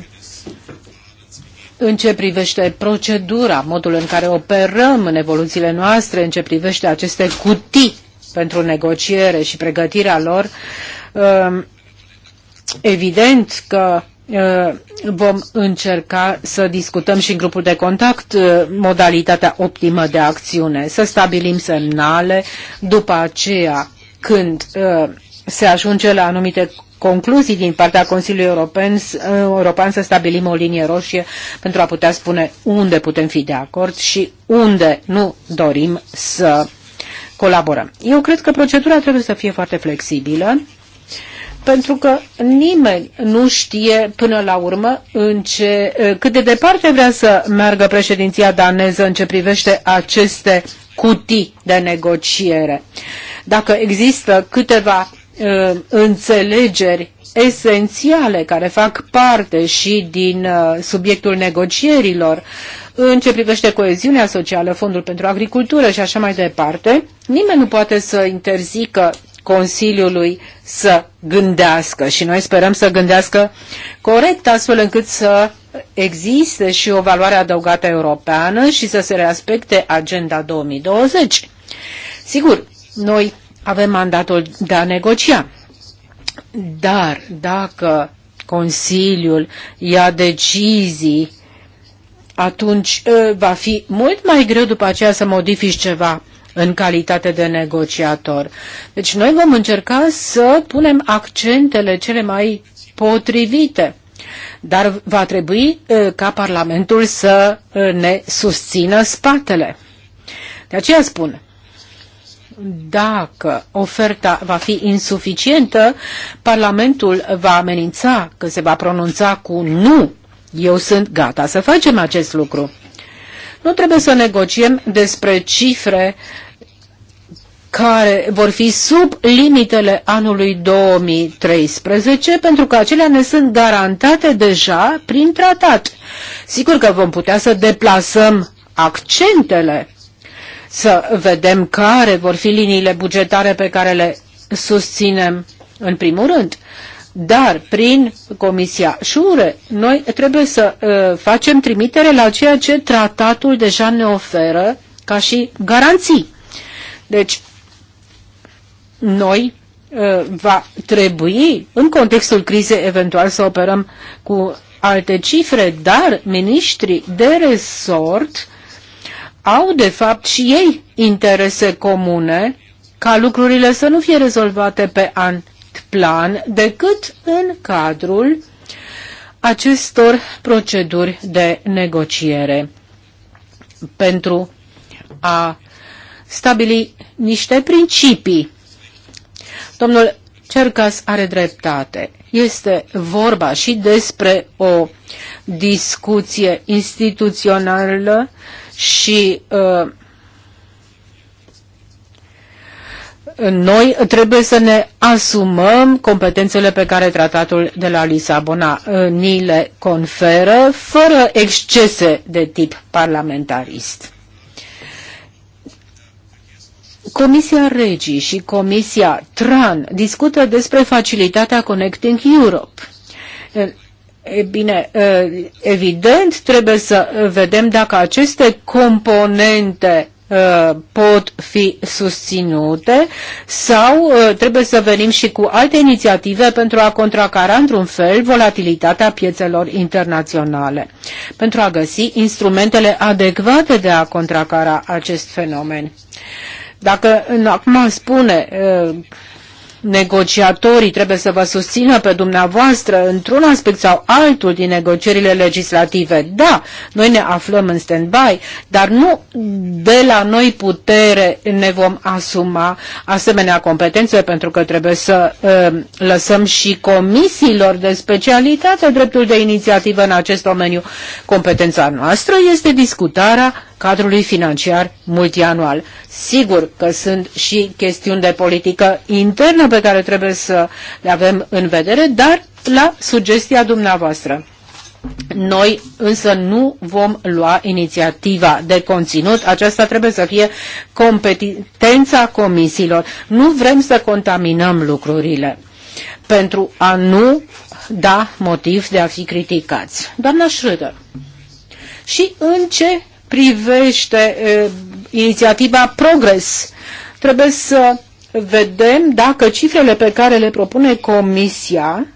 în ce privește procedura, modul în care operăm în evoluțiile noastre, în ce privește aceste cutii pentru negociere și pregătirea lor, um, evident că Uh, vom încerca să discutăm și în grupul de contact uh, modalitatea optimă de acțiune, să stabilim semnale, după aceea când uh, se ajunge la anumite concluzii din partea Consiliului European, European să stabilim o linie roșie pentru a putea spune unde putem fi de acord și unde nu dorim să colaborăm. Eu cred că procedura trebuie să fie foarte flexibilă pentru că nimeni nu știe până la urmă în ce, eh, cât de departe vrea să meargă președinția daneză în ce privește aceste cutii de negociere. Dacă există câteva uh, înțelegeri esențiale care fac parte și din uh, subiectul negocierilor în ce privește coeziunea socială, fondul pentru agricultură și așa mai departe, nimeni nu poate să interzică Consiliului să gândească și noi sperăm să gândească corect astfel încât să existe și o valoare adăugată europeană și să se respecte agenda 2020. Sigur, noi avem mandatul de a negocia, dar dacă Consiliul ia decizii, atunci ă, va fi mult mai greu după aceea să modifici ceva în calitate de negociator. Deci noi vom încerca să punem accentele cele mai potrivite dar va trebui ă, ca Parlamentul să ă, ne susțină spatele. De aceea spun, dacă oferta va fi insuficientă, Parlamentul va amenința că se va pronunța cu nu. Eu sunt gata să facem acest lucru. Nu trebuie să negociem despre cifre uh, care vor fi sub limitele anului 2013, pentru că acelea ne sunt garantate deja prin tratat. Sigur că vom putea să deplasăm accentele, să vedem care vor fi liniile bugetare pe care le susținem în primul rând. Dar prin Comisia Șure, noi trebuie să uh, facem trimitere la ceea ce tratatul deja ne oferă ca și garanții. Deci, noi uh, va trebui, în contextul crizei, eventual să operăm cu alte cifre, dar ministrii de resort au, de fapt, și ei interese comune ca lucrurile să nu fie rezolvate pe an plan decât în cadrul acestor proceduri de negociere pentru a stabili niște principii Domnul Cercas are dreptate. Este vorba și despre o discuție instituțională și uh, noi trebuie să ne asumăm competențele pe care tratatul de la Lisabona uh, ni le conferă, fără excese de tip parlamentarist. Comisia Regii și Comisia TRAN discută despre facilitatea Connecting Europe. E bine, evident trebuie să vedem dacă aceste componente pot fi susținute sau trebuie să venim și cu alte inițiative pentru a contracara într-un fel volatilitatea piețelor internaționale, pentru a găsi instrumentele adecvate de a contracara acest fenomen. Dacă în acum spune negociatorii trebuie să vă susțină pe dumneavoastră într-un aspect sau altul din negocierile legislative. Da, noi ne aflăm în stand-by, dar nu de la noi putere ne vom asuma asemenea competențe, pentru că trebuie să uh, lăsăm și comisiilor de specialitate dreptul de inițiativă în acest domeniu. Competența noastră este discutarea cadrului financiar multianual. Sigur că sunt și chestiuni de politică internă pe care trebuie să le avem în vedere, dar la sugestia dumneavoastră. Noi însă nu vom lua inițiativa de conținut, aceasta trebuie să fie competența comisiilor. Nu vrem să contaminăm lucrurile pentru a nu da motiv de a fi criticați. Doamna Schröder, și în ce privește inițiativa Progress, trebuie să vedem dacă cifrele pe care le propune Comisia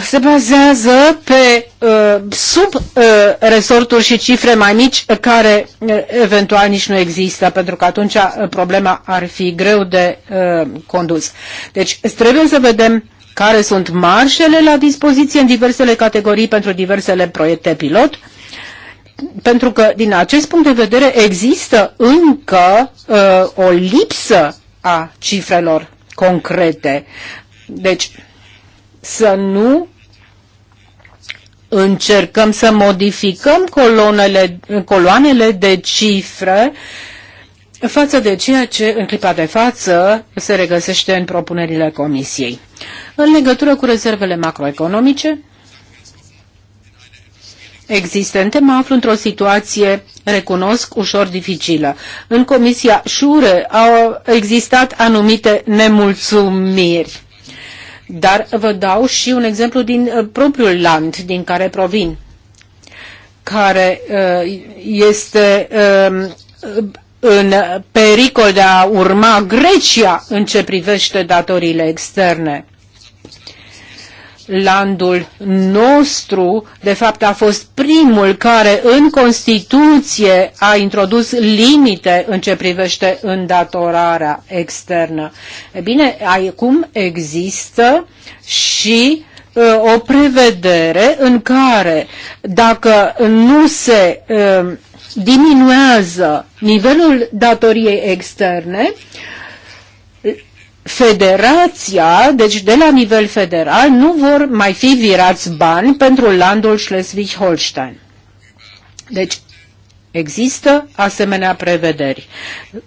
se bazează pe sub resorturi și cifre mai mici care eventual nici nu există, pentru că atunci problema ar fi greu de condus. Deci trebuie să vedem care sunt marșele la dispoziție în diversele categorii pentru diversele proiecte pilot, pentru că din acest punct de vedere există încă uh, o lipsă a cifrelor concrete. Deci să nu încercăm să modificăm coloanele, de cifre uh, față de ceea ce în clipa de față se regăsește în propunerile Comisiei. În legătură cu rezervele macroeconomice existente, mă aflu într-o situație, recunosc, ușor dificilă. În Comisia Șure au existat anumite nemulțumiri. Dar vă dau și un exemplu din uh, propriul land din care provin, care uh, este um, în pericol de a urma Grecia în ce privește datorile externe. Landul nostru, de fapt, a fost primul care în Constituție a introdus limite în ce privește îndatorarea externă. E bine, acum există și ă, o prevedere în care dacă nu se uh, diminuează nivelul datoriei externe, federația, deci de la nivel federal, nu vor mai fi virați bani pentru landul Schleswig-Holstein. Deci Există asemenea prevederi.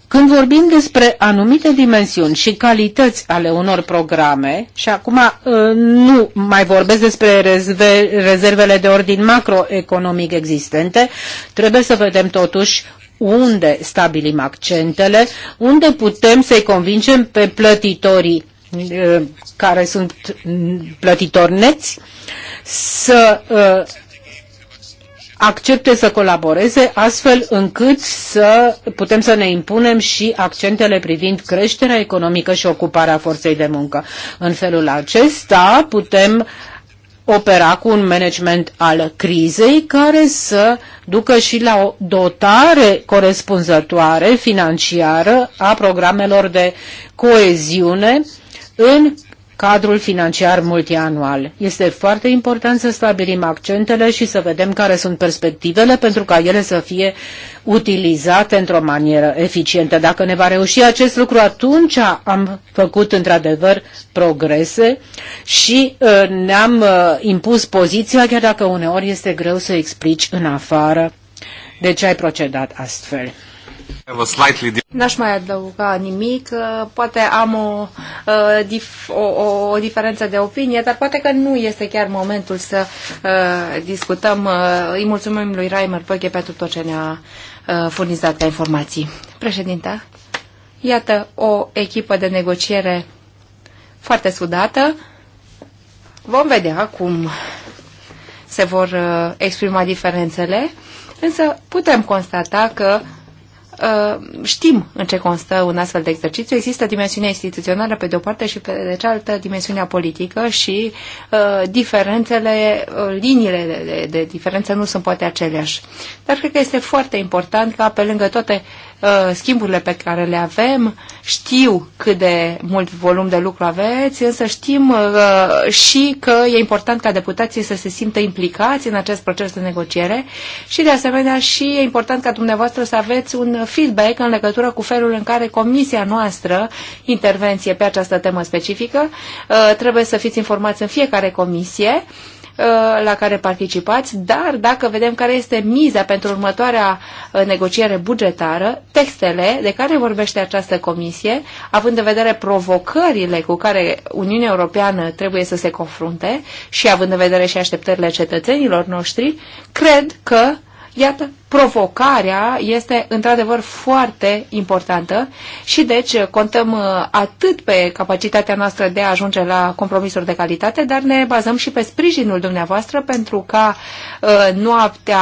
Când vorbim despre anumite dimensiuni și calități ale unor programe, și acum uh, nu mai vorbesc despre rezervele de ordin macroeconomic existente, trebuie să vedem totuși unde stabilim accentele, unde putem să-i convingem pe plătitorii uh, care sunt plătitori neți să uh, accepte să colaboreze astfel încât să putem să ne impunem și accentele privind creșterea economică și ocuparea forței de muncă. În felul acesta putem opera cu un management al crizei care să ducă și la o dotare corespunzătoare financiară a programelor de coeziune în cadrul financiar multianual. Este foarte important să stabilim accentele și să vedem care sunt perspectivele pentru ca ele să fie utilizate într-o manieră eficientă. Dacă ne va reuși acest lucru, atunci am făcut într-adevăr progrese și uh, ne-am uh, impus poziția, chiar dacă uneori este greu să explici în afară de ce ai procedat astfel. N-aș mai adăuga nimic, uh, poate am o, uh, o, o, o diferență de opinie, dar poate că nu este chiar momentul să uh, discutăm. Uh, îi mulțumim lui Raimer Păche pentru tot ce ne-a uh, furnizat ca informații. Președinte, iată o echipă de negociere foarte sudată. Vom vedea cum se vor exprima diferențele, însă putem constata că uh, știm în ce constă un astfel de exercițiu. Există dimensiunea instituțională pe de o parte și pe de cealaltă dimensiunea politică și uh, diferențele, uh, liniile de, de, de diferență nu sunt poate aceleași. Dar cred că este foarte important ca pe lângă toate uh, Uh, schimburile pe care le avem, știu cât de mult volum de lucru aveți, însă știm uh, și că e important ca deputații să se simtă implicați în acest proces de negociere și de asemenea și e important ca dumneavoastră să aveți un feedback în legătură cu felul în care comisia noastră intervenție pe această temă specifică. Uh, trebuie să fiți informați în fiecare comisie Uh, la care participați, dar dacă vedem care este miza pentru următoarea uh, negociere bugetară, textele de care vorbește această comisie, având în vedere provocările cu care Uniunea Europeană trebuie să se confrunte și având în vedere și așteptările cetățenilor noștri, cred că Iată, provocarea este într-adevăr foarte importantă și deci contăm uh, atât pe capacitatea noastră de a ajunge la compromisuri de calitate, dar ne bazăm și pe sprijinul dumneavoastră pentru ca uh, noaptea,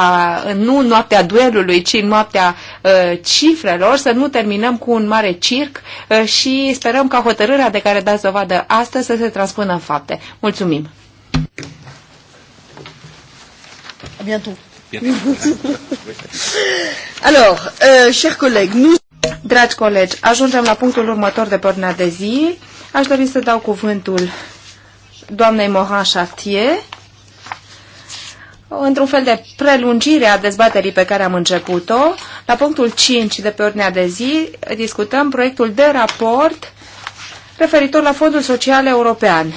nu noaptea duelului, ci noaptea uh, cifrelor, să nu terminăm cu un mare circ și sperăm ca hotărârea de care dați dovadă astăzi să se transpună în fapte. Mulțumim! A bientôt. (laughs) Alors, euh, chers collègues, nous... Dragi colegi, ajungem la punctul următor de părnea de zi. Aș dori să dau cuvântul doamnei Moran Chartier într-un fel de prelungire a dezbaterii pe care am început-o. La punctul 5 de pe ordinea de zi discutăm proiectul de raport referitor la Fondul Social European.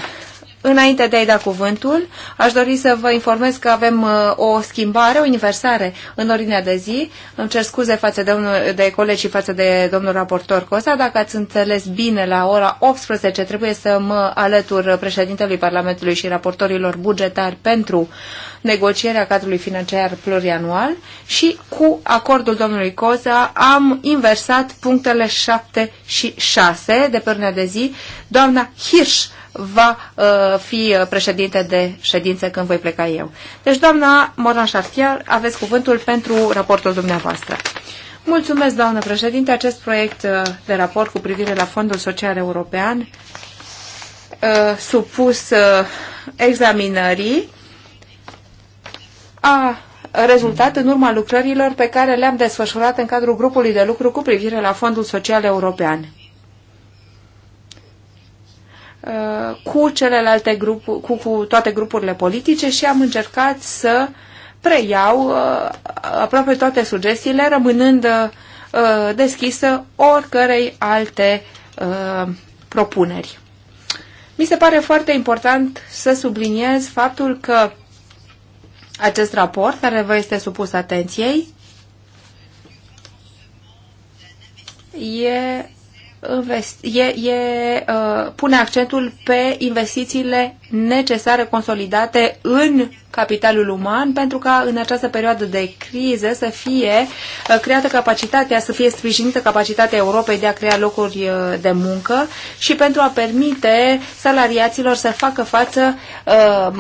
Înainte de a-i da cuvântul, aș dori să vă informez că avem uh, o schimbare, o inversare în ordinea de zi. Îmi cer scuze față de, unul, de colegi și față de domnul raportor Cosa. Dacă ați înțeles bine, la ora 18 trebuie să mă alătur președintelui Parlamentului și raportorilor bugetari pentru negocierea cadrului financiar plurianual și cu acordul domnului Coza am inversat punctele 7 și 6 de pe ordinea de zi. Doamna Hirsch va uh, fi uh, președinte de ședință când voi pleca eu. Deci, doamna Moran Șartier, aveți cuvântul pentru raportul dumneavoastră. Mulțumesc, doamnă președinte. Acest proiect uh, de raport cu privire la Fondul Social European supus examinării a rezultat în urma lucrărilor pe care le-am desfășurat în cadrul grupului de lucru cu privire la Fondul Social European. Uh, cu celelalte grupuri, cu, cu toate grupurile politice și am încercat să preiau uh, aproape toate sugestiile, rămânând uh, deschisă oricărei alte propuneri. Mi se pare foarte important să subliniez faptul că acest raport, care vă este supus atenției, e e, e, uh, pune accentul pe investițiile necesare consolidate în capitalul uman pentru ca în această perioadă de criză să fie uh, creată capacitatea, să fie sprijinită capacitatea Europei de a crea locuri uh, de muncă și pentru a permite salariaților să facă față uh,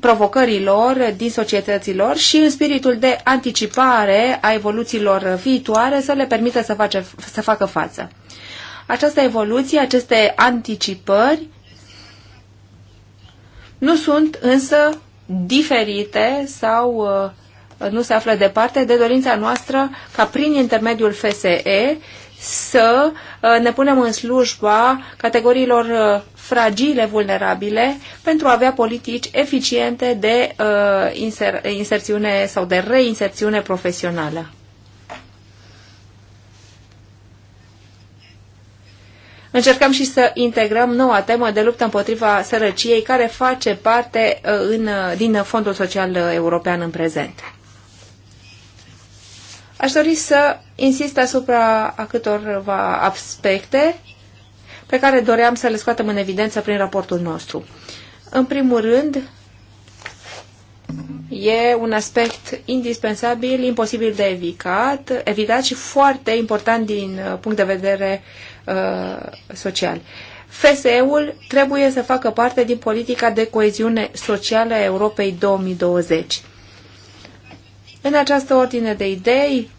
provocărilor din societăților și în spiritul de anticipare a evoluțiilor viitoare să le permită să, face, să facă față această evoluție, aceste anticipări nu sunt însă diferite sau uh, nu se află departe de dorința noastră ca prin intermediul FSE să uh, ne punem în slujba categoriilor uh, fragile, vulnerabile, pentru a avea politici eficiente de inser inserțiune sau de reinserțiune profesională. Încercăm și să integrăm noua temă de luptă împotriva sărăciei, care face parte uh, în, uh, din Fondul Social European în prezent. Aș dori să insist asupra a câtorva aspecte pe care doream să le scoatem în evidență prin raportul nostru. În primul rând, e un aspect indispensabil, imposibil de evitat, evitat și foarte important din uh, punct de vedere Uh, social. FSE-ul trebuie să facă parte din politica de coeziune socială a Europei 2020. În această ordine de idei,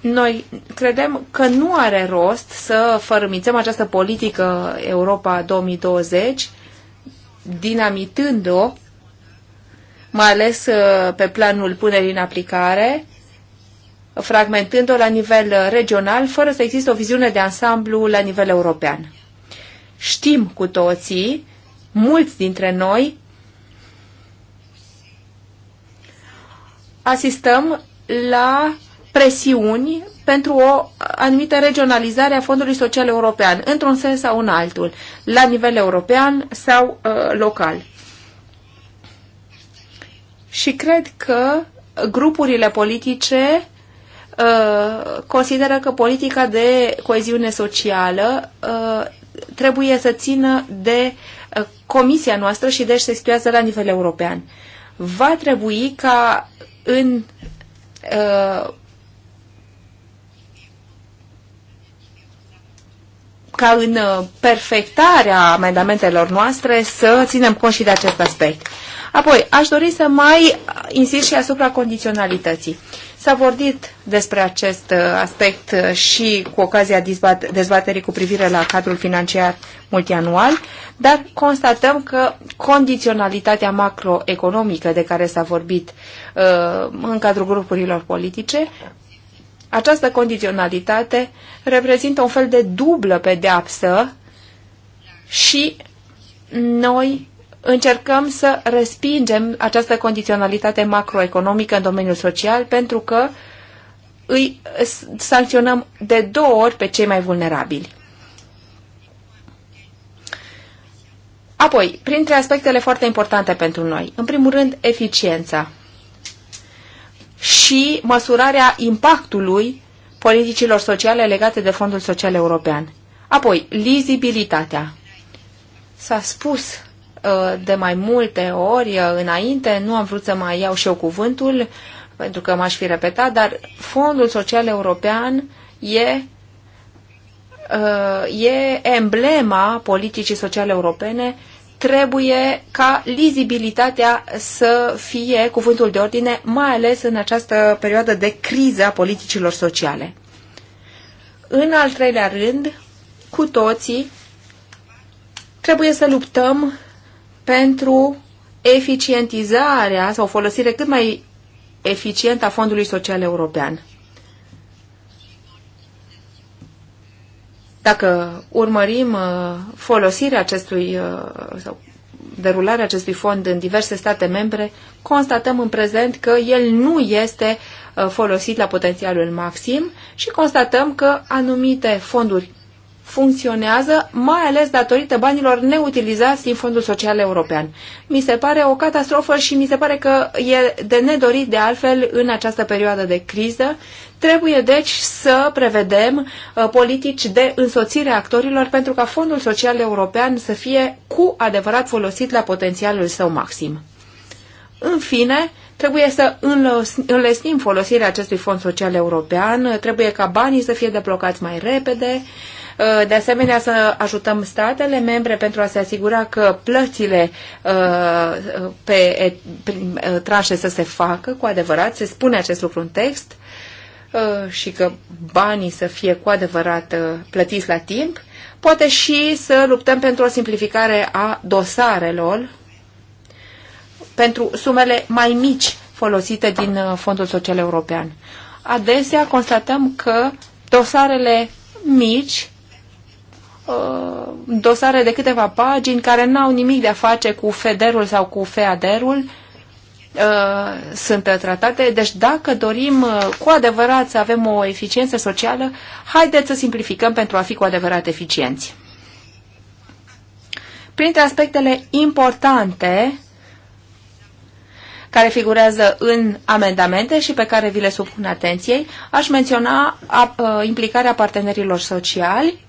noi credem că nu are rost să fărâmițăm această politică Europa 2020, dinamitând-o, mai ales uh, pe planul punerii în aplicare, fragmentând-o la nivel uh, regional, fără să existe o viziune de ansamblu la nivel european. Știm cu toții, mulți dintre noi, asistăm la presiuni pentru o anumită regionalizare a Fondului Social European, într-un sens sau în altul, la nivel european sau uh, local. Și cred că grupurile politice Uh, consideră că politica de coeziune socială uh, trebuie să țină de uh, comisia noastră și deci se situează la nivel european. Va trebui ca în ca în perfectarea amendamentelor noastre să ținem cont și de acest aspect. Apoi, aș dori să mai insist și asupra condiționalității. Uh, S-a vorbit despre acest uh, aspect uh, și cu ocazia dezbaterii cu privire la cadrul financiar multianual, dar constatăm că condiționalitatea macroeconomică de care s-a vorbit uh, în cadrul grupurilor politice, această condiționalitate reprezintă un fel de dublă pedeapsă și noi încercăm să respingem această condiționalitate macroeconomică în domeniul social pentru că îi sancționăm de două ori pe cei mai vulnerabili. Apoi, printre aspectele foarte importante pentru noi, în primul rând, eficiența și măsurarea impactului politicilor sociale legate de Fondul Social European. Apoi, lizibilitatea. S-a spus Uh, de mai multe ori uh, înainte, nu am vrut să mai iau și eu cuvântul, pentru că m-aș fi repetat, dar Fondul Social European e uh, e emblema politicii sociale europene, trebuie ca lizibilitatea să fie cuvântul de ordine, mai ales în această perioadă de criză a politicilor sociale. În al treilea rând, cu toții trebuie să luptăm pentru eficientizarea sau folosire cât mai eficientă a Fondului Social European. Dacă urmărim uh, folosirea acestui uh, sau derularea acestui fond în diverse state membre, constatăm în prezent că el nu este uh, folosit la potențialul maxim și constatăm că anumite fonduri funcționează, mai ales datorită banilor neutilizați din Fondul Social European. Mi se pare o catastrofă și mi se pare că e de nedorit de altfel în această perioadă de criză. Trebuie deci să prevedem uh, politici de însoțire a actorilor pentru ca Fondul Social European să fie cu adevărat folosit la potențialul său maxim. În fine, Trebuie să înlesnim folosirea acestui fond social european, trebuie ca banii să fie deblocați mai repede, Uh, de asemenea să ajutăm statele membre pentru a se asigura că plățile uh, pe uh, trașe să se facă cu adevărat, se spune acest lucru în text și că banii să fie cu adevărat plătiți la timp, poate și să luptăm pentru o simplificare a dosarelor pentru sumele mai mici folosite din Fondul Social European. Adesea constatăm că dosarele mici Uh, dosare de câteva pagini care n-au nimic de a face cu federul sau cu feaderul uh, sunt uh, tratate. Deci dacă dorim cu adevărat să avem o eficiență socială, haideți să simplificăm pentru a fi cu adevărat eficienți. Printre aspectele importante care figurează în amendamente și pe care vi le supun atenției, aș menționa implicarea partenerilor sociali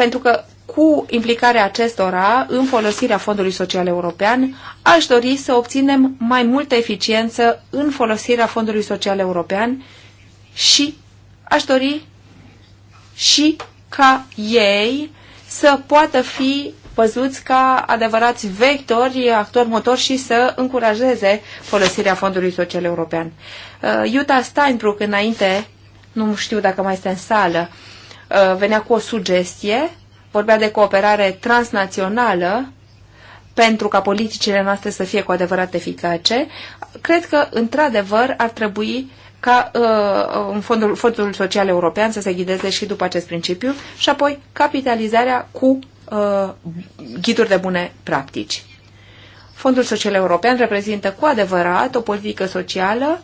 pentru că cu implicarea acestora în folosirea Fondului Social European, aș dori să obținem mai multă eficiență în folosirea Fondului Social European și aș dori și ca ei să poată fi văzuți ca adevărați vectori, actori motor și să încurajeze folosirea Fondului Social European. Uh, Iuta Steinbruck înainte, nu știu dacă mai este în sală, uh, Uh, venea cu o sugestie, vorbea de cooperare transnațională pentru ca politicile noastre să fie cu adevărat eficace, cred că, într-adevăr, ar trebui ca uh, în fondul, fondul social european să se ghideze și după acest principiu și apoi capitalizarea cu uh, ghiduri de bune practici. Fondul Social European reprezintă cu adevărat o politică socială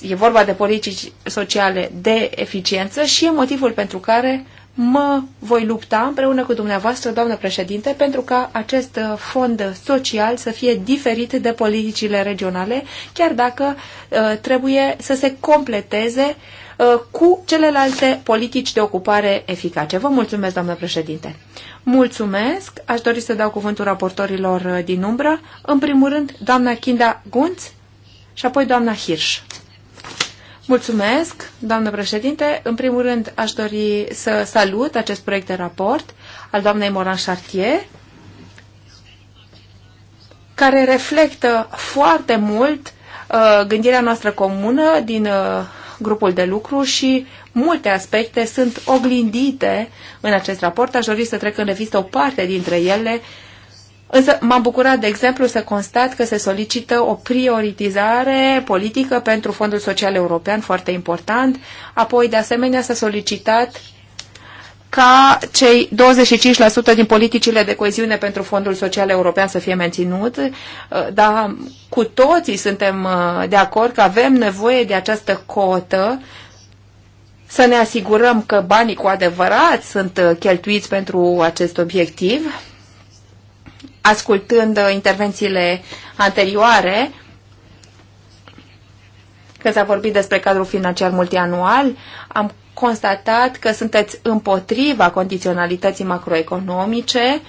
E vorba de politici sociale de eficiență și e motivul pentru care mă voi lupta împreună cu dumneavoastră, doamnă președinte, pentru ca acest uh, fond social să fie diferit de politicile regionale, chiar dacă uh, trebuie să se completeze uh, cu celelalte politici de ocupare eficace. Vă mulțumesc, doamnă președinte. Mulțumesc. Aș dori să dau cuvântul raportorilor uh, din umbră. În primul rând, doamna Kinda Gunț și apoi doamna Hirsch. Mulțumesc, doamnă președinte. În primul rând, aș dori să salut acest proiect de raport al doamnei Moran Chartier, care reflectă foarte mult uh, gândirea noastră comună din uh, grupul de lucru și multe aspecte sunt oglindite în acest raport. Aș dori să trec în revistă o parte dintre ele uh, Însă m-am bucurat, de exemplu, să constat că se solicită o prioritizare politică pentru Fondul Social European, foarte important. Apoi, de asemenea, s-a solicitat ca cei 25% din politicile de coeziune pentru Fondul Social European să fie menținut, dar cu toții suntem uh, de acord că avem nevoie de această cotă să ne asigurăm că banii cu adevărat sunt uh, cheltuiți pentru acest obiectiv ascultând uh, intervențiile anterioare, când s-a vorbit despre cadrul financiar multianual, am constatat că sunteți împotriva condiționalității macroeconomice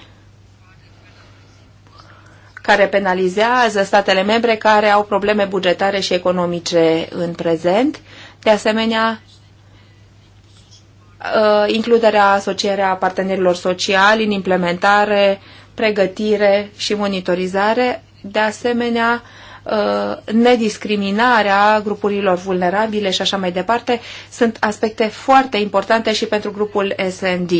care penalizează statele membre care au probleme bugetare și economice în prezent. De asemenea, uh, includerea, asocierea partenerilor sociali în implementare pregătire și monitorizare, de asemenea uh, nediscriminarea grupurilor vulnerabile și așa mai departe, sunt aspecte foarte importante și pentru grupul SND.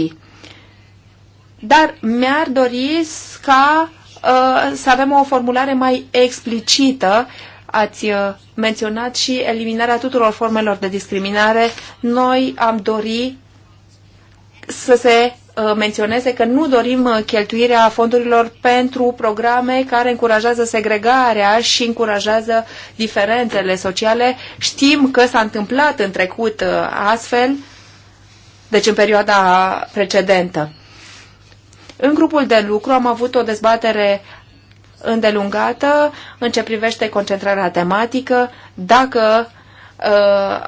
Dar mi-ar dori ca uh, să avem o formulare mai explicită ați uh, menționat și eliminarea tuturor formelor de discriminare, noi am dori să se Uh, menționeze că nu dorim uh, cheltuirea fondurilor pentru programe care încurajează segregarea și încurajează diferențele sociale. Știm că s-a întâmplat în trecut uh, astfel, deci în perioada precedentă. În grupul de lucru am avut o dezbatere îndelungată în ce privește concentrarea tematică, dacă uh,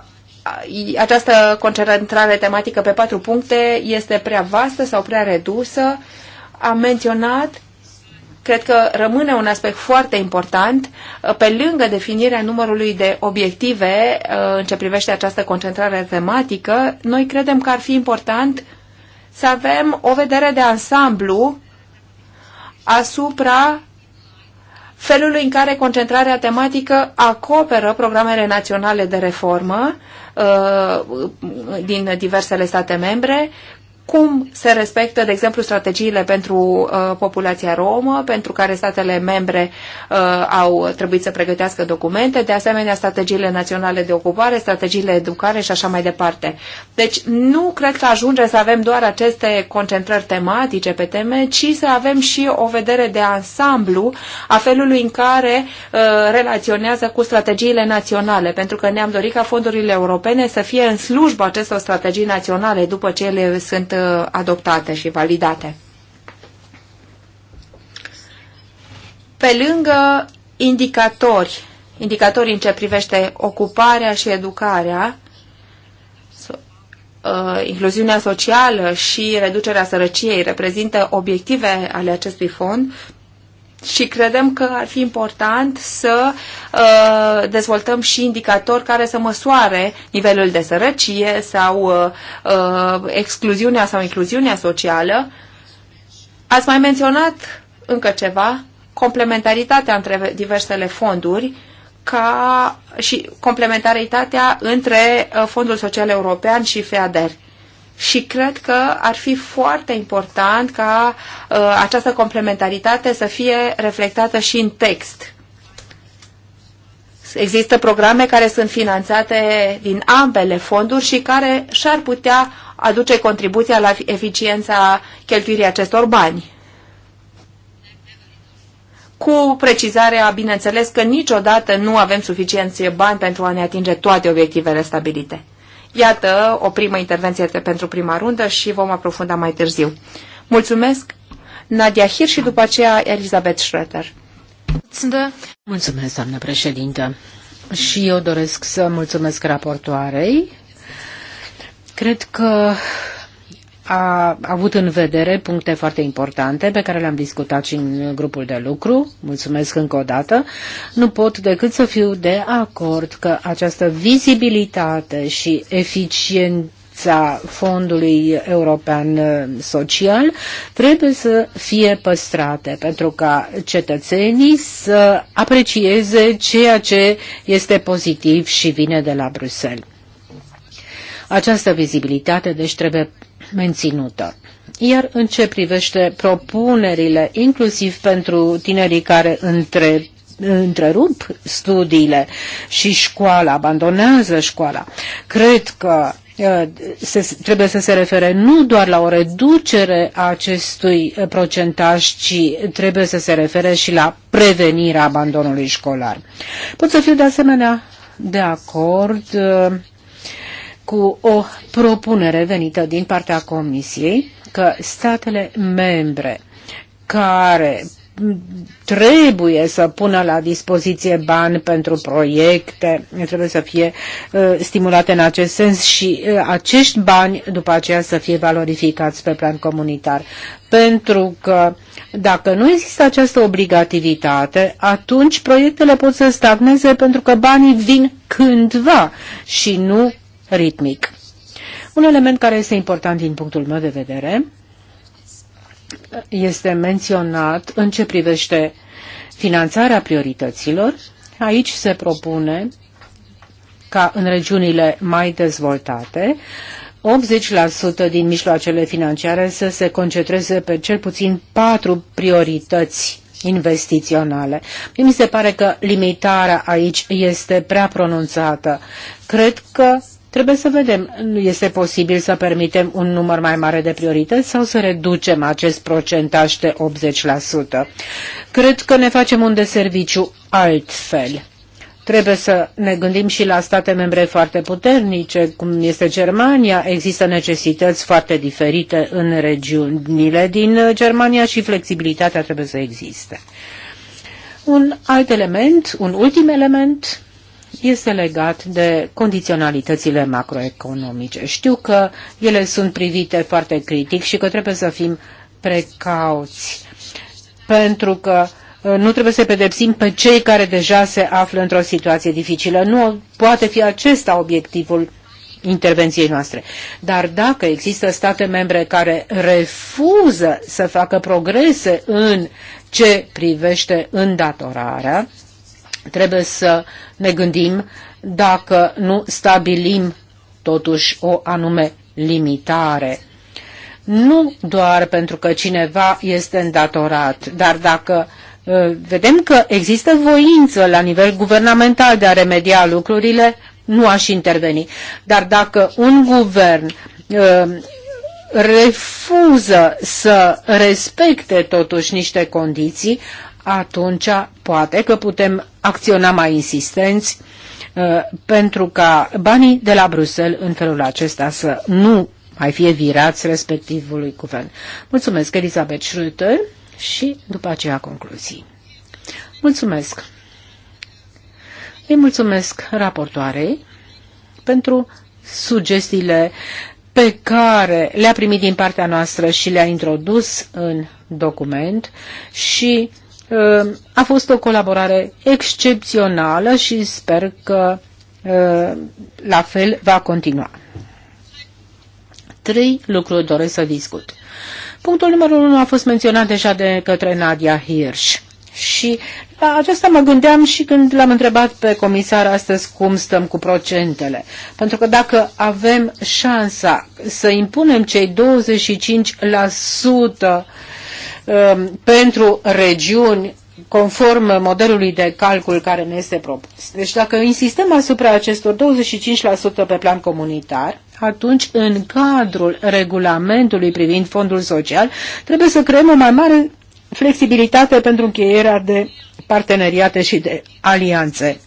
această concentrare tematică pe patru puncte este prea vastă sau prea redusă. Am menționat cred că rămâne un aspect foarte important pe lângă definirea numărului de obiective uh, în ce privește această concentrare tematică, noi credem că ar fi important să avem o vedere de ansamblu asupra felului în care concentrarea tematică acoperă programele naționale de reformă, Uh, din diversele state membre cum se respectă, de exemplu, strategiile pentru uh, populația romă, pentru care statele membre uh, au trebuit să pregătească documente, de asemenea strategiile naționale de ocupare, strategiile educare și așa mai departe. Deci nu cred că ajunge să avem doar aceste concentrări tematice pe teme, ci să avem și o vedere de ansamblu a felului în care uh, relaționează cu strategiile naționale, pentru că ne-am dorit ca fondurile europene să fie în slujba acestor strategii naționale după ce ele sunt Uh, adoptate și validate. Pe lângă indicatori, indicatori în ce privește ocuparea și educarea, uh, incluziunea socială și reducerea sărăciei reprezintă obiective ale acestui fond, și credem că ar fi important să uh, dezvoltăm și indicatori care să măsoare nivelul de sărăcie sau uh, uh excluziunea sau incluziunea socială. Ați mai menționat încă ceva, complementaritatea între diversele fonduri ca și complementaritatea între uh, Fondul Social European și FEADER și cred că ar fi foarte important ca uh, această complementaritate să fie reflectată și în text. Există programe care sunt finanțate din ambele fonduri și care și-ar putea aduce contribuția la eficiența cheltuirii acestor bani. Cu precizarea, bineînțeles, că niciodată nu avem suficienție bani pentru a ne atinge toate obiectivele stabilite. Iată o primă intervenție pentru prima rundă și vom aprofunda mai târziu. Mulțumesc, Nadia Hir și după aceea Elizabeth Schroeder. Mulțumesc, doamnă președintă. Și eu doresc să mulțumesc raportoarei. Cred că a avut în vedere puncte foarte importante pe care le-am discutat și în grupul de lucru. Mulțumesc încă o dată. Nu pot decât să fiu de acord că această vizibilitate și eficiența Fondului European uh, Social trebuie să fie păstrate pentru ca cetățenii să aprecieze ceea ce este pozitiv și vine de la Bruxelles. Această vizibilitate deci trebuie menținută. Iar în ce privește propunerile, inclusiv pentru tinerii care între, întrerup studiile și școala, abandonează școala, cred că uh, se, trebuie să se refere nu doar la o reducere a acestui uh, procentaj, ci trebuie să se refere și la prevenirea abandonului școlar. Pot să fiu de asemenea de acord uh, cu o propunere venită din partea Comisiei că statele membre care trebuie să pună la dispoziție bani pentru proiecte, trebuie să fie uh, stimulate în acest sens și uh, acești bani după aceea să fie valorificați pe plan comunitar. Pentru că dacă nu există această obligativitate, atunci proiectele pot să stagneze pentru că banii vin cândva și nu ritmic. Un element care este important din punctul meu de vedere este menționat în ce privește finanțarea priorităților. Aici se propune ca în regiunile mai dezvoltate 80% din mijloacele financiare să se concentreze pe cel puțin patru priorități investiționale. Mi se pare că limitarea aici este prea pronunțată. Cred că Trebuie să vedem, nu este posibil să permitem un număr mai mare de priorități sau să reducem acest procentaj de 80%. Cred că ne facem un deserviciu altfel. Trebuie să ne gândim și la state membre foarte puternice, cum este Germania. Există necesități foarte diferite în regiunile din Germania și flexibilitatea trebuie să existe. Un alt element, un ultim element, este legat de condiționalitățile macroeconomice. Știu că ele sunt privite foarte critic și că trebuie să fim precauți, pentru că uh, nu trebuie să pedepsim pe cei care deja se află într-o situație dificilă. Nu poate fi acesta obiectivul intervenției noastre. Dar dacă există state membre care refuză să facă progrese în ce privește îndatorarea, Trebuie să ne gândim dacă nu stabilim totuși o anume limitare. Nu doar pentru că cineva este îndatorat, dar dacă ă, vedem că există voință la nivel guvernamental de a remedia lucrurile, nu aș interveni. Dar dacă un guvern ă, refuză să respecte totuși niște condiții, atunci poate că putem acționa mai insistenți uh, pentru ca banii de la Bruxelles în felul acesta să nu mai fie virați respectivului guvern. Mulțumesc, Elizabeth Schröter, și după aceea concluzii. Mulțumesc! Îi mulțumesc raportoarei pentru sugestiile pe care le-a primit din partea noastră și le-a introdus în document și Uh, a fost o colaborare excepțională și sper că uh, la fel va continua. Trei lucruri doresc să discut. Punctul numărul 1 a fost menționat deja de către Nadia Hirsch. Și la aceasta mă gândeam și când l-am întrebat pe comisar astăzi cum stăm cu procentele. Pentru că dacă avem șansa să impunem cei 25% Um, pentru regiuni conform modelului de calcul care ne este propus. Deci dacă insistăm asupra acestor 25% pe plan comunitar, atunci în cadrul regulamentului privind fondul social trebuie să creăm o mai mare flexibilitate pentru încheierea de parteneriate și de alianțe.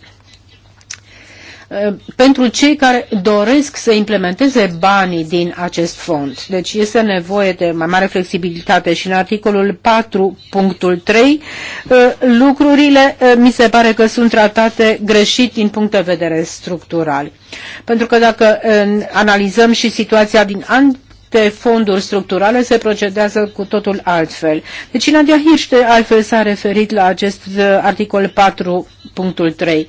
Eh, pentru cei care doresc să implementeze banii din acest fond. Deci este nevoie de mai mare flexibilitate și în articolul 4.3 eh, lucrurile eh, mi se pare că sunt tratate greșit din punct de vedere structural. Pentru că dacă analizăm și situația din an de fonduri structurale se procedează cu totul altfel. Deci Nadia Hirște altfel s-a referit la acest articol 4.3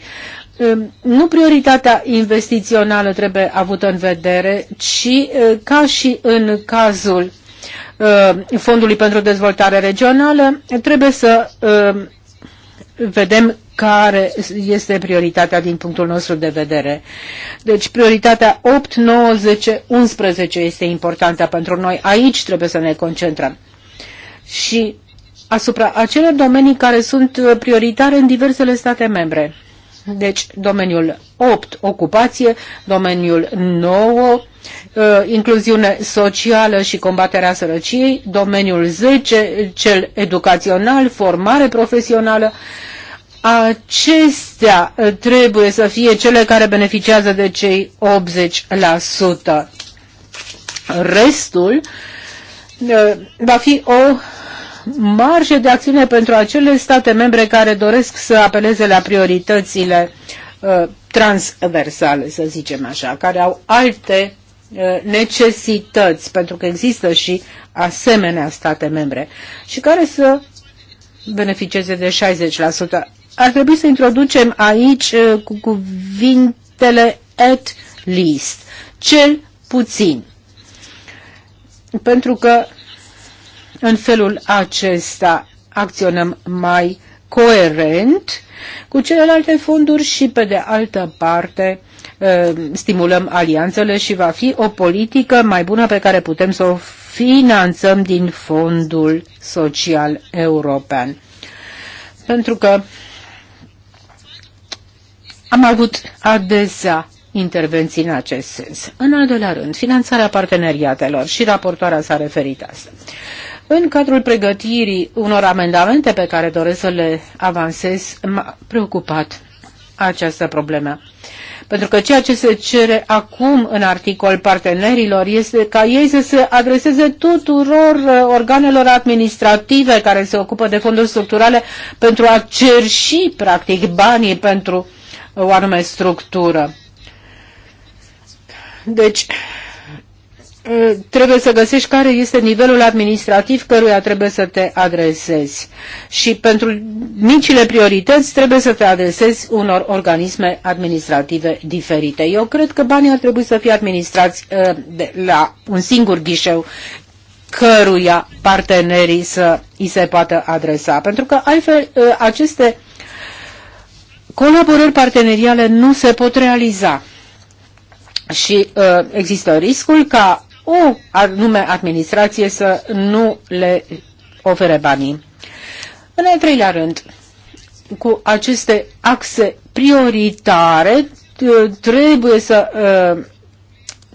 nu prioritatea investițională trebuie avută în vedere, ci ca și în cazul Fondului pentru Dezvoltare Regională, trebuie să vedem care este prioritatea din punctul nostru de vedere. Deci prioritatea 8, 9, 10, 11 este importantă pentru noi. Aici trebuie să ne concentrăm. Și asupra acelor domenii care sunt prioritare în diversele state membre. Deci, domeniul 8, ocupație, domeniul 9, uh, incluziune socială și combaterea sărăciei, domeniul 10, cel educațional, formare profesională, acestea uh, trebuie să fie cele care beneficiază de cei 80%. Restul uh, va fi o marjă de acțiune pentru acele state membre care doresc să apeleze la prioritățile uh, transversale, să zicem așa, care au alte uh, necesități, pentru că există și asemenea state membre, și care să beneficieze de 60%. Ar trebui să introducem aici uh, cu cuvintele at least, cel puțin. Pentru că în felul acesta acționăm mai coerent cu celelalte fonduri și, pe de altă parte, ă, stimulăm alianțele și va fi o politică mai bună pe care putem să o finanțăm din Fondul Social European. Pentru că am avut adesea intervenții în acest sens. În al doilea rând, finanțarea parteneriatelor și raportoarea s-a referit asta. În cadrul pregătirii unor amendamente pe care doresc să le avansez, m-a preocupat această problemă. Pentru că ceea ce se cere acum în articol partenerilor este ca ei să se adreseze tuturor uh, organelor administrative care se ocupă de fonduri structurale pentru a cerși, practic, banii pentru o anume structură. Deci, trebuie să găsești care este nivelul administrativ căruia trebuie să te adresezi. Și pentru micile priorități trebuie să te adresezi unor organisme administrative diferite. Eu cred că banii ar trebui să fie administrați uh, la un singur ghișeu căruia partenerii să îi se poată adresa. Pentru că altfel uh, aceste colaborări parteneriale nu se pot realiza și uh, există riscul ca o anume administrație să nu le ofere banii. În al treilea rând, cu aceste axe prioritare trebuie să uh,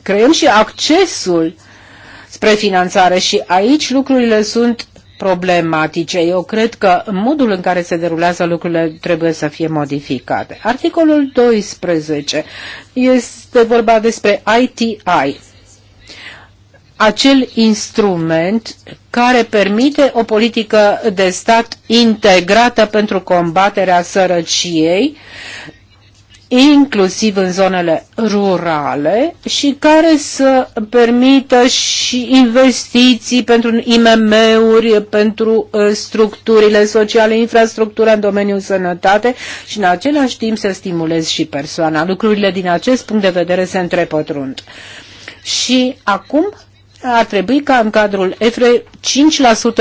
creăm și accesul spre finanțare și aici lucrurile sunt problematice. Eu cred că modul în care se derulează lucrurile trebuie să fie modificate. Articolul 12 este vorba despre ITI, acel instrument care permite o politică de stat integrată pentru combaterea sărăciei, inclusiv în zonele rurale și care să permită și investiții pentru IMM-uri, pentru uh, structurile sociale, infrastructura în domeniul sănătate și în același timp să stimulez și persoana. Lucrurile din acest punct de vedere se întrepătrund. Și acum ar trebui ca în cadrul EFRE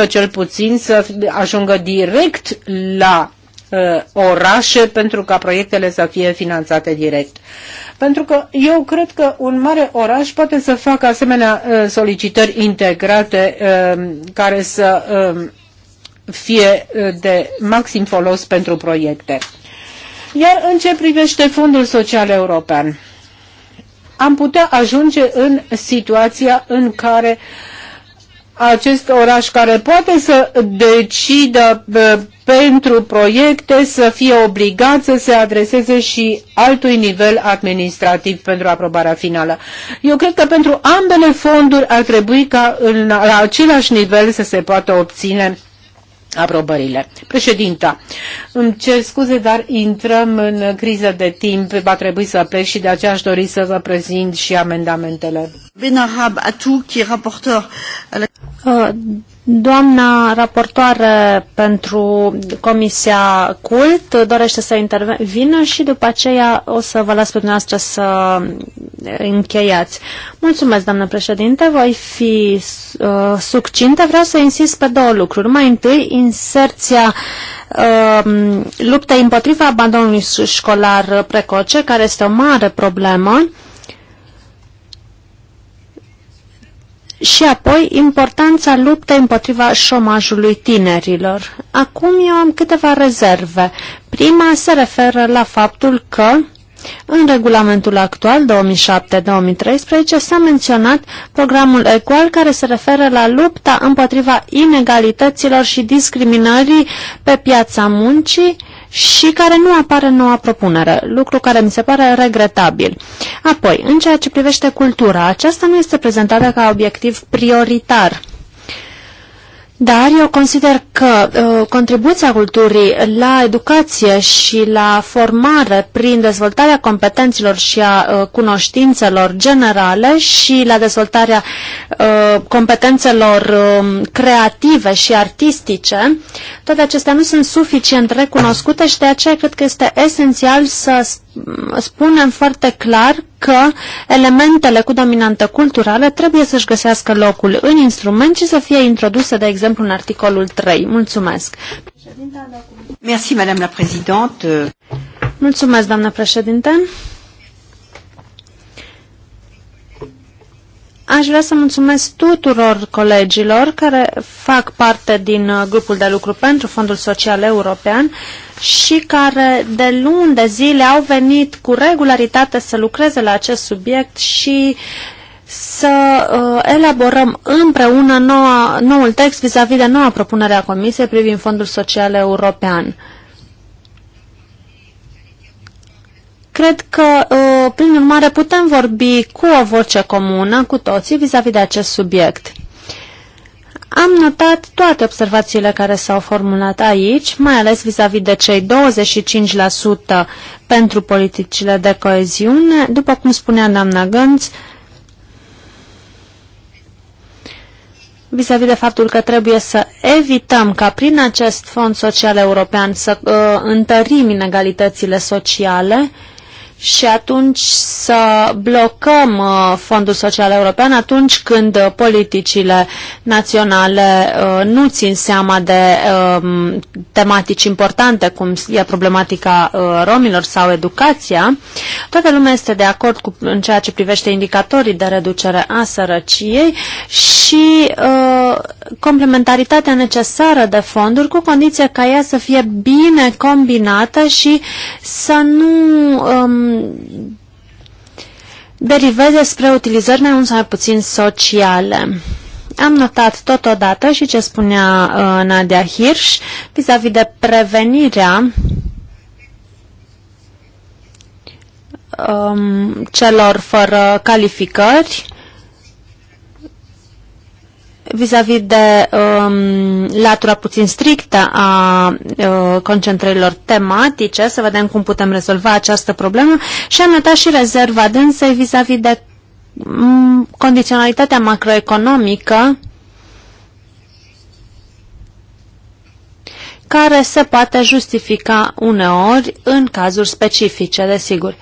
5% cel puțin să ajungă direct la uh, orașe pentru ca proiectele să fie finanțate direct. Pentru că eu cred că un mare oraș poate să facă asemenea uh, solicitări integrate uh, care să fie de maxim folos pentru proiecte. Iar în ce privește Fondul Social European, am putea ajunge în situația în care acest oraș care poate să decidă pentru proiecte să fie obligat să se adreseze și altui nivel administrativ pentru aprobarea finală. Eu cred că pentru ambele fonduri ar trebui ca în, la același nivel să se poată obține aprobările. Președinta, îmi cer scuze, dar intrăm în criză de timp, va trebui să plec și de aceea aș dori să vă prezint și amendamentele. qui Doamna raportoare pentru Comisia CULT dorește să intervină și după aceea o să vă las pe dumneavoastră să încheiați. Mulțumesc, doamnă președinte, voi fi uh, succintă. Vreau să insist pe două lucruri. Mai întâi, inserția uh, luptei împotriva abandonului școlar precoce, care este o mare problemă. Uh, și apoi importanța luptei împotriva șomajului tinerilor. Acum eu am câteva rezerve. Prima se referă la faptul că în regulamentul actual 2007-2013 s-a menționat programul EQUAL care se referă la lupta împotriva inegalităților și discriminării pe piața muncii și care nu apare în noua propunere, lucru care mi se pare regretabil. Apoi, în ceea ce privește cultura, aceasta nu este prezentată ca obiectiv prioritar dar eu consider că uh, contribuția culturii la educație și la formare prin dezvoltarea competenților și a uh, cunoștințelor generale și la dezvoltarea uh, competențelor uh, creative și artistice, toate acestea nu sunt suficient recunoscute și de aceea cred că este esențial să spunem foarte clar că elementele cu dominantă culturală trebuie să-și găsească locul în instrument și să fie introduse, de exemplu, în articolul 3. Mulțumesc. Mulțumesc, doamnă președinte. Aș vrea să mulțumesc tuturor colegilor care fac parte din uh, grupul de lucru pentru Fondul Social European și care de luni de zile au venit cu regularitate să lucreze la acest subiect și să uh, elaborăm împreună noua, noul text vis-a-vis -vis de noua propunere a Comisiei privind Fondul Social European. Cred că, uh, prin urmare, putem vorbi cu o voce comună, cu toții, vis-a-vis -vis de acest subiect. Am notat toate observațiile care s-au formulat aici, mai ales vis-a-vis -vis de cei 25% pentru politicile de coeziune, după cum spunea doamna Gânț, vis-a-vis -vis de faptul că trebuie să evităm ca prin acest fond social european să uh, întărim inegalitățile sociale și atunci să blocăm uh, Fondul Social European atunci când uh, politicile naționale uh, nu țin seama de um, tematici importante, cum e problematica romilor sau educația. Toată lumea este de acord cu, în ceea ce privește indicatorii de reducere a sărăciei și complementaritatea necesară de fonduri cu condiția ca ea să fie bine combinată și să nu um, deriveze spre utilizări mai mult sau mai puțin sociale. Am notat totodată și ce spunea uh, Nadia Hirsch vis-a-vis -vis de prevenirea um, celor fără calificări vis-a-vis -vis de um, latura puțin strictă a uh, concentrărilor tematice, să vedem cum putem rezolva această problemă și am notat și rezerva dânsei vis-a-vis de um, condiționalitatea macroeconomică care se poate justifica uneori în cazuri specifice, desigur.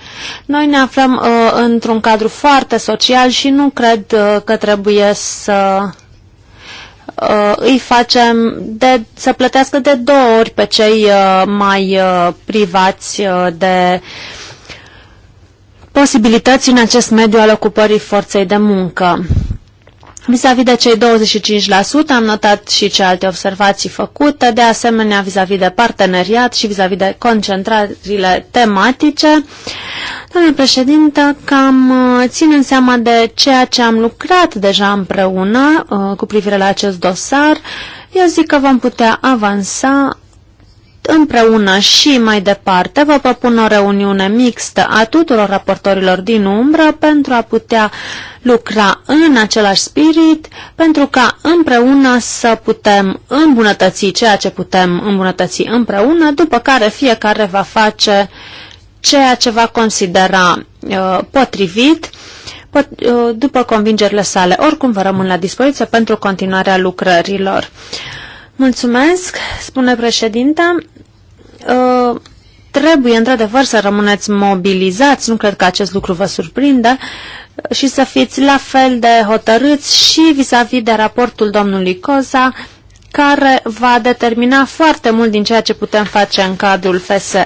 Noi ne aflăm uh, într-un cadru foarte social și nu cred uh, că trebuie să uh, uh, îi facem de, să plătească de două ori pe cei uh, mai uh, privați uh, de posibilități în acest mediu al ocupării forței de muncă. Vis-a-vis de cei 25% am notat și ce alte observații făcute, de asemenea vis-a-vis de parteneriat și vis-a-vis de concentrările tematice. Doamne președinte, cam uh, ținem seama de ceea ce am lucrat deja împreună uh, cu privire la acest dosar. Eu zic că vom putea avansa împreună și mai departe vă propun o reuniune mixtă a tuturor raportorilor din umbră pentru a putea lucra în același spirit, pentru ca împreună să putem îmbunătăți ceea ce putem îmbunătăți împreună, după care fiecare va face ceea ce va considera uh, potrivit uh, după convingerile sale. Oricum vă rămân la dispoziție pentru continuarea lucrărilor. Mulțumesc, spune președinta. Uh, trebuie într-adevăr să rămâneți mobilizați, nu cred că acest lucru vă surprinde, și să fiți la fel de hotărâți și vis-a-vis -vis de raportul domnului Coza, care va determina foarte mult din ceea ce putem face în cadrul FSE.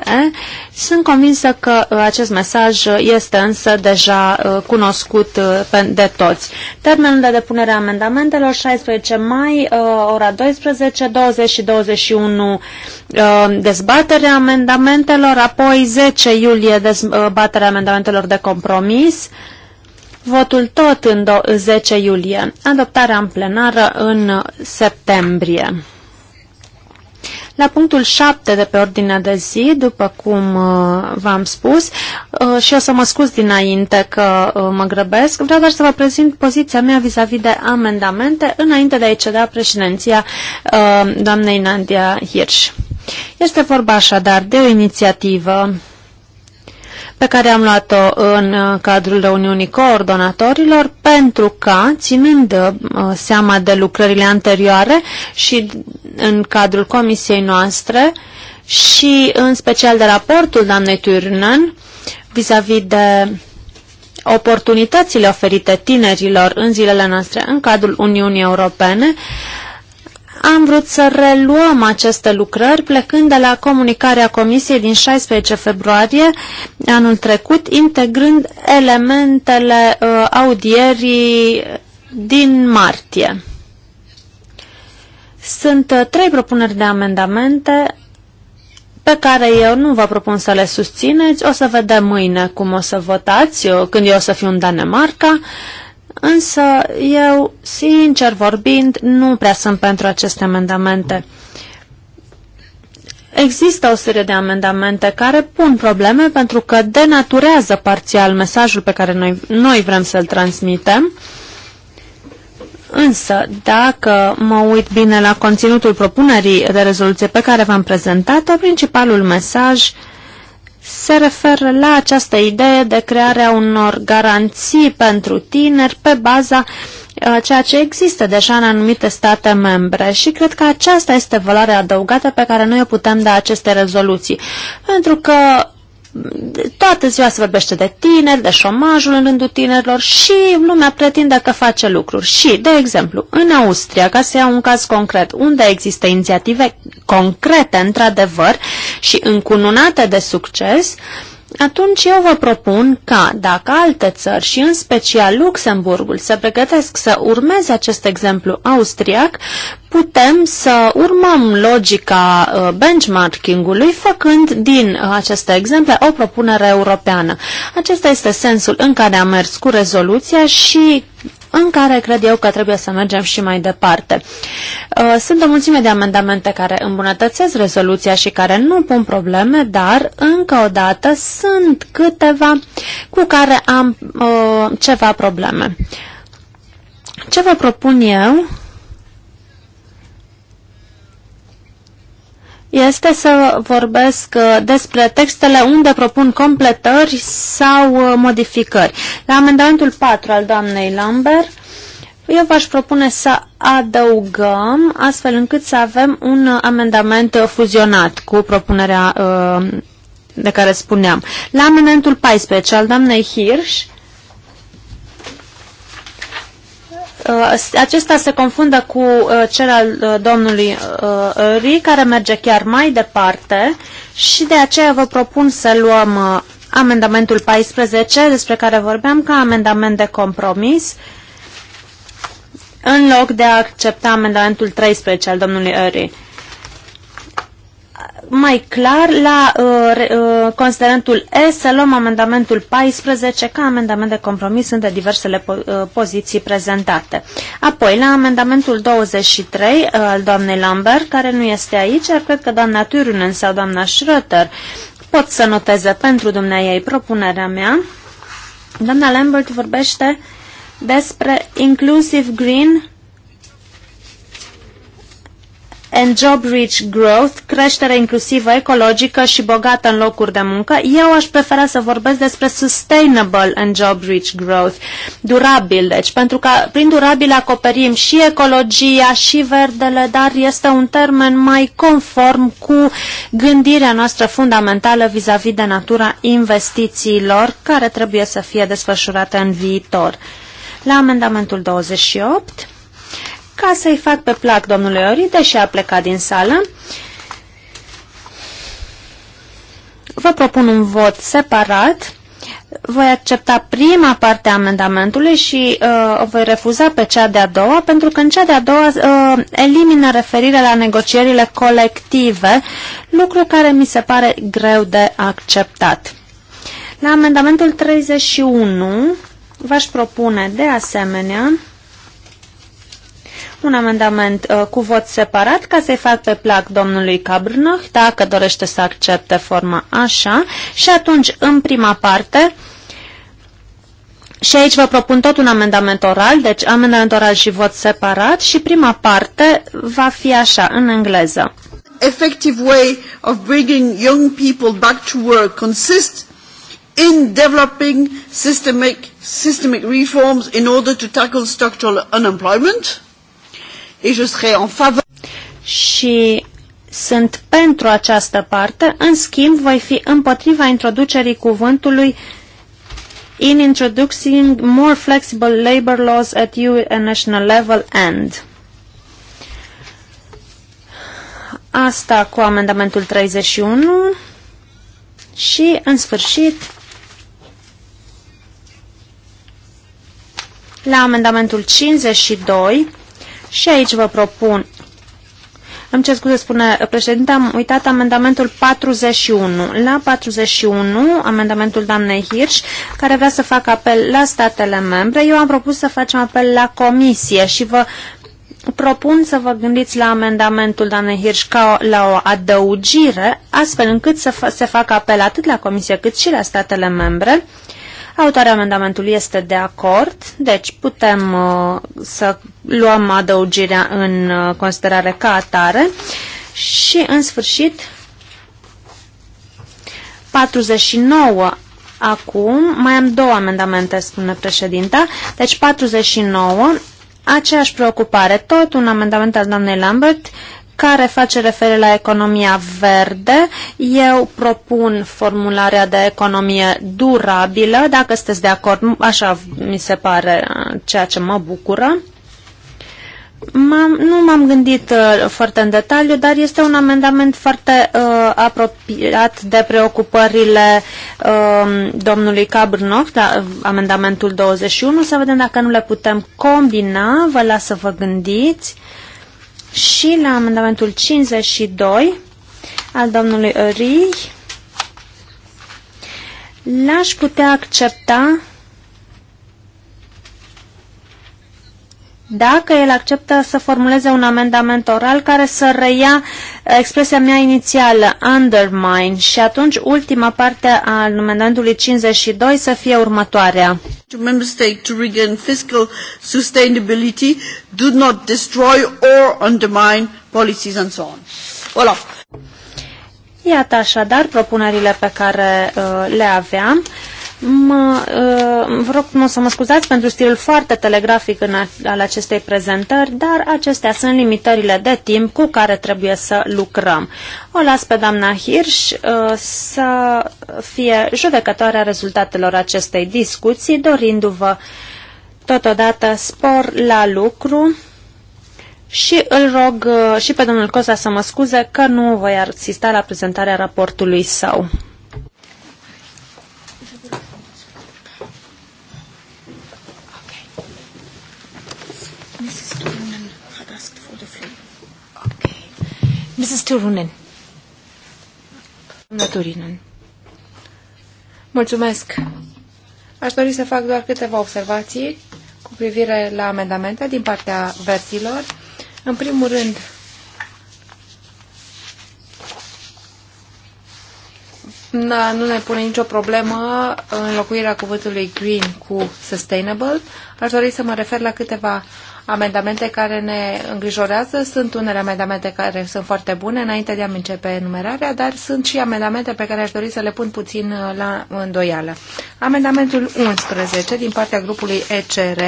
Sunt convinsă că uh, acest mesaj este însă deja uh, cunoscut uh, de toți. Termenul de depunere a amendamentelor 16 mai, ora 12, 20 și 21 dezbaterea amendamentelor, apoi 10 iulie dezbaterea amendamentelor de compromis, votul tot în 10 iulie, adoptarea în plenară în septembrie. La punctul 7 de pe ordinea de zi, după cum uh, v-am spus, uh, și o să mă scuz dinainte că uh, mă grăbesc, vreau doar să vă prezint poziția mea vis-a-vis -vis de amendamente înainte de a-i ceda președinția doamnei Nadia Hirsch. Este vorba așadar de o inițiativă pe care am luat-o în uh, cadrul reuniunii coordonatorilor pentru ca, ținând uh, seama de lucrările anterioare și în cadrul comisiei noastre și în special de raportul doamnei Turnen vis-a-vis de oportunitățile oferite tinerilor în zilele noastre în cadrul Uniunii Europene, am vrut să reluăm aceste lucrări plecând de la comunicarea Comisiei din 16 februarie anul trecut, integrând elementele uh, audierii din martie. Sunt uh, trei propuneri de amendamente pe care eu nu vă propun să le susțineți. O să vedem mâine cum o să votați, eu, când eu o să fiu în Danemarca. Uh, Însă eu, sincer vorbind, nu prea sunt pentru aceste amendamente. Există o serie de amendamente care pun probleme pentru că denaturează parțial mesajul pe care noi, noi vrem să-l transmitem. Însă, dacă mă uit bine la conținutul propunerii de rezoluție pe care v-am prezentat-o, principalul mesaj uh, se referă la această idee de crearea unor garanții pentru tineri pe baza uh, ceea ce există deja în anumite state membre și cred că aceasta este valoarea adăugată pe care noi o putem da aceste rezoluții. Pentru că Toată ziua se vorbește de tineri, de șomajul în rândul tinerilor și lumea pretinde că face lucruri. Și, de exemplu, în Austria, ca să iau un caz concret, unde există inițiative concrete, într-adevăr, și încununate de succes, uh, atunci eu vă propun ca, dacă alte țări și în special Luxemburgul se pregătesc să urmeze acest exemplu austriac, putem să urmăm logica uh, benchmarking-ului făcând din uh, aceste exemple o propunere europeană. Acesta este sensul în care am mers cu rezoluția și în care cred eu că trebuie să mergem și mai departe. Uh, sunt o mulțime de amendamente care îmbunătățesc rezoluția și care nu pun probleme, dar încă o dată sunt câteva cu care am uh, ceva probleme. Ce vă propun eu este să vorbesc uh, despre textele unde propun completări sau uh, modificări. La amendamentul 4 al doamnei Lambert, eu v-aș propune să adăugăm astfel încât să avem un amendament uh, fuzionat cu propunerea de care spuneam. La amendamentul 14 al doamnei Hirsch, Uh, acesta se confundă cu uh, cel al uh, domnului Ri, care merge chiar mai departe și de aceea vă propun să luăm amendamentul 14, despre care vorbeam, ca amendament de compromis, în loc de a accepta amendamentul 13 al domnului Ri mai clar la uh, uh considerentul E să luăm amendamentul 14 ca amendament de compromis între diversele po uh, poziții prezentate. Apoi, la amendamentul 23 uh, al doamnei Lambert, care nu este aici, ar cred că doamna Turunen sau doamna Schröter pot să noteze pentru dumneai propunerea mea. Doamna Lambert vorbește despre inclusive green and Job Rich Growth, creștere inclusivă, ecologică și bogată în locuri de muncă, eu aș prefera să vorbesc despre Sustainable and Job Rich Growth, durabil, deci, pentru că prin durabil acoperim și ecologia și verdele, dar este un termen mai conform cu gândirea noastră fundamentală vis-a-vis -vis de natura investițiilor care trebuie să fie desfășurate în viitor. La amendamentul 28, ca să-i fac pe plac domnului Oride și a plecat din sală. Vă propun un vot separat. Voi accepta prima parte a amendamentului și uh, voi refuza pe cea de-a doua, pentru că în cea de-a doua uh, elimină referirea la negocierile colective, lucru care mi se pare greu de acceptat. La amendamentul 31 v-aș propune de asemenea un amendament uh, cu vot separat ca să-i fac pe plac domnului Cabrnoch, dacă dorește să accepte forma așa. Și atunci, în prima parte, și aici vă propun tot un amendament oral, deci amendament oral și vot separat și prima parte va fi așa, în engleză. Effective way of bringing young people back to work consists in developing systemic, systemic reforms in order to tackle structural unemployment et je serai en faveur. Și sunt pentru această parte, în schimb voi fi împotriva introducerii cuvântului in introducing more flexible labor laws at EU and national level and. Asta cu amendamentul 31 și, în sfârșit, la amendamentul 52 și aici vă propun îmi cer scuze, spune președinte, am uitat amendamentul 41. La 41, amendamentul doamnei Hirsch, care vrea să facă apel la statele membre, eu am propus să facem apel la comisie și vă propun să vă gândiți la amendamentul doamnei Hirsch ca o, la o adăugire, astfel încât să fa se facă apel atât la comisie cât și la statele membre, uh, Autoarea amendamentului este de acord, deci putem uh, să luăm adăugirea în uh, considerare ca atare. Și, în sfârșit, 49 acum, mai am două amendamente, spune președinta, deci 49, aceeași preocupare, tot un amendament al doamnei Lambert care face referire la economia verde. Eu propun formularea de economie durabilă, dacă sunteți de acord, așa mi se pare uh, ceea ce mă bucură. nu m-am gândit uh, foarte în detaliu, dar este un amendament foarte uh, apropiat de preocupările uh, domnului Cabrnov, da, amendamentul 21. Să vedem dacă nu le putem combina. Vă las să vă gândiți. Uh, și la amendamentul 52 al domnului Ri, l-aș putea accepta dacă el acceptă să formuleze un amendament oral care să reia eh, expresia mea inițială, undermine, și atunci ultima parte a amendamentului 52 să fie următoarea. To member state to regain fiscal sustainability, do not destroy or undermine policies and so on. Voilà. Iată așadar propunerile pe care uh, le aveam. Mă, uh, vă rog nu să mă scuzați pentru stilul foarte telegrafic în a, al acestei prezentări, dar acestea sunt limitările de timp cu care trebuie să lucrăm. O las pe doamna Hirsch uh, să fie judecătoarea rezultatelor acestei discuții, dorindu-vă totodată spor la lucru și îl rog uh, și pe domnul Cosa să mă scuze că nu voi asista la prezentarea raportului său. Mrs. Turunen. Doamna Turunen. Mulțumesc. Aș dori să fac doar câteva observații cu privire la amendamente din partea versilor. În primul rând, Na, nu ne pune nicio problemă înlocuirea cuvântului green cu sustainable. Aș dori să mă refer la câteva amendamente care ne îngrijorează. Sunt unele amendamente care sunt foarte bune înainte de a începe numerarea, dar sunt și amendamente pe care aș dori să le pun puțin uh, la îndoială. Amendamentul 11 din partea grupului ECR,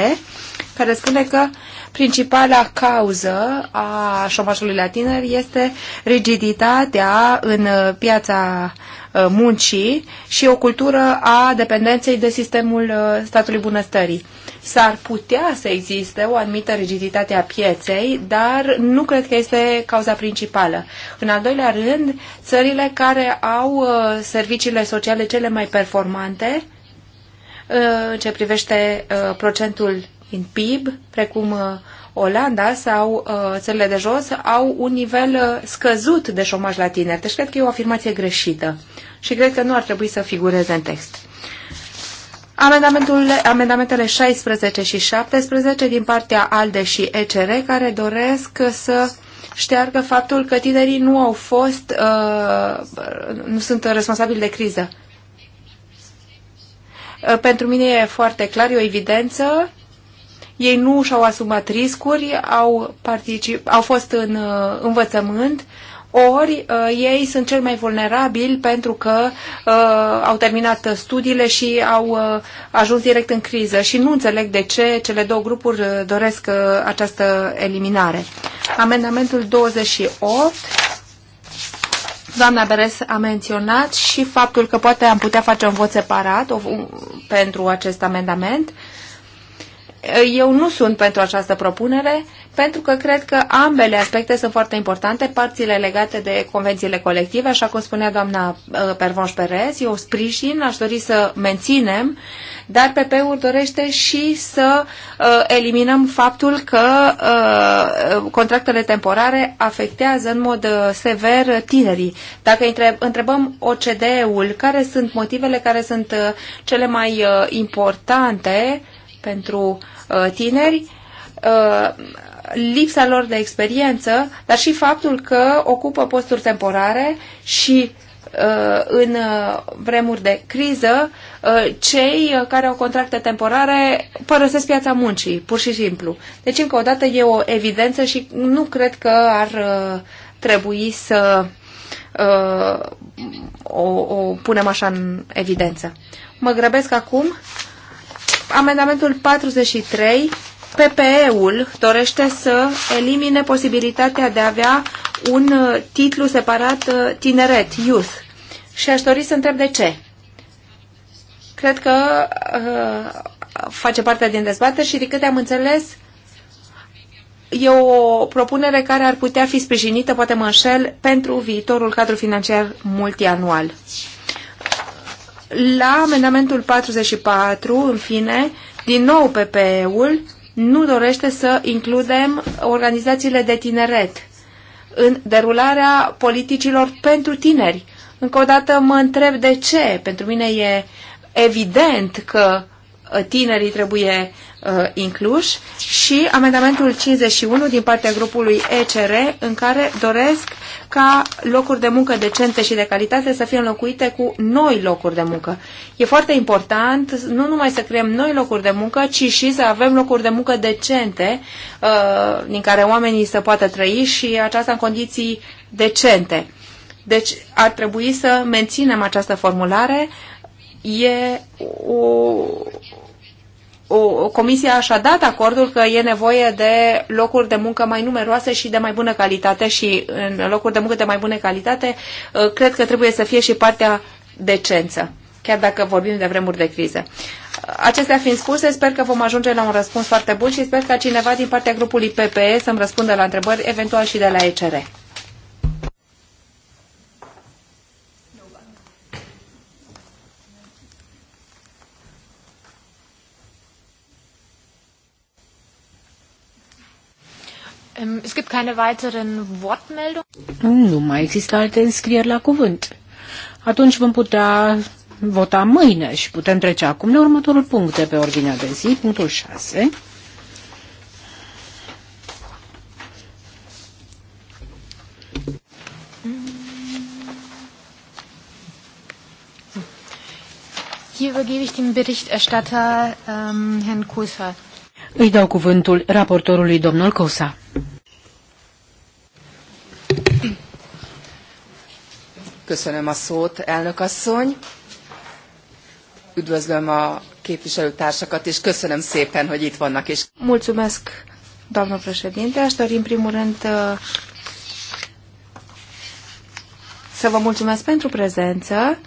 care spune că principala cauză a șomajului la tineri este rigiditatea în uh, piața uh, muncii și o cultură a dependenței de sistemul statului bunăstării. S-ar putea să existe o anumită rigiditate a pieței, dar nu cred că este cauza principală. În al doilea rând, țările care au uh, serviciile sociale cele mai performante uh, în ce privește uh, procentul în PIB, precum Olanda sau țările de jos, au un nivel scăzut de șomaj la tineri. Deci cred că e o afirmație greșită și cred că nu ar trebui să figureze în text. Amendamentele 16 și 17 din partea ALDE și ECR care doresc să șteargă faptul că tinerii nu au fost, uh, nu sunt responsabili de criză. Uh, pentru mine e foarte clar, e o evidență. Ei nu și-au asumat riscuri, au, particip, au fost în uh, învățământ, ori uh, ei sunt cel mai vulnerabili pentru că uh, au terminat studiile și au uh, ajuns direct în criză și nu înțeleg de ce cele două grupuri uh, doresc uh, această eliminare. Amendamentul 28 Doamna Beres a menționat și faptul că poate am putea face un vot separat o, pentru acest amendament eu nu sunt pentru această propunere, pentru că cred că ambele aspecte sunt foarte importante, părțile legate de convențiile colective, așa cum spunea doamna uh, Pervonș Perez, eu sprijin, aș dori să menținem, dar PP-ul dorește și să uh, eliminăm faptul că uh, contractele temporare afectează în mod sever tinerii. Dacă întrebăm OCDE-ul care sunt motivele care sunt cele mai importante, pentru Uh, tineri, uh, lipsa lor de experiență, dar și faptul că ocupă posturi temporare și uh, în vremuri de criză, cei care au contracte temporare părăsesc piața muncii, pur și simplu. Deci, încă o dată, e o evidență și nu cred că ar trebui să o, o punem așa în evidență. Mă grăbesc acum Amendamentul 43, PPE-ul dorește să elimine posibilitatea de a avea un uh, titlu separat uh, tineret, youth. Și aș dori să întreb de ce. Cred că uh, face parte din dezbatere și de câte am înțeles e o propunere care ar putea fi sprijinită, poate mă înșel, pentru viitorul cadru financiar multianual. La amendamentul 44, în fine, din nou PPE-ul nu dorește să includem organizațiile de tineret în derularea politicilor pentru tineri. Încă o dată mă întreb de ce. Pentru mine e evident că uh, tinerii trebuie uh, incluși și amendamentul 51 din partea grupului ECR în care doresc ca locuri de muncă decente și de calitate să fie înlocuite cu noi locuri de muncă. E foarte important nu numai să creăm noi locuri de muncă, ci și să avem locuri de muncă decente uh, din care oamenii să poată trăi și aceasta în condiții decente. Deci ar trebui să menținem această formulare. E o, o, comisia și-a dat acordul că e nevoie de locuri de muncă mai numeroase și de mai bună calitate și în locuri de muncă de mai bună calitate ă, cred că trebuie să fie și partea decență, chiar dacă vorbim de vremuri de criză. Acestea fiind spuse, sper că vom ajunge la un răspuns foarte bun și sper ca cineva din partea grupului PPE să-mi răspundă la întrebări, eventual și de la ECR. Ähm, es gibt keine weiteren Wortmeldungen. Mm, nu mai există alte înscrieri la cuvânt. Atunci vom putea vota mâine și putem trece acum la următorul punct de pe ordinea de zi, punctul 6. Hier übergebe ich den Berichterstatter ähm, Herrn Kusser. Îi dau cuvântul raportorului domnul Cosa. Köszönöm a szót, elnök asszony. Üdvözlöm a képviselőtársakat, és köszönöm szépen, hogy itt vannak. És... Mulțumesc, doamnă președinte. Aș dori în primul rând uh, să vă mulțumesc pentru prezență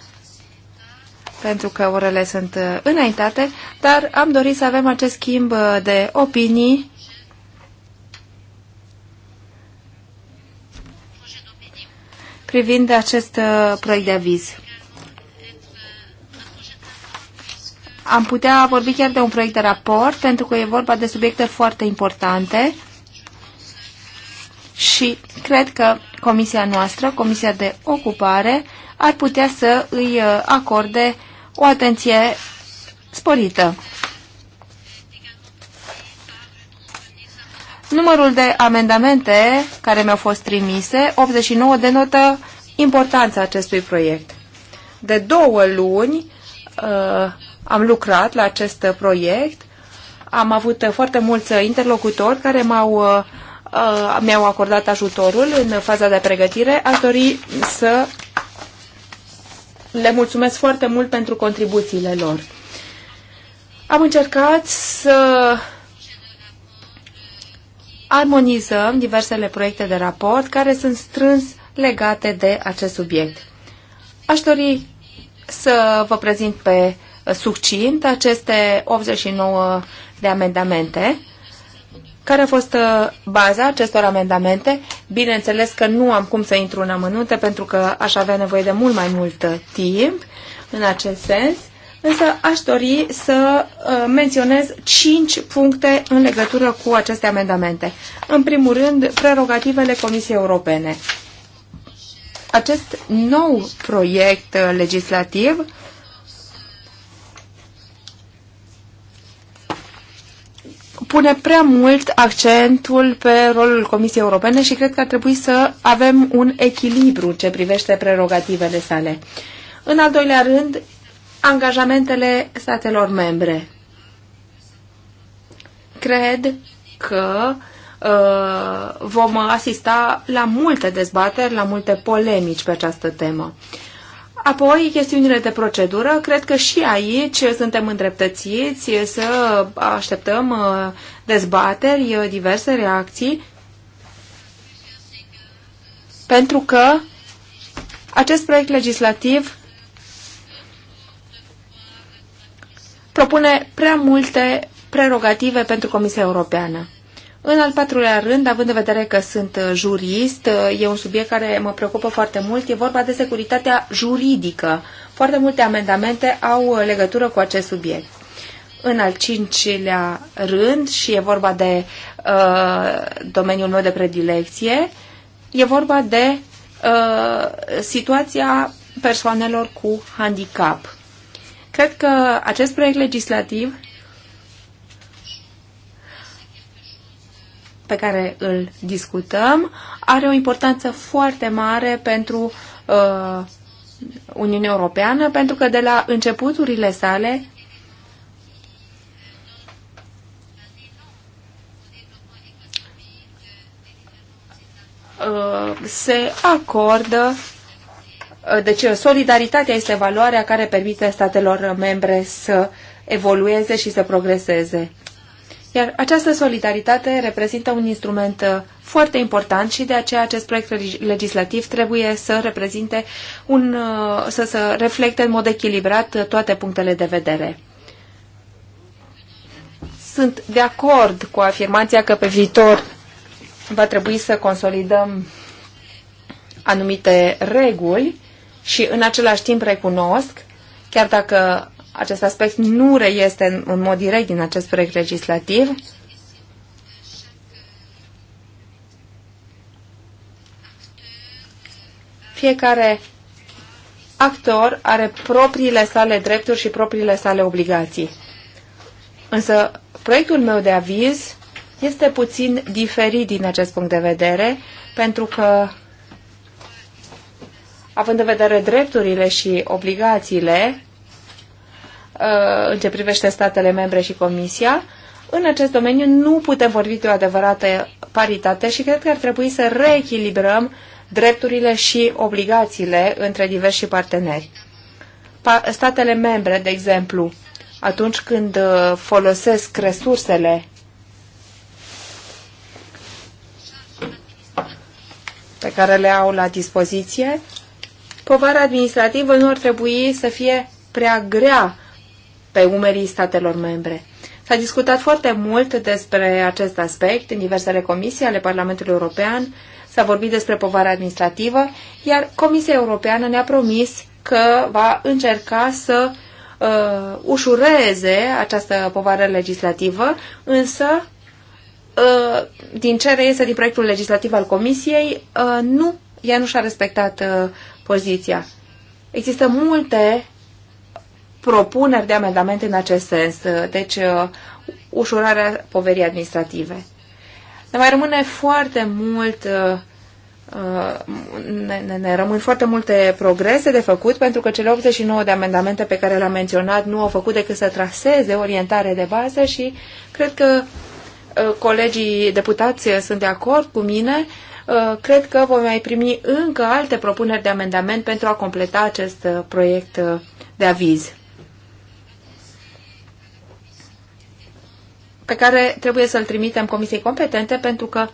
pentru că orele sunt uh, înaintate, dar am dorit să avem acest schimb uh, de opinii privind acest uh, proiect de aviz. Am putea vorbi chiar de un proiect de raport, pentru că e vorba de subiecte foarte importante și cred că comisia noastră, comisia de ocupare, ar putea să îi acorde o atenție sporită. Numărul de amendamente care mi-au fost trimise, 89, denotă importanța acestui proiect. De două luni uh, am lucrat la acest proiect, am avut foarte mulți interlocutori care m-au uh, uh mi-au acordat ajutorul în faza de pregătire. Aș dori să le mulțumesc foarte mult pentru contribuțiile lor. Am încercat să armonizăm diversele proiecte de raport care sunt strâns legate de acest subiect. Aș dori să vă prezint pe succint aceste 89 de amendamente care a fost uh, baza acestor amendamente? Bineînțeles că nu am cum să intru în amănunte pentru că aș avea nevoie de mult mai mult uh, timp în acest sens, însă aș dori să uh, menționez cinci puncte în legătură cu aceste amendamente. În primul rând, prerogativele Comisiei Europene. Acest nou proiect legislativ pune prea mult accentul pe rolul Comisiei Europene și cred că ar trebui să avem un echilibru ce privește prerogativele sale. În al doilea rând, angajamentele statelor membre. Cred că uh, vom asista la multe dezbateri, la multe polemici pe această temă. Uh, Apoi, chestiunile de procedură, cred că și aici suntem îndreptățiți să așteptăm uh, dezbateri, uh, diverse reacții, pentru că acest proiect legislativ propune prea multe prerogative pentru Comisia Europeană. În al patrulea rând, având în vedere că sunt uh, jurist, uh, e un subiect care mă preocupă foarte mult, e vorba de securitatea juridică. Foarte multe amendamente au uh, legătură cu acest subiect. În al cincilea rând, și e vorba de uh, domeniul meu de predilecție, e vorba de uh, situația persoanelor cu handicap. Cred că acest proiect legislativ pe care îl discutăm are o importanță foarte mare pentru uh, Uniunea Europeană, pentru că de la începuturile sale uh, se acordă uh, deci solidaritatea este valoarea care permite statelor membre să evolueze și să progreseze. Iar această solidaritate reprezintă un instrument uh, foarte important și de aceea acest proiect legislativ trebuie să reprezinte un, uh, să, să reflecte în mod echilibrat uh, toate punctele de vedere sunt de acord cu afirmația că pe viitor va trebui să consolidăm anumite reguli și în același timp recunosc, chiar dacă acest aspect nu reiese în, în mod direct din acest proiect legislativ. Fiecare actor are propriile sale drepturi și propriile sale obligații. Însă proiectul meu de aviz este puțin diferit din acest punct de vedere, pentru că, având în vedere drepturile și obligațiile, Uh, în ce privește statele membre și Comisia. În acest domeniu nu putem vorbi de o adevărată paritate și cred că ar trebui să reechilibrăm drepturile și obligațiile între diversi parteneri. Pa statele membre, de exemplu, atunci când uh, folosesc resursele pe care le au la dispoziție, povara administrativă nu ar trebui să fie prea grea pe umerii statelor membre. S-a discutat foarte mult despre acest aspect în diversele comisii ale Parlamentului European, s-a vorbit despre povara administrativă, iar Comisia Europeană ne-a promis că va încerca să uh, ușureze această povară legislativă, însă uh, din ce reiese din proiectul legislativ al Comisiei, uh, nu, ea nu și-a respectat uh, poziția. Există multe propuneri de amendamente în acest sens, deci uh, ușurarea poverii administrative. Ne mai rămâne foarte mult ne, uh, uh, ne, ne rămân foarte multe progrese de făcut pentru că cele 89 de amendamente pe care le-am menționat nu au făcut decât să traseze orientare de bază și cred că colegii deputați sunt de acord cu mine. Cred că vom mai primi încă alte propuneri de amendament pentru a completa acest proiect de aviz. pe care trebuie să-l trimitem comisiei competente pentru că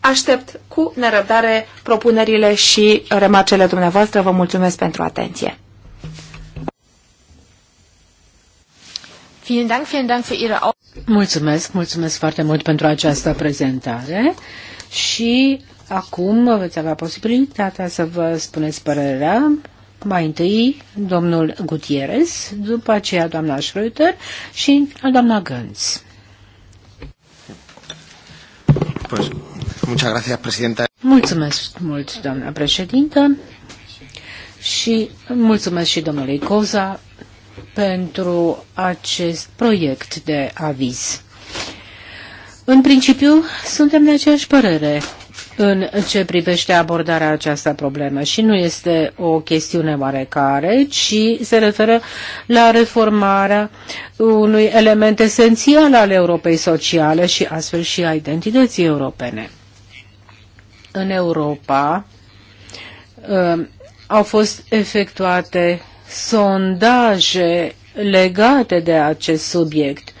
aștept cu nerăbdare propunerile și remarcele dumneavoastră. Vă mulțumesc pentru atenție. Mulțumesc, mulțumesc foarte mult pentru această prezentare și acum veți avea posibilitatea să vă spuneți părerea mai întâi domnul Gutierrez, după aceea doamna Schröter și doamna Gânz. Pues, muchas gracias, presidenta. Mulțumesc mult, doamna președintă, și mulțumesc și domnului Coza pentru acest proiect de aviz. În principiu, suntem de aceeași părere în ce privește abordarea această problemă și nu este o chestiune oarecare, ci se referă la reformarea unui element esențial al Europei sociale și astfel și a identității europene. În Europa uh, au fost efectuate sondaje legate de acest subiect.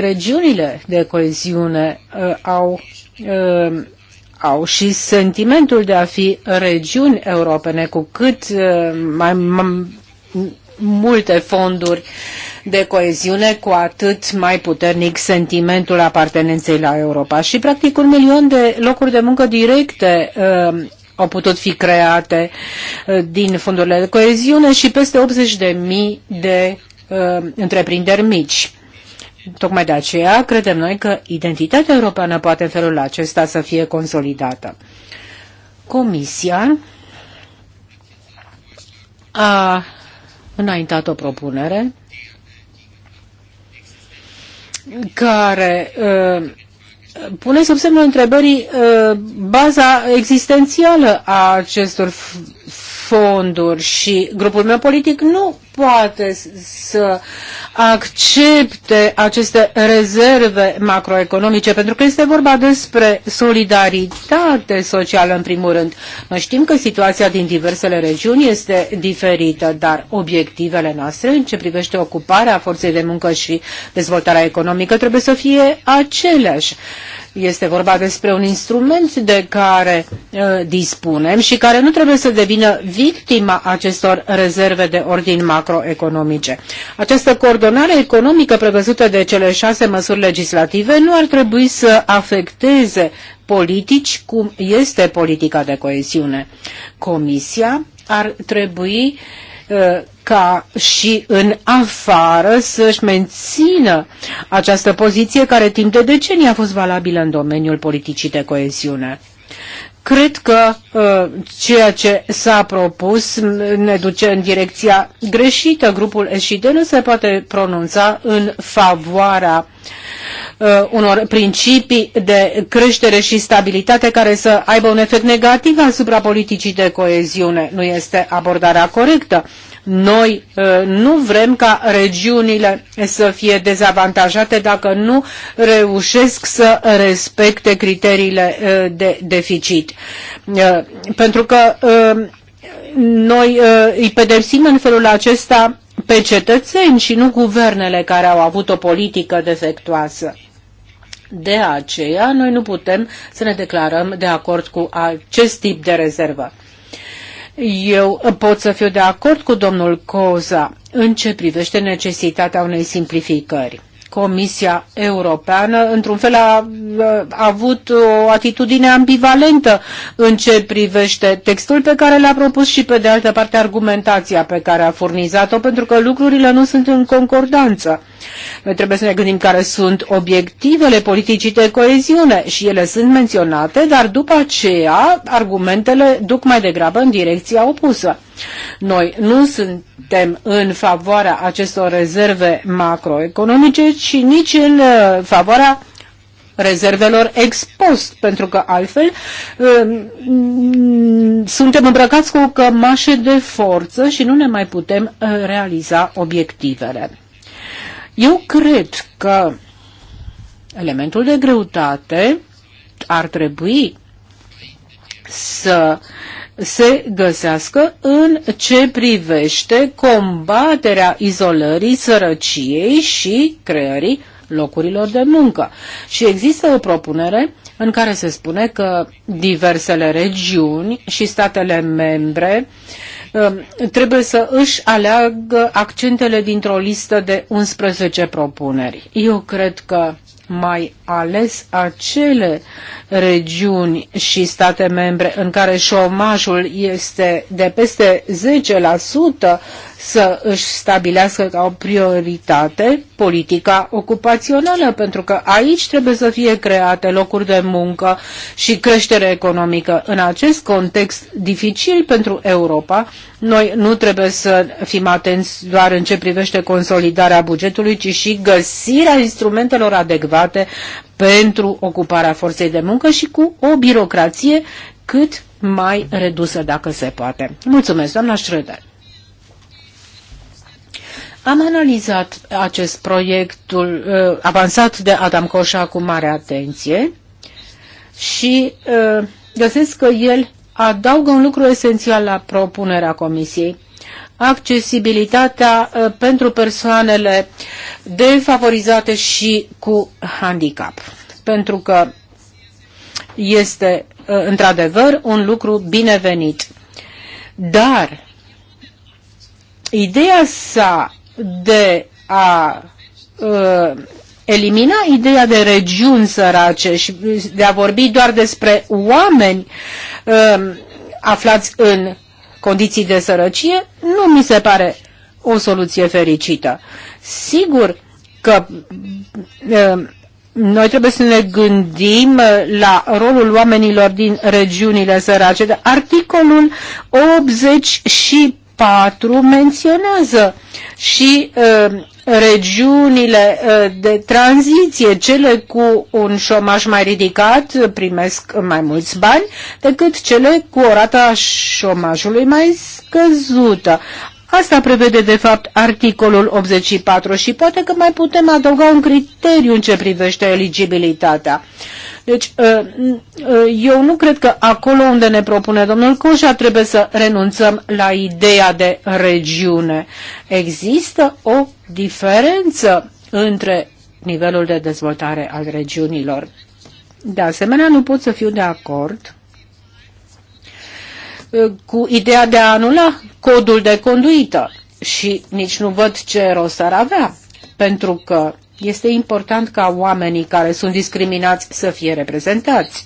Regiunile de coeziune uh, au uh, au și sentimentul de a fi regiuni europene, cu cât uh, mai, multe fonduri de coeziune, cu atât mai puternic sentimentul apartenenței la Europa. Și practic un milion de locuri de muncă directe uh, au putut fi create uh, din fondurile de coeziune și peste 80.000 de uh, întreprinderi mici. Tocmai de aceea credem noi că identitatea europeană poate în felul acesta să fie consolidată. Comisia a înaintat o propunere care uh, pune sub semnul întrebării uh, baza existențială a acestor fonduri și grupul meu politic nu poate să accepte aceste rezerve macroeconomice, pentru că este vorba despre solidaritate socială în primul rând. Noi știm că situația din diversele regiuni este diferită, dar obiectivele noastre în ce privește ocuparea forței de muncă și dezvoltarea economică trebuie să fie aceleași. Este vorba despre un instrument de care uh, dispunem și care nu trebuie să devină victima acestor rezerve de ordin macroeconomice. Această coordonare economică prevăzută de cele șase măsuri legislative nu ar trebui să afecteze politici cum este politica de coeziune. Comisia ar trebui Uh, ca și în afară să-și mențină această poziție care timp de decenii a fost valabilă în domeniul politicii de coeziune. Cred că uh, ceea ce s-a propus ne duce în direcția greșită. Grupul SD nu se poate pronunța în favoarea uh, unor principii de creștere și stabilitate care să aibă un efect negativ asupra politicii de coeziune. Nu este abordarea corectă. Noi uh, nu vrem ca regiunile să fie dezavantajate dacă nu reușesc să respecte criteriile uh, de deficit. Uh, pentru că noi îi pedepsim în felul acesta pe cetățeni și nu guvernele care au avut o politică defectuoasă. De aceea, noi nu putem să ne declarăm de acord cu acest tip de rezervă. Eu pot să fiu de acord cu domnul Coza în ce privește necesitatea unei simplificări. Comisia Europeană, într-un fel, a, a avut o atitudine ambivalentă în ce privește textul pe care l-a propus și, pe de altă parte, argumentația pe care a furnizat-o, pentru că lucrurile nu sunt în concordanță. Noi trebuie să ne gândim care sunt obiectivele politicii de coeziune și ele sunt menționate, dar după aceea argumentele duc mai degrabă în direcția opusă. Noi nu suntem în favoarea acestor rezerve macroeconomice, ci nici în uh, favoarea rezervelor expost, pentru că altfel um, suntem îmbrăcați cu cămașe de forță și nu ne mai putem uh, realiza obiectivele. Eu cred că elementul de greutate ar trebui să se găsească în ce privește combaterea izolării, sărăciei și creării locurilor de muncă. Și există o propunere în care se spune că diversele regiuni și statele membre uh, Um, trebuie să își aleagă accentele dintr-o listă de 11 propuneri. Eu cred că mai ales acele regiuni și state membre în care șomajul este de peste 10% să își stabilească ca o prioritate politica ocupațională, pentru că aici trebuie să fie create locuri de muncă și creștere economică. În acest context dificil pentru Europa, noi nu trebuie să fim atenți doar în ce privește consolidarea bugetului, ci și găsirea instrumentelor adecvate pentru ocuparea forței de muncă și cu o birocrație cât mai redusă dacă se poate. Mulțumesc, doamna Schröder. Am analizat acest proiectul uh, avansat de Adam Coșa cu mare atenție și uh, găsesc că el adaugă un lucru esențial la propunerea Comisiei accesibilitatea uh, pentru persoanele defavorizate și cu handicap. Pentru că este uh, într-adevăr un lucru binevenit. Dar ideea sa de a uh, elimina ideea de regiuni sărace și de a vorbi doar despre oameni uh, aflați în condiții de sărăcie, nu mi se pare o soluție fericită. Sigur că noi trebuie să ne gândim la rolul oamenilor din regiunile sărace. Articolul 84 menționează și regiunile ă, de tranziție, cele cu un șomaj mai ridicat, primesc mai mulți bani decât cele cu o rata șomajului mai scăzută. Asta prevede, de fapt, articolul 84 și poate că mai putem adăuga un criteriu în ce privește eligibilitatea. Deci, uh, uh, eu nu cred că acolo unde ne propune domnul Coșa trebuie să renunțăm la ideea de regiune. Există o diferență între nivelul de dezvoltare al regiunilor. De asemenea, nu pot să fiu de acord uh, cu ideea de a anula codul de conduită și nici nu văd ce rost ar avea, pentru că este important ca oamenii care sunt discriminați să fie reprezentați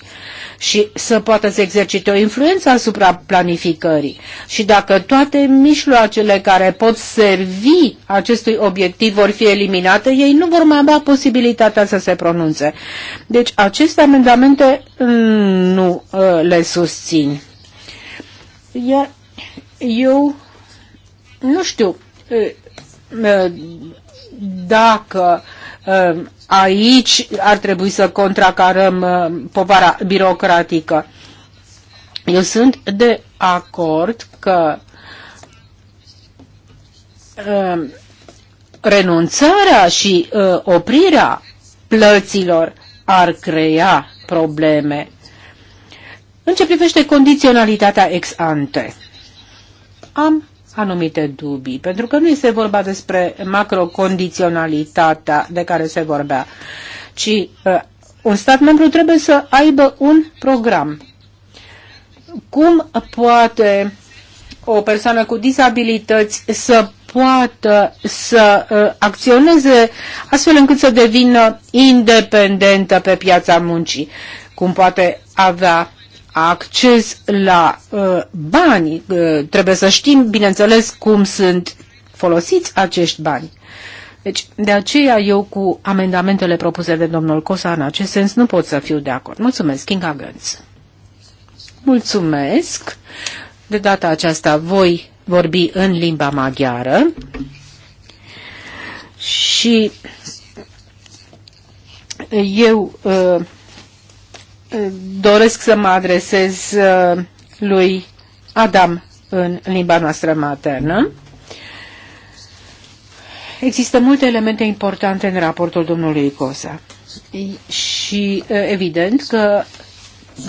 și să poată să exercite o influență asupra planificării. Și dacă toate mijloacele care pot servi acestui obiectiv vor fi eliminate, ei nu vor mai avea posibilitatea să se pronunțe. Deci aceste amendamente mm, nu ă, le susțin. Iar eu nu știu ă, ă, dacă Ehm, aici ar trebui să contracarăm ehm, povara birocratică. Eu sunt de acord că ehm, renunțarea și oprirea plăților ar crea probleme. În ce privește condiționalitatea ex ante, am anumite dubii, pentru că nu este vorba despre macrocondiționalitatea de care se vorbea, ci uh, un stat membru trebuie să aibă un program. Cum poate o persoană cu disabilități să poată să uh, acționeze astfel încât să devină independentă pe piața muncii? Cum poate avea acces la uh, bani. Uh, trebuie să știm, bineînțeles, cum sunt folosiți acești bani. Deci, de aceea eu cu amendamentele propuse de domnul Cosa în acest sens nu pot să fiu de acord. Mulțumesc, Kinga Gânț. Mulțumesc. De data aceasta voi vorbi în limba maghiară și eu uh, doresc să mă adresez uh, lui Adam în limba noastră maternă. Există multe elemente importante în raportul domnului Cosa și uh, evident că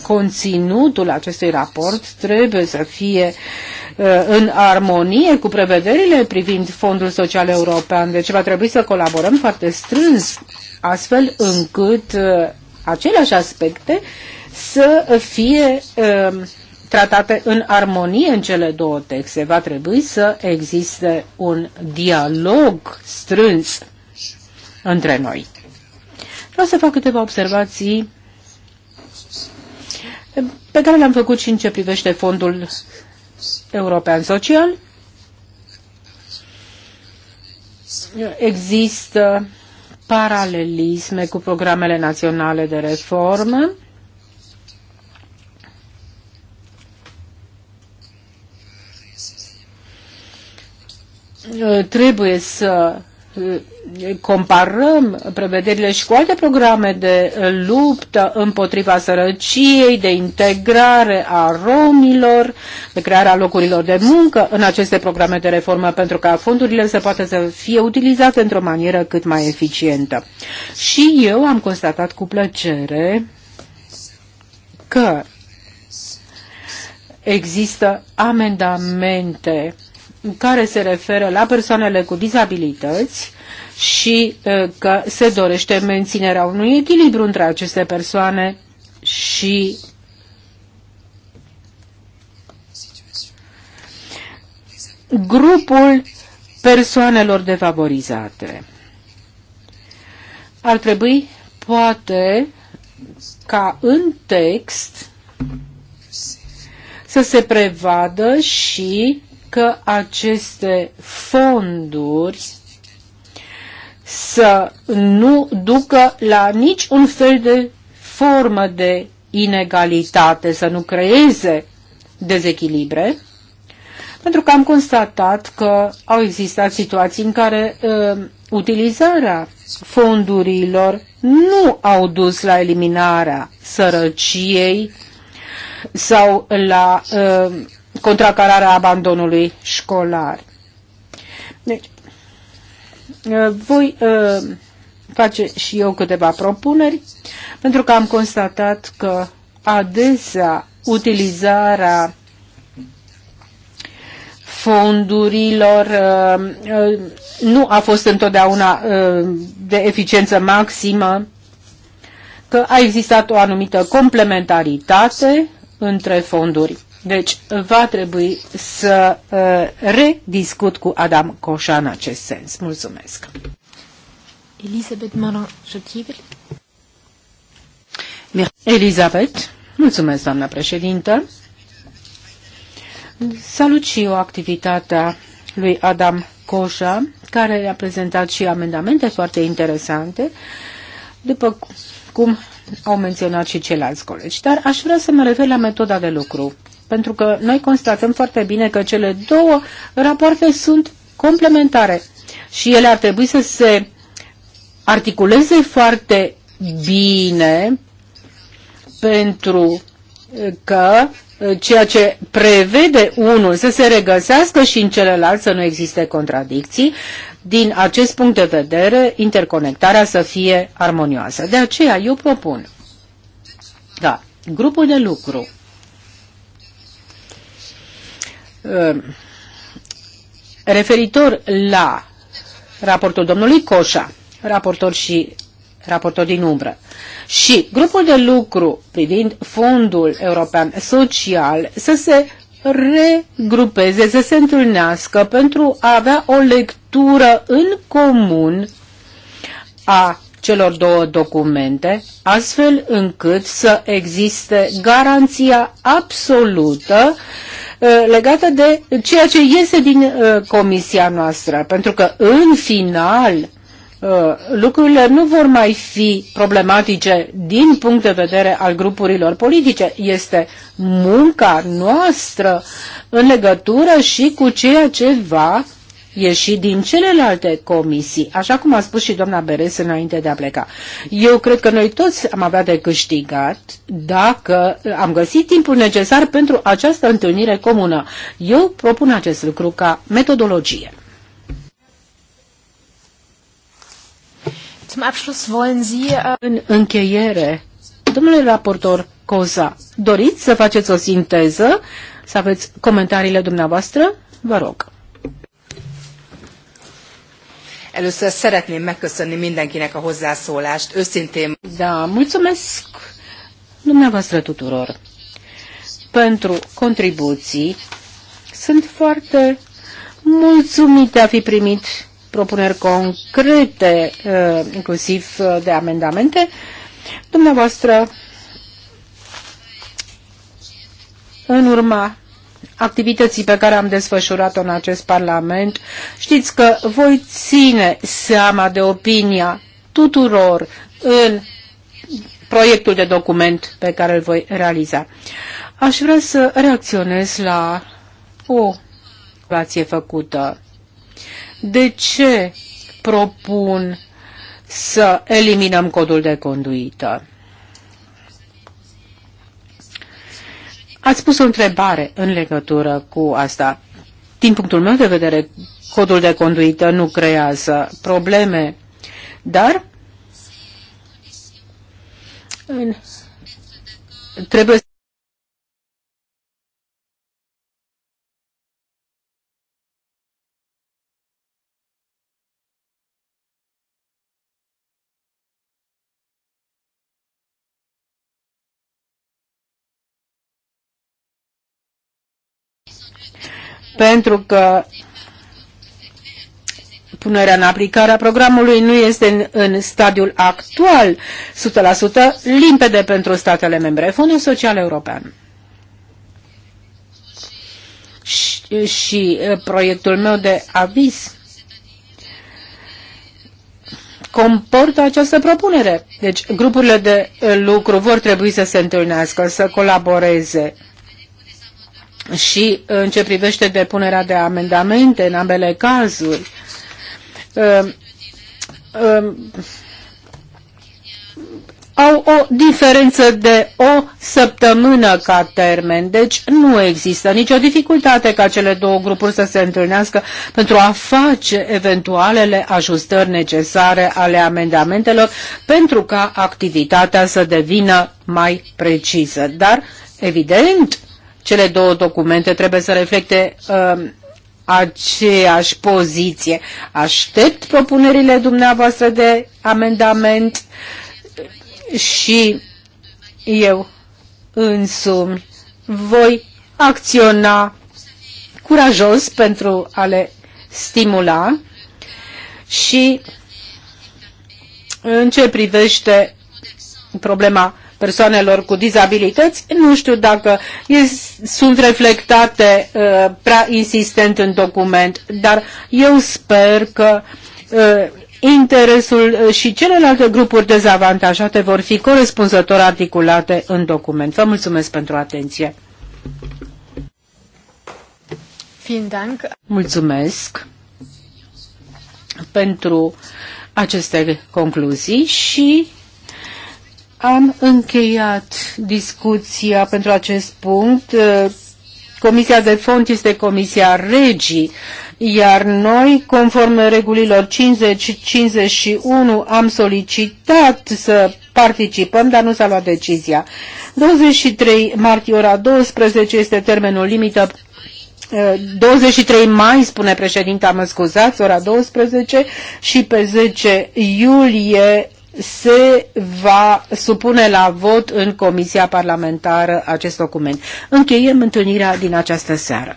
conținutul acestui raport trebuie să fie uh, în armonie cu prevederile privind Fondul Social European. Deci va trebui să colaborăm foarte strâns astfel încât aceleași aspecte să fie um, tratate în armonie în cele două texte. Va trebui să existe un dialog strâns între noi. Vreau să fac câteva observații pe care le-am făcut și în ce privește Fondul European Social. Există paralelisme cu programele naționale de reformă. Trebuie să comparăm prevederile și cu alte programe de luptă împotriva sărăciei, de integrare a romilor, de crearea locurilor de muncă în aceste programe de reformă, pentru ca fondurile să poată să fie utilizate într-o manieră cât mai eficientă. Și eu am constatat cu plăcere că există amendamente care se referă la persoanele cu dizabilități și uh, că se dorește menținerea unui echilibru între aceste persoane și grupul persoanelor defavorizate. Ar trebui, poate, ca în text să se prevadă și că aceste fonduri să nu ducă la nici un fel de formă de inegalitate, să nu creeze dezechilibre, pentru că am constatat că au existat situații în care uh, utilizarea fondurilor nu au dus la eliminarea sărăciei sau la uh, contracararea abandonului școlar. Deci, uh, voi uh, face și eu câteva propuneri, pentru că am constatat că adesea utilizarea fondurilor uh, nu a fost întotdeauna de eficiență maximă, că a existat o anumită complementaritate între fonduri. Deci va trebui să uh, rediscut cu Adam Coșa în acest sens. Mulțumesc. Elisabeth Maran, Morin, Elisabeth, mulțumesc, doamna președintă. Salut și eu activitatea lui Adam Coșa, care a prezentat și amendamente foarte interesante, după cum au menționat și ceilalți colegi. Dar aș vrea să mă refer la metoda de lucru pentru că noi constatăm foarte bine că cele două rapoarte sunt complementare și ele ar trebui să se articuleze foarte bine pentru că eh, ceea ce prevede unul să se regăsească și în celălalt să nu existe contradicții, din acest punct de vedere, interconectarea să fie armonioasă. De aceea eu propun da, grupul de lucru Ehm, referitor la raportul domnului Coșa, raportor și raportor din umbră. Și grupul de lucru privind Fondul European Social să se regrupeze, să se întâlnească pentru a avea o lectură în comun a celor două documente, astfel încât să existe garanția absolută Uh, legată de ceea ce iese din uh, comisia noastră, pentru că în final uh, lucrurile nu vor mai fi problematice din punct de vedere al grupurilor politice. Este munca noastră în legătură și cu ceea ce va și din celelalte comisii, așa cum a spus și doamna Beres înainte de a pleca. Eu cred că noi toți am avea de câștigat dacă am găsit timpul necesar pentru această întâlnire comună. Eu propun acest lucru ca metodologie. Äh, În încheiere, domnule raportor Coza, doriți să faceți o sinteză, să aveți comentariile dumneavoastră? Vă rog. Először szeretném megköszönni mindenkinek a hozzászólást, őszintén. Da, mulțumesc dumneavoastră tuturor pentru contribuții. Sunt foarte mulțumit a fi primit propuneri concrete, uh, inclusiv uh, de amendamente. Dumneavoastră, în urma activității pe care am desfășurat-o în acest Parlament, știți că voi ține seama de opinia tuturor în proiectul de document pe care îl voi realiza. Aș vrea să reacționez la o situație făcută. De ce propun să eliminăm codul de conduită? Ați pus o întrebare în legătură cu asta. Din punctul meu de vedere, codul de conduită nu creează probleme, dar în, trebuie pentru că punerea în aplicare a programului nu este în, în stadiul actual 100% limpede pentru statele membre. Fondul Social European și, și uh, proiectul meu de aviz comportă această propunere. Deci grupurile de uh, lucru vor trebui să se întâlnească, să colaboreze și în ce privește depunerea de amendamente în ambele cazuri. Um, um, au o diferență de o săptămână ca termen. Deci nu există nicio dificultate ca cele două grupuri să se întâlnească pentru a face eventualele ajustări necesare ale amendamentelor pentru ca activitatea să devină mai precisă. Dar, evident, cele două documente trebuie să reflecte uh, aceeași poziție. Aștept propunerile dumneavoastră de amendament și eu însumi voi acționa curajos pentru a le stimula și în ce privește problema persoanelor cu dizabilități, nu știu dacă sunt reflectate uh, prea insistent în document, dar eu sper că uh, interesul uh, și celelalte grupuri dezavantajate vor fi corespunzător articulate în document. Vă mulțumesc pentru atenție. Mulțumesc pentru aceste concluzii și am încheiat discuția pentru acest punct. Uh, Comisia de fond este Comisia Regii, iar noi, conform regulilor 50-51, am solicitat să participăm, dar nu s-a luat decizia. 23 martie ora 12 este termenul limită 23 uh, mai, spune președinta, mă scuzați, ora 12 și pe 10 iulie se va supune la vot în Comisia Parlamentară acest document. Încheiem întâlnirea din această seară.